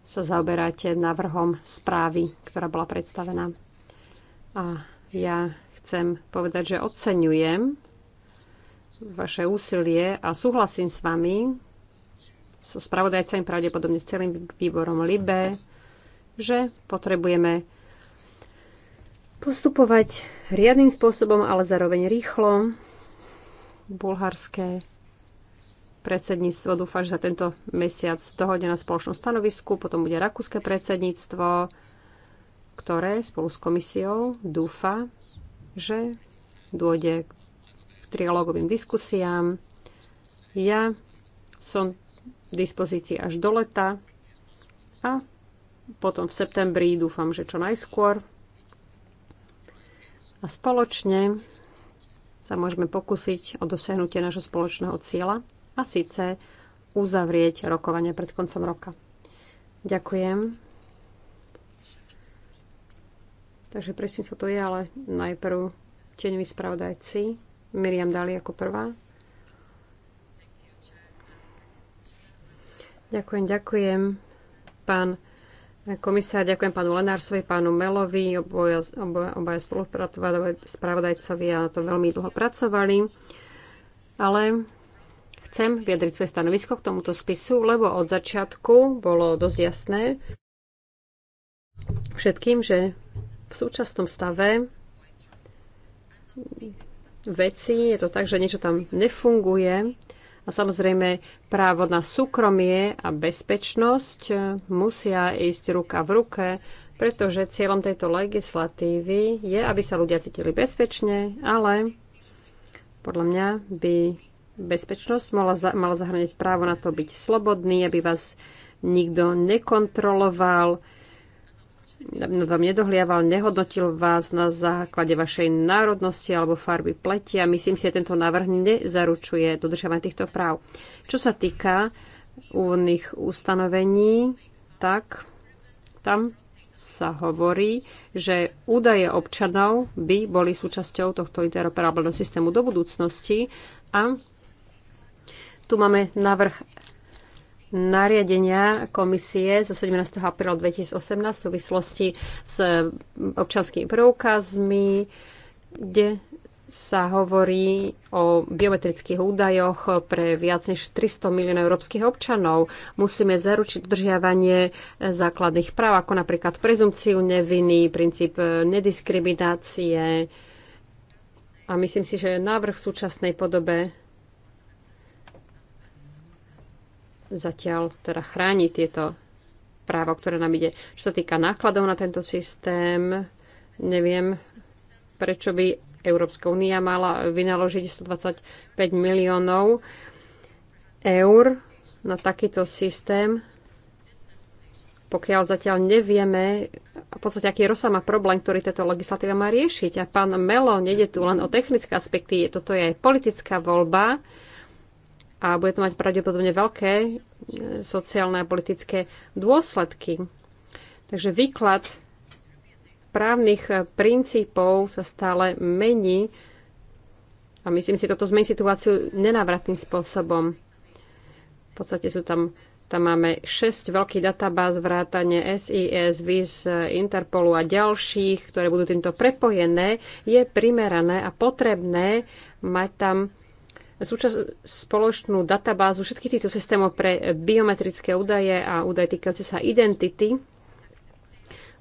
sa zaoberáte navrhom správy, ktorá bola predstavená. A ja chcem povedať, že oceňujem vaše úsilie a súhlasím s vami, so spravodajcami, pravdepodobne s celým výborom LIBE, že potrebujeme postupovať riadným spôsobom, ale zároveň rýchlo. Bulharské predsedníctvo. Dúfam, že za tento mesiac dohodne na spoločnom stanovisku. Potom bude rakúske predsedníctvo, ktoré spolu s komisiou dúfa, že dôjde k trialógovým diskusiám. Ja som v dispozícii až do leta a potom v septembri dúfam, že čo najskôr. A spoločne sa môžeme pokúsiť o dosiahnutie nášho spoločného cieľa a síce uzavrieť rokovanie pred koncom roka. Ďakujem. Takže presne sa to je, ale najprv tieňoví spravodajci. Miriam Dali ako prvá. Ďakujem, ďakujem. Pán komisár, ďakujem pánu Lenársovi, pánu Melovi, oboja, oboja, obaja a to veľmi dlho pracovali. Ale chcem vyjadriť svoje stanovisko k tomuto spisu, lebo od začiatku bolo dosť jasné všetkým, že v súčasnom stave veci, je to tak, že niečo tam nefunguje a samozrejme právo na súkromie a bezpečnosť musia ísť ruka v ruke, pretože cieľom tejto legislatívy je, aby sa ľudia cítili bezpečne, ale podľa mňa by bezpečnosť mala, za, mala zahraniť právo na to byť slobodný, aby vás nikto nekontroloval, vám nedohliaval, nehodnotil vás na základe vašej národnosti alebo farby a Myslím si, že tento návrh nezaručuje dodržiavanie týchto práv. Čo sa týka úvodných ustanovení, tak tam sa hovorí, že údaje občanov by boli súčasťou tohto interoperabilného systému do budúcnosti a tu máme návrh nariadenia komisie zo 17. apríla 2018 v súvislosti s občanskými preukazmi, kde sa hovorí o biometrických údajoch pre viac než 300 miliónov európskych občanov. Musíme zaručiť udržiavanie e, základných práv, ako napríklad prezumciu neviny, princíp e, nediskriminácie. A myslím si, že návrh v súčasnej podobe zatiaľ teda chráni tieto právo, ktoré nám ide. Čo sa týka nákladov na tento systém, neviem, prečo by Európska únia mala vynaložiť 125 miliónov eur na takýto systém, pokiaľ zatiaľ nevieme, v podstate aký rozsah má problém, ktorý táto legislatíva má riešiť. A pán Melo, nejde tu len o technické aspekty, toto je aj politická voľba, a bude to mať pravdepodobne veľké e, sociálne a politické dôsledky. Takže výklad právnych e, princípov sa stále mení a myslím si, toto zmení situáciu nenávratným spôsobom. V podstate sú tam, tam máme 6 veľkých databáz vrátane SIS, VIS, Interpolu a ďalších, ktoré budú týmto prepojené. Je primerané a potrebné mať tam súčas- spoločnú databázu všetkých týchto systémov pre biometrické údaje a údaje týkajúce sa identity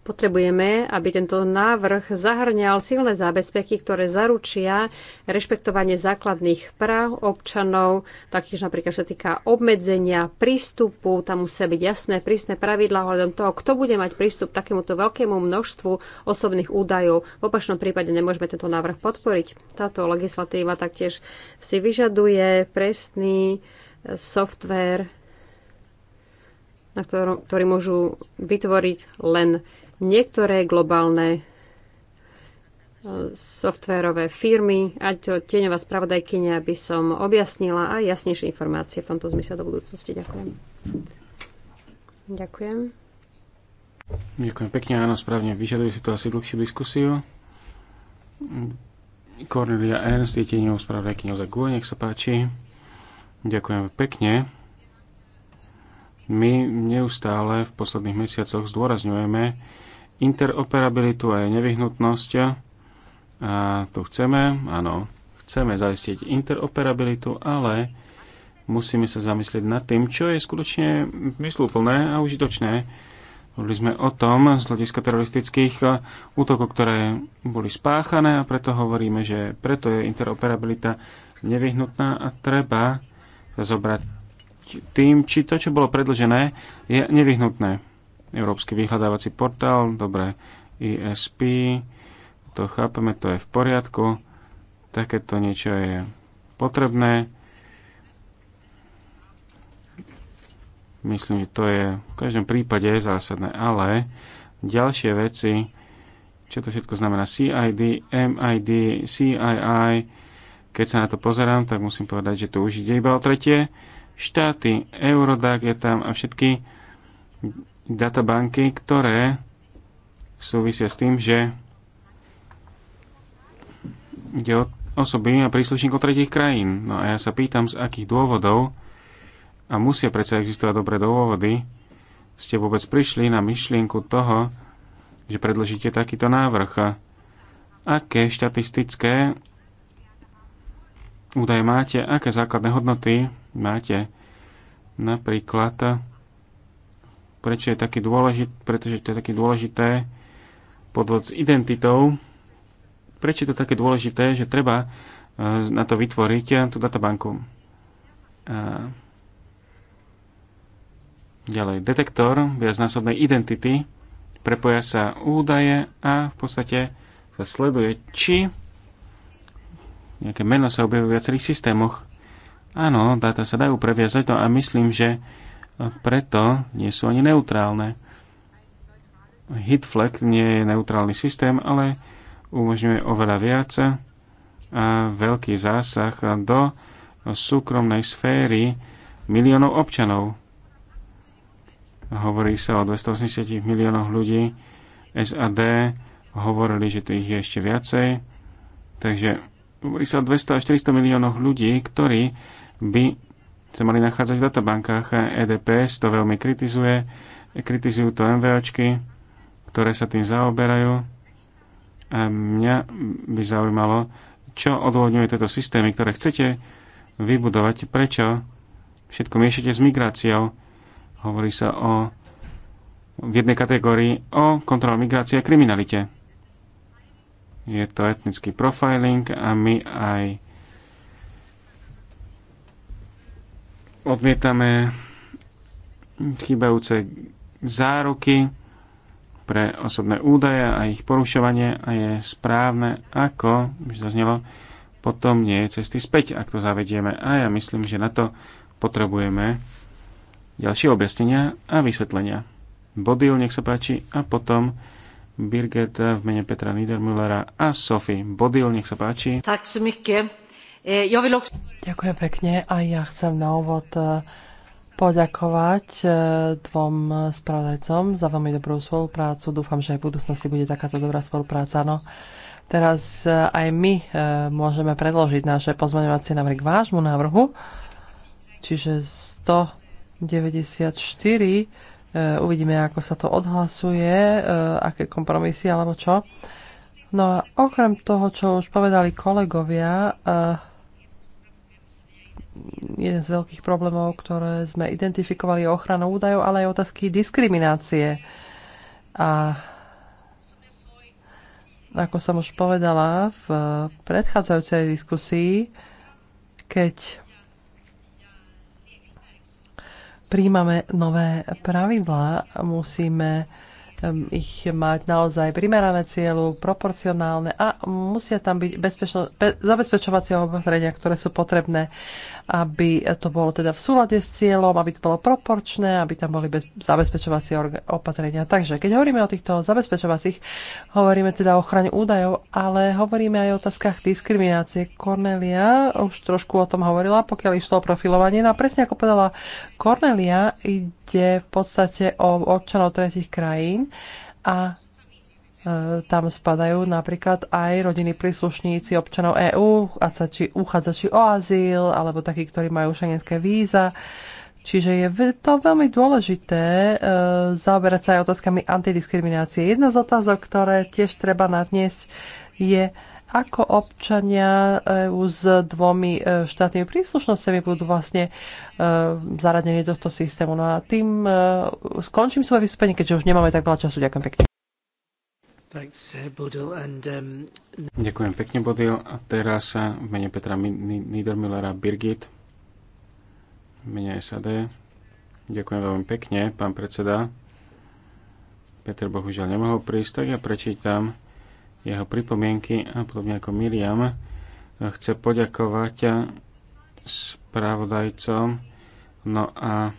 Potrebujeme, aby tento návrh zahrňal silné zábezpeky, ktoré zaručia rešpektovanie základných práv občanov, taktiež napríklad, čo sa týka obmedzenia prístupu, tam musia byť jasné, prísne pravidlá ohľadom toho, kto bude mať prístup k takémuto veľkému množstvu osobných údajov. V opačnom prípade nemôžeme tento návrh podporiť. Táto legislatíva taktiež si vyžaduje presný e, software, na ktorom, ktorý môžu vytvoriť len niektoré globálne e, softvérové firmy. Ať to tieňová spravodajkynia by som objasnila aj jasnejšie informácie v tomto zmysle do budúcnosti. Ďakujem. Ďakujem. Ďakujem pekne, áno, správne. Vyžaduje si to asi dlhšiu diskusiu. Cornelia Ernst je tieňovou spravodajkynia za GUE, nech sa páči. Ďakujem pekne. My neustále v posledných mesiacoch zdôrazňujeme, interoperabilitu a jej nevyhnutnosť. A tu chceme, áno, chceme zaistiť interoperabilitu, ale musíme sa zamyslieť nad tým, čo je skutočne myslúplné a užitočné. Hovorili sme o tom z hľadiska teroristických útokov, ktoré boli spáchané a preto hovoríme, že preto je interoperabilita nevyhnutná a treba sa zobrať tým, či to, čo bolo predlžené, je nevyhnutné. Európsky vyhľadávací portál, dobre, ESP, to chápeme, to je v poriadku, takéto niečo je potrebné. Myslím, že to je v každom prípade zásadné, ale ďalšie veci, čo to všetko znamená CID, MID, CII, keď sa na to pozerám, tak musím povedať, že to už ide iba o tretie. Štáty, Eurodac je tam a všetky databanky, ktoré súvisia s tým, že ide o osoby a príslušníkov tretich krajín. No a ja sa pýtam, z akých dôvodov, a musia predsa existovať dobré dôvody, ste vôbec prišli na myšlienku toho, že predložíte takýto návrh. Aké štatistické údaje máte, aké základné hodnoty máte, napríklad prečo je taký dôležit, pretože to je také dôležité podvod s identitou, prečo je to také dôležité, že treba e, na to vytvoriť e, tú databanku. A e, ďalej, detektor viacnásobnej identity, prepoja sa údaje a v podstate sa sleduje, či nejaké meno sa objavuje v viacerých systémoch. Áno, dáta sa dajú previazať, no a myslím, že preto nie sú ani neutrálne. HitFlag nie je neutrálny systém, ale umožňuje oveľa viac a veľký zásah do súkromnej sféry miliónov občanov. Hovorí sa o 280 miliónoch ľudí. SAD hovorili, že tých ich je ešte viacej. Takže hovorí sa o 200 až 400 miliónoch ľudí, ktorí by sa mali nachádzať v databankách. EDPS to veľmi kritizuje, kritizujú to MVOčky, ktoré sa tým zaoberajú. A mňa by zaujímalo, čo odôvodňuje tieto systémy, ktoré chcete vybudovať, prečo všetko miešate s migráciou. Hovorí sa o v jednej kategórii o kontrole migrácie a kriminalite. Je to etnický profiling a my aj Odmietame chýbajúce záruky pre osobné údaje a ich porušovanie a je správne, ako by zaznelo, potom nie je cesty späť, ak to zavedieme. A ja myslím, že na to potrebujeme ďalšie objasnenia a vysvetlenia. Bodil, nech sa páči, a potom Birgit v mene Petra Niedermüllera a Sophie. Bodil, nech sa páči. Tak som mycket. Eh, Ďakujem pekne a ja chcem na úvod eh, poďakovať eh, dvom spravodajcom za veľmi dobrú spoluprácu. Dúfam, že aj v budúcnosti bude takáto dobrá spolupráca. No, teraz aj my môžeme predložiť naše pozvaňovacie návrhy k vášmu návrhu, čiže 194. Uvidíme, ako sa to odhlasuje, aké kompromisy alebo čo. No a okrem toho, čo už povedali kolegovia, jeden z veľkých problémov, ktoré sme identifikovali je ochrana údajov, ale aj otázky diskriminácie. A ako som už povedala v predchádzajúcej diskusii, keď príjmame nové pravidlá, musíme ich mať naozaj primerané cieľu, proporcionálne a musia tam byť bezpečno, be, zabezpečovacie opatrenia, ktoré sú potrebné, aby to bolo teda v súlade s cieľom, aby to bolo proporčné, aby tam boli bez, zabezpečovacie opatrenia. Takže keď hovoríme o týchto zabezpečovacích, hovoríme teda o ochrane údajov, ale hovoríme aj o otázkach diskriminácie. Cornelia už trošku o tom hovorila, pokiaľ išlo o profilovanie. No a presne ako povedala Cornelia, ide v podstate o občanov tretich krajín, a e, tam spadajú napríklad aj rodiny príslušníci občanov EÚ, uchádzači o azyl, alebo takí, ktorí majú šengenské víza. Čiže je to veľmi dôležité e, zaoberať sa aj otázkami antidiskriminácie. Jedna z otázok, ktoré tiež treba nadniesť, je ako občania EU s dvomi e, štátnymi príslušnosťami budú vlastne e, zaradení do tohto systému. No a tým e, skončím svoje vystúpenie, keďže už nemáme tak veľa času. Ďakujem pekne. Eh, um, Ďakujem pekne, Bodil. A teraz eh, v mene Petra Niedermüllera Birgit, v mene SAD. Ďakujem veľmi pekne, pán predseda. Peter bohužiaľ nemohol prísť, tak ja prečítam jeho pripomienky a podobne ako Miriam chce poďakovať spravodajcom no a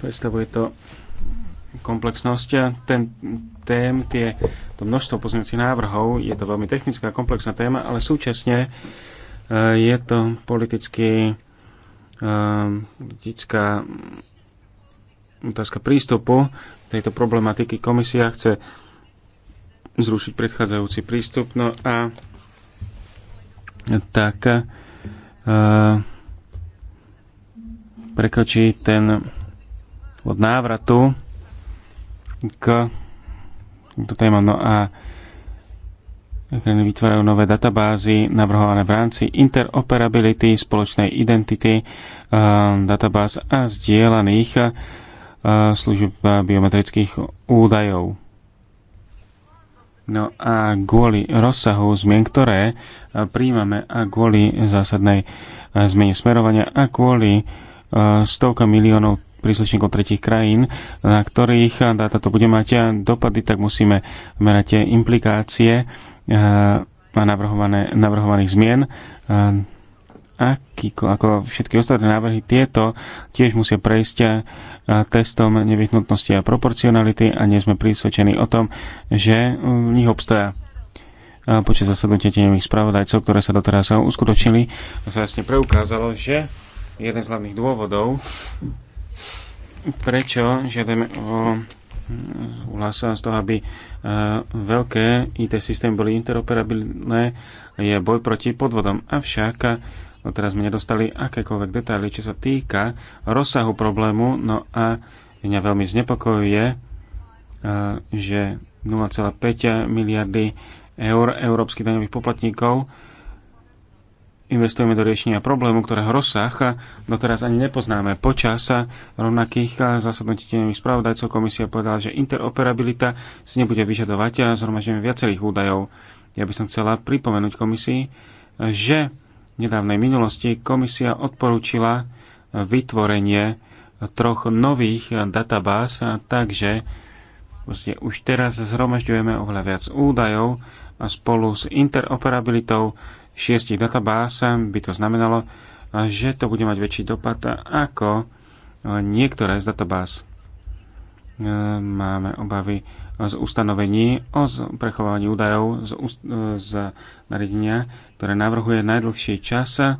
predstavuje to komplexnosť ten tém, tie, to množstvo pozmeňujúcich návrhov, je to veľmi technická komplexná téma, ale súčasne e, je to politicky e, politická otázka prístupu tejto problematiky. Komisia chce zrušiť predchádzajúci prístup. No a tak e, prekročí ten od návratu k to téma. No a vytvárajú nové databázy navrhované v rámci interoperability, spoločnej identity, e, databáz a zdieľaných služieb biometrických údajov. No a kvôli rozsahu zmien, ktoré príjmame a kvôli zásadnej e, zmene smerovania a kvôli e, stovka miliónov príslušníkov tretich krajín, na ktorých dáta to bude mať dopady, tak musíme merať tie implikácie e, a navrhovaných zmien aký, ako všetky ostatné návrhy, tieto tiež musia prejsť eh, testom nevyhnutnosti a proporcionality a nie sme prísvedčení o tom, že eh, v nich obstoja počas zasadnutia tieňových spravodajcov, ktoré sa doteraz uskutočnili, sa jasne preukázalo, že jeden z hlavných dôvodov, prečo žiadame o súhlas hm, z toho, aby eh, veľké IT systémy boli interoperabilné, je boj proti podvodom. Avšak No teraz sme nedostali akékoľvek detaily, čo sa týka rozsahu problému. No a mňa veľmi znepokojuje, e, že 0,5 miliardy eur európskych daňových poplatníkov investujeme do riešenia problému, ktorého rozsah doteraz ani nepoznáme. Počas rovnakých zásadnutí tenových spravodajcov komisia povedala, že interoperabilita si nebude vyžadovať a zhromažujeme viacerých údajov. Ja by som chcela pripomenúť komisii, že nedávnej minulosti komisia odporúčila vytvorenie troch nových databáz, takže už teraz zhromažďujeme oveľa viac údajov a spolu s interoperabilitou šiestich databáz by to znamenalo, že to bude mať väčší dopad ako niektoré z databáz. Máme obavy z ustanovení o prechovávaní údajov z, e, z nariadenia, ktoré navrhuje najdlhší čas a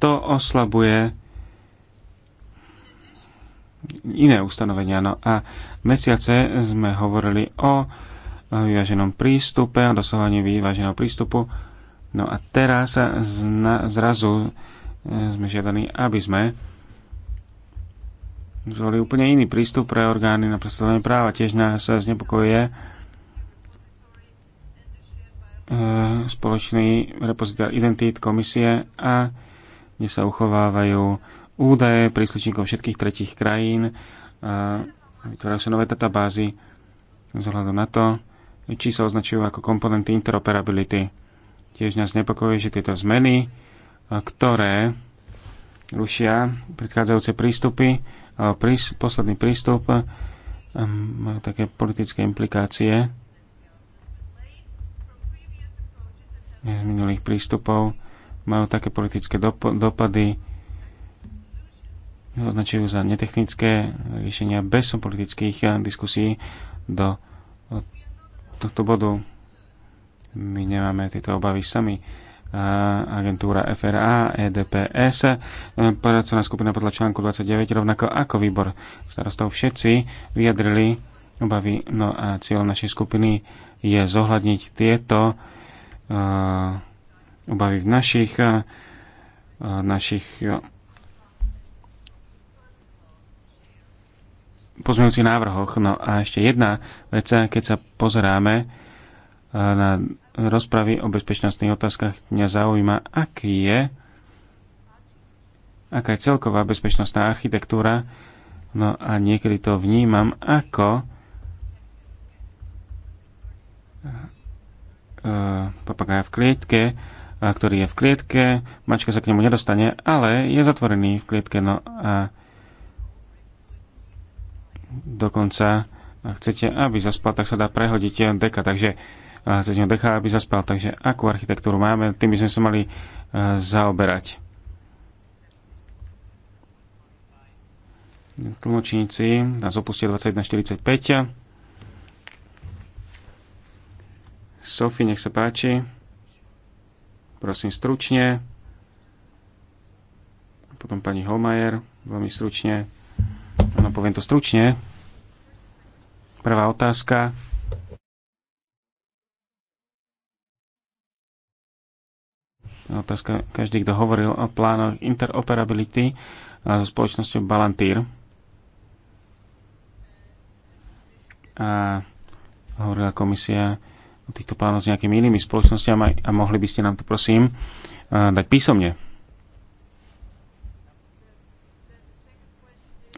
to oslabuje iné ustanovenia. No a mesiace sme hovorili o vyváženom prístupe, a dosahovaní vyváženého prístupu. No a teraz zna, zrazu e, sme žiadaní, aby sme zvolí úplne iný prístup pre orgány na predstavenie práva. Tiež nás sa znepokojuje e, spoločný repozitár identít komisie a kde sa uchovávajú údaje príslušníkov všetkých tretich krajín. A vytvárajú sa nové databázy vzhľadom na to, či sa označujú ako komponenty interoperability. Tiež nás nepokojuje, že tieto zmeny, ktoré rušia predchádzajúce prístupy, prís, posledný prístup má také politické implikácie z minulých prístupov, majú také politické dopady, označujú za netechnické riešenia bez politických eh, diskusí do tohto bodu. My nemáme tieto obavy sami agentúra FRA, EDPS, e, poradcovná skupina podľa článku 29, rovnako ako výbor starostov všetci vyjadrili obavy. No a cieľom našej skupiny je zohľadniť tieto e, obavy v našich, e, našich pozmeňujúcich návrhoch. No a ešte jedna vec, keď sa pozeráme na rozpravy o bezpečnostných otázkach mňa zaujíma, aký je, aká je celková bezpečnostná architektúra. No a niekedy to vnímam ako e, papagája v klietke, ktorý je v klietke, mačka sa k nemu nedostane, ale je zatvorený v klietke. No a dokonca ak chcete, aby zaspal, tak sa dá prehodiť deka. Takže cez ňo dechá, aby zaspal. Takže akú architektúru máme, tým by sme sa mali e, zaoberať. Tlmočníci nás opustia 21.45. Sofie nech sa páči. Prosím stručne. Potom pani Holmajer, veľmi stručne. Áno, poviem to stručne. Prvá otázka. otázka, každý, kto hovoril o plánoch interoperability so spoločnosťou Balantír. A hovorila komisia o týchto plánoch s nejakými inými spoločnosťami a mohli by ste nám to prosím dať písomne.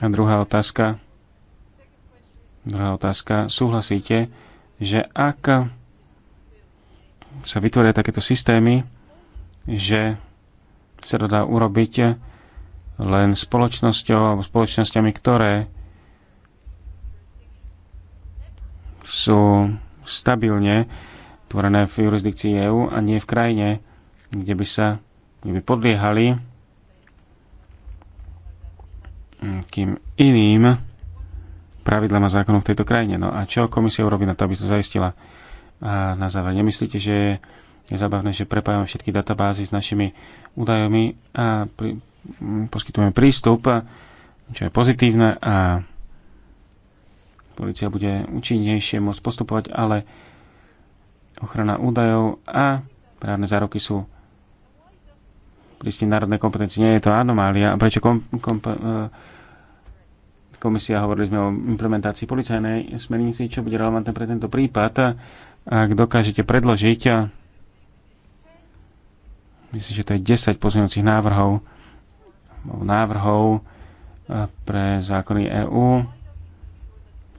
A druhá otázka. Druhá otázka. Súhlasíte, že ak sa vytvoria takéto systémy, že sa to dá urobiť len spoločnosťou alebo spoločnosťami, ktoré sú stabilne tvorené v jurisdikcii EÚ a nie v krajine, kde by sa kde by podliehali kým iným pravidlám a zákonom v tejto krajine. No a čo komisia urobí na to, aby sa zaistila? A na záver, nemyslíte, že je je zábavné, že prepájame všetky databázy s našimi údajmi a pri, poskytujeme prístup, čo je pozitívne a policia bude účinnejšie môcť postupovať, ale ochrana údajov a právne zároky sú prísne národné kompetencie. Nie je to anomália. Prečo kom, kom, e, komisia, hovorili sme o implementácii policajnej smernici, čo bude relevantné pre tento prípad. Ak dokážete predložiť myslím, že to je 10 pozmeňujúcich návrhov, návrhov e, pre zákony EÚ.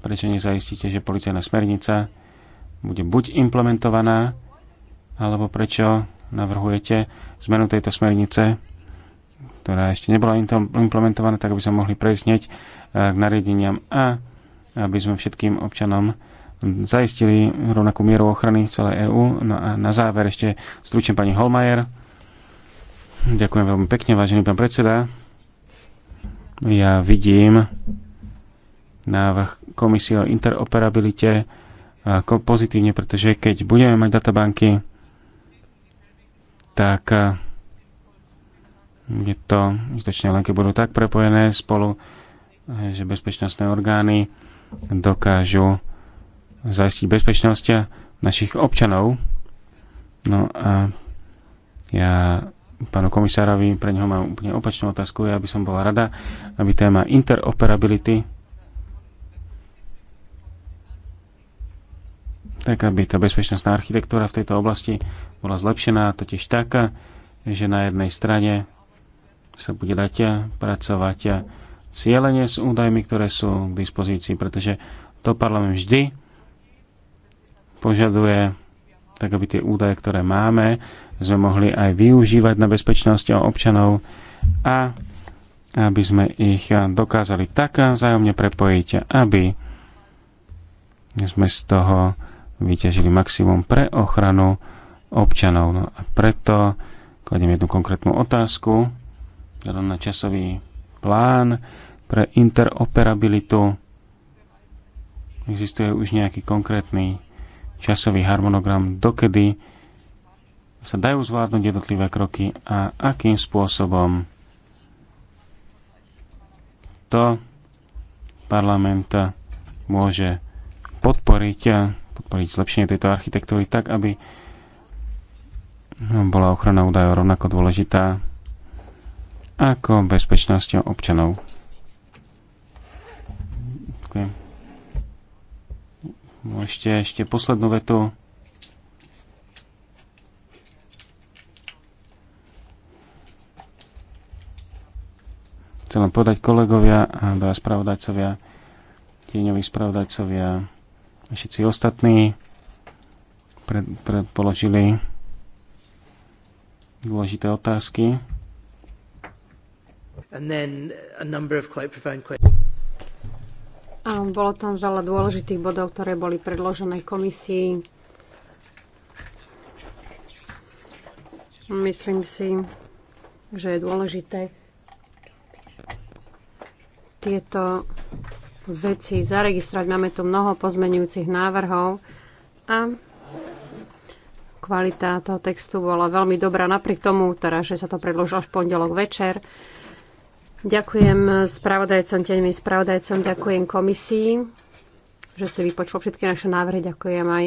Prečo nezaistíte, že policajná smernica bude buď implementovaná, alebo prečo navrhujete zmenu tejto smernice, ktorá ešte nebola implementovaná, tak aby sme mohli prejsť e, k nariadeniam a aby sme všetkým občanom zaistili rovnakú mieru ochrany celé celej EÚ. No a na záver ešte stručne pani Holmajer Ďakujem veľmi pekne, vážený pán predseda. Ja vidím návrh komisie o interoperabilite ako pozitívne, pretože keď budeme mať databanky, tak je to istočne len keď budú tak prepojené spolu, že bezpečnostné orgány dokážu zajistiť bezpečnosť našich občanov. No a ja pánu komisárovi, pre neho mám úplne opačnú otázku. Ja by som bola rada, aby téma interoperability, tak aby tá bezpečnostná architektúra v tejto oblasti bola zlepšená, totiž taká, že na jednej strane sa bude dať pracovať cieľenie s údajmi, ktoré sú k dispozícii, pretože to parlament vždy požaduje tak aby tie údaje, ktoré máme, sme mohli aj využívať na bezpečnosť občanov a aby sme ich dokázali tak vzájomne prepojiť, aby sme z toho vyťažili maximum pre ochranu občanov. No a preto kladiem jednu konkrétnu otázku na časový plán pre interoperabilitu. Existuje už nejaký konkrétny časový harmonogram, dokedy sa dajú zvládnuť jednotlivé kroky a akým spôsobom to parlament môže podporiť, podporiť zlepšenie tejto architektúry tak, aby bola ochrana údajov rovnako dôležitá ako bezpečnosťou občanov. Môžete ešte poslednú vetu. Chcem podať kolegovia a dva spravodajcovia, tieňoví spravodajcovia, všetci ostatní pred, pred, položili dôležité otázky. A bolo tam veľa dôležitých bodov, ktoré boli predložené komisii. Myslím si, že je dôležité tieto veci zaregistrovať. Máme tu mnoho pozmenujúcich návrhov a kvalita toho textu bola veľmi dobrá, napriek tomu, teda, že sa to predložilo až v pondelok večer. Ďakujem spravodajcom, teňmi spravodajcom, ďakujem komisii, že ste vypočul všetky naše návrhy, ďakujem aj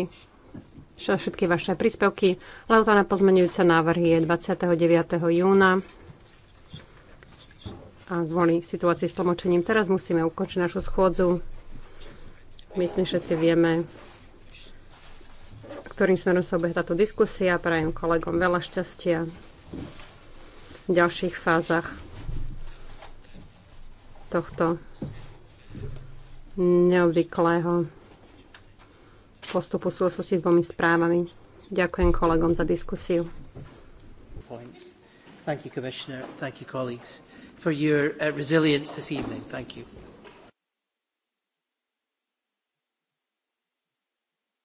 všetky vaše príspevky. Leuta na pozmenujúce návrhy je 29. júna. A kvôli situácii s tlmočením teraz musíme ukončiť našu schôdzu. Myslím, všetci vieme, ktorým smerom sa obehá táto diskusia. Prajem kolegom veľa šťastia v ďalších fázach tohto neobvyklého postupu súvislosti s dvomi správami. Ďakujem kolegom za diskusiu. Thank you, Commissioner. Thank you, colleagues, for your uh, resilience this evening. Thank you.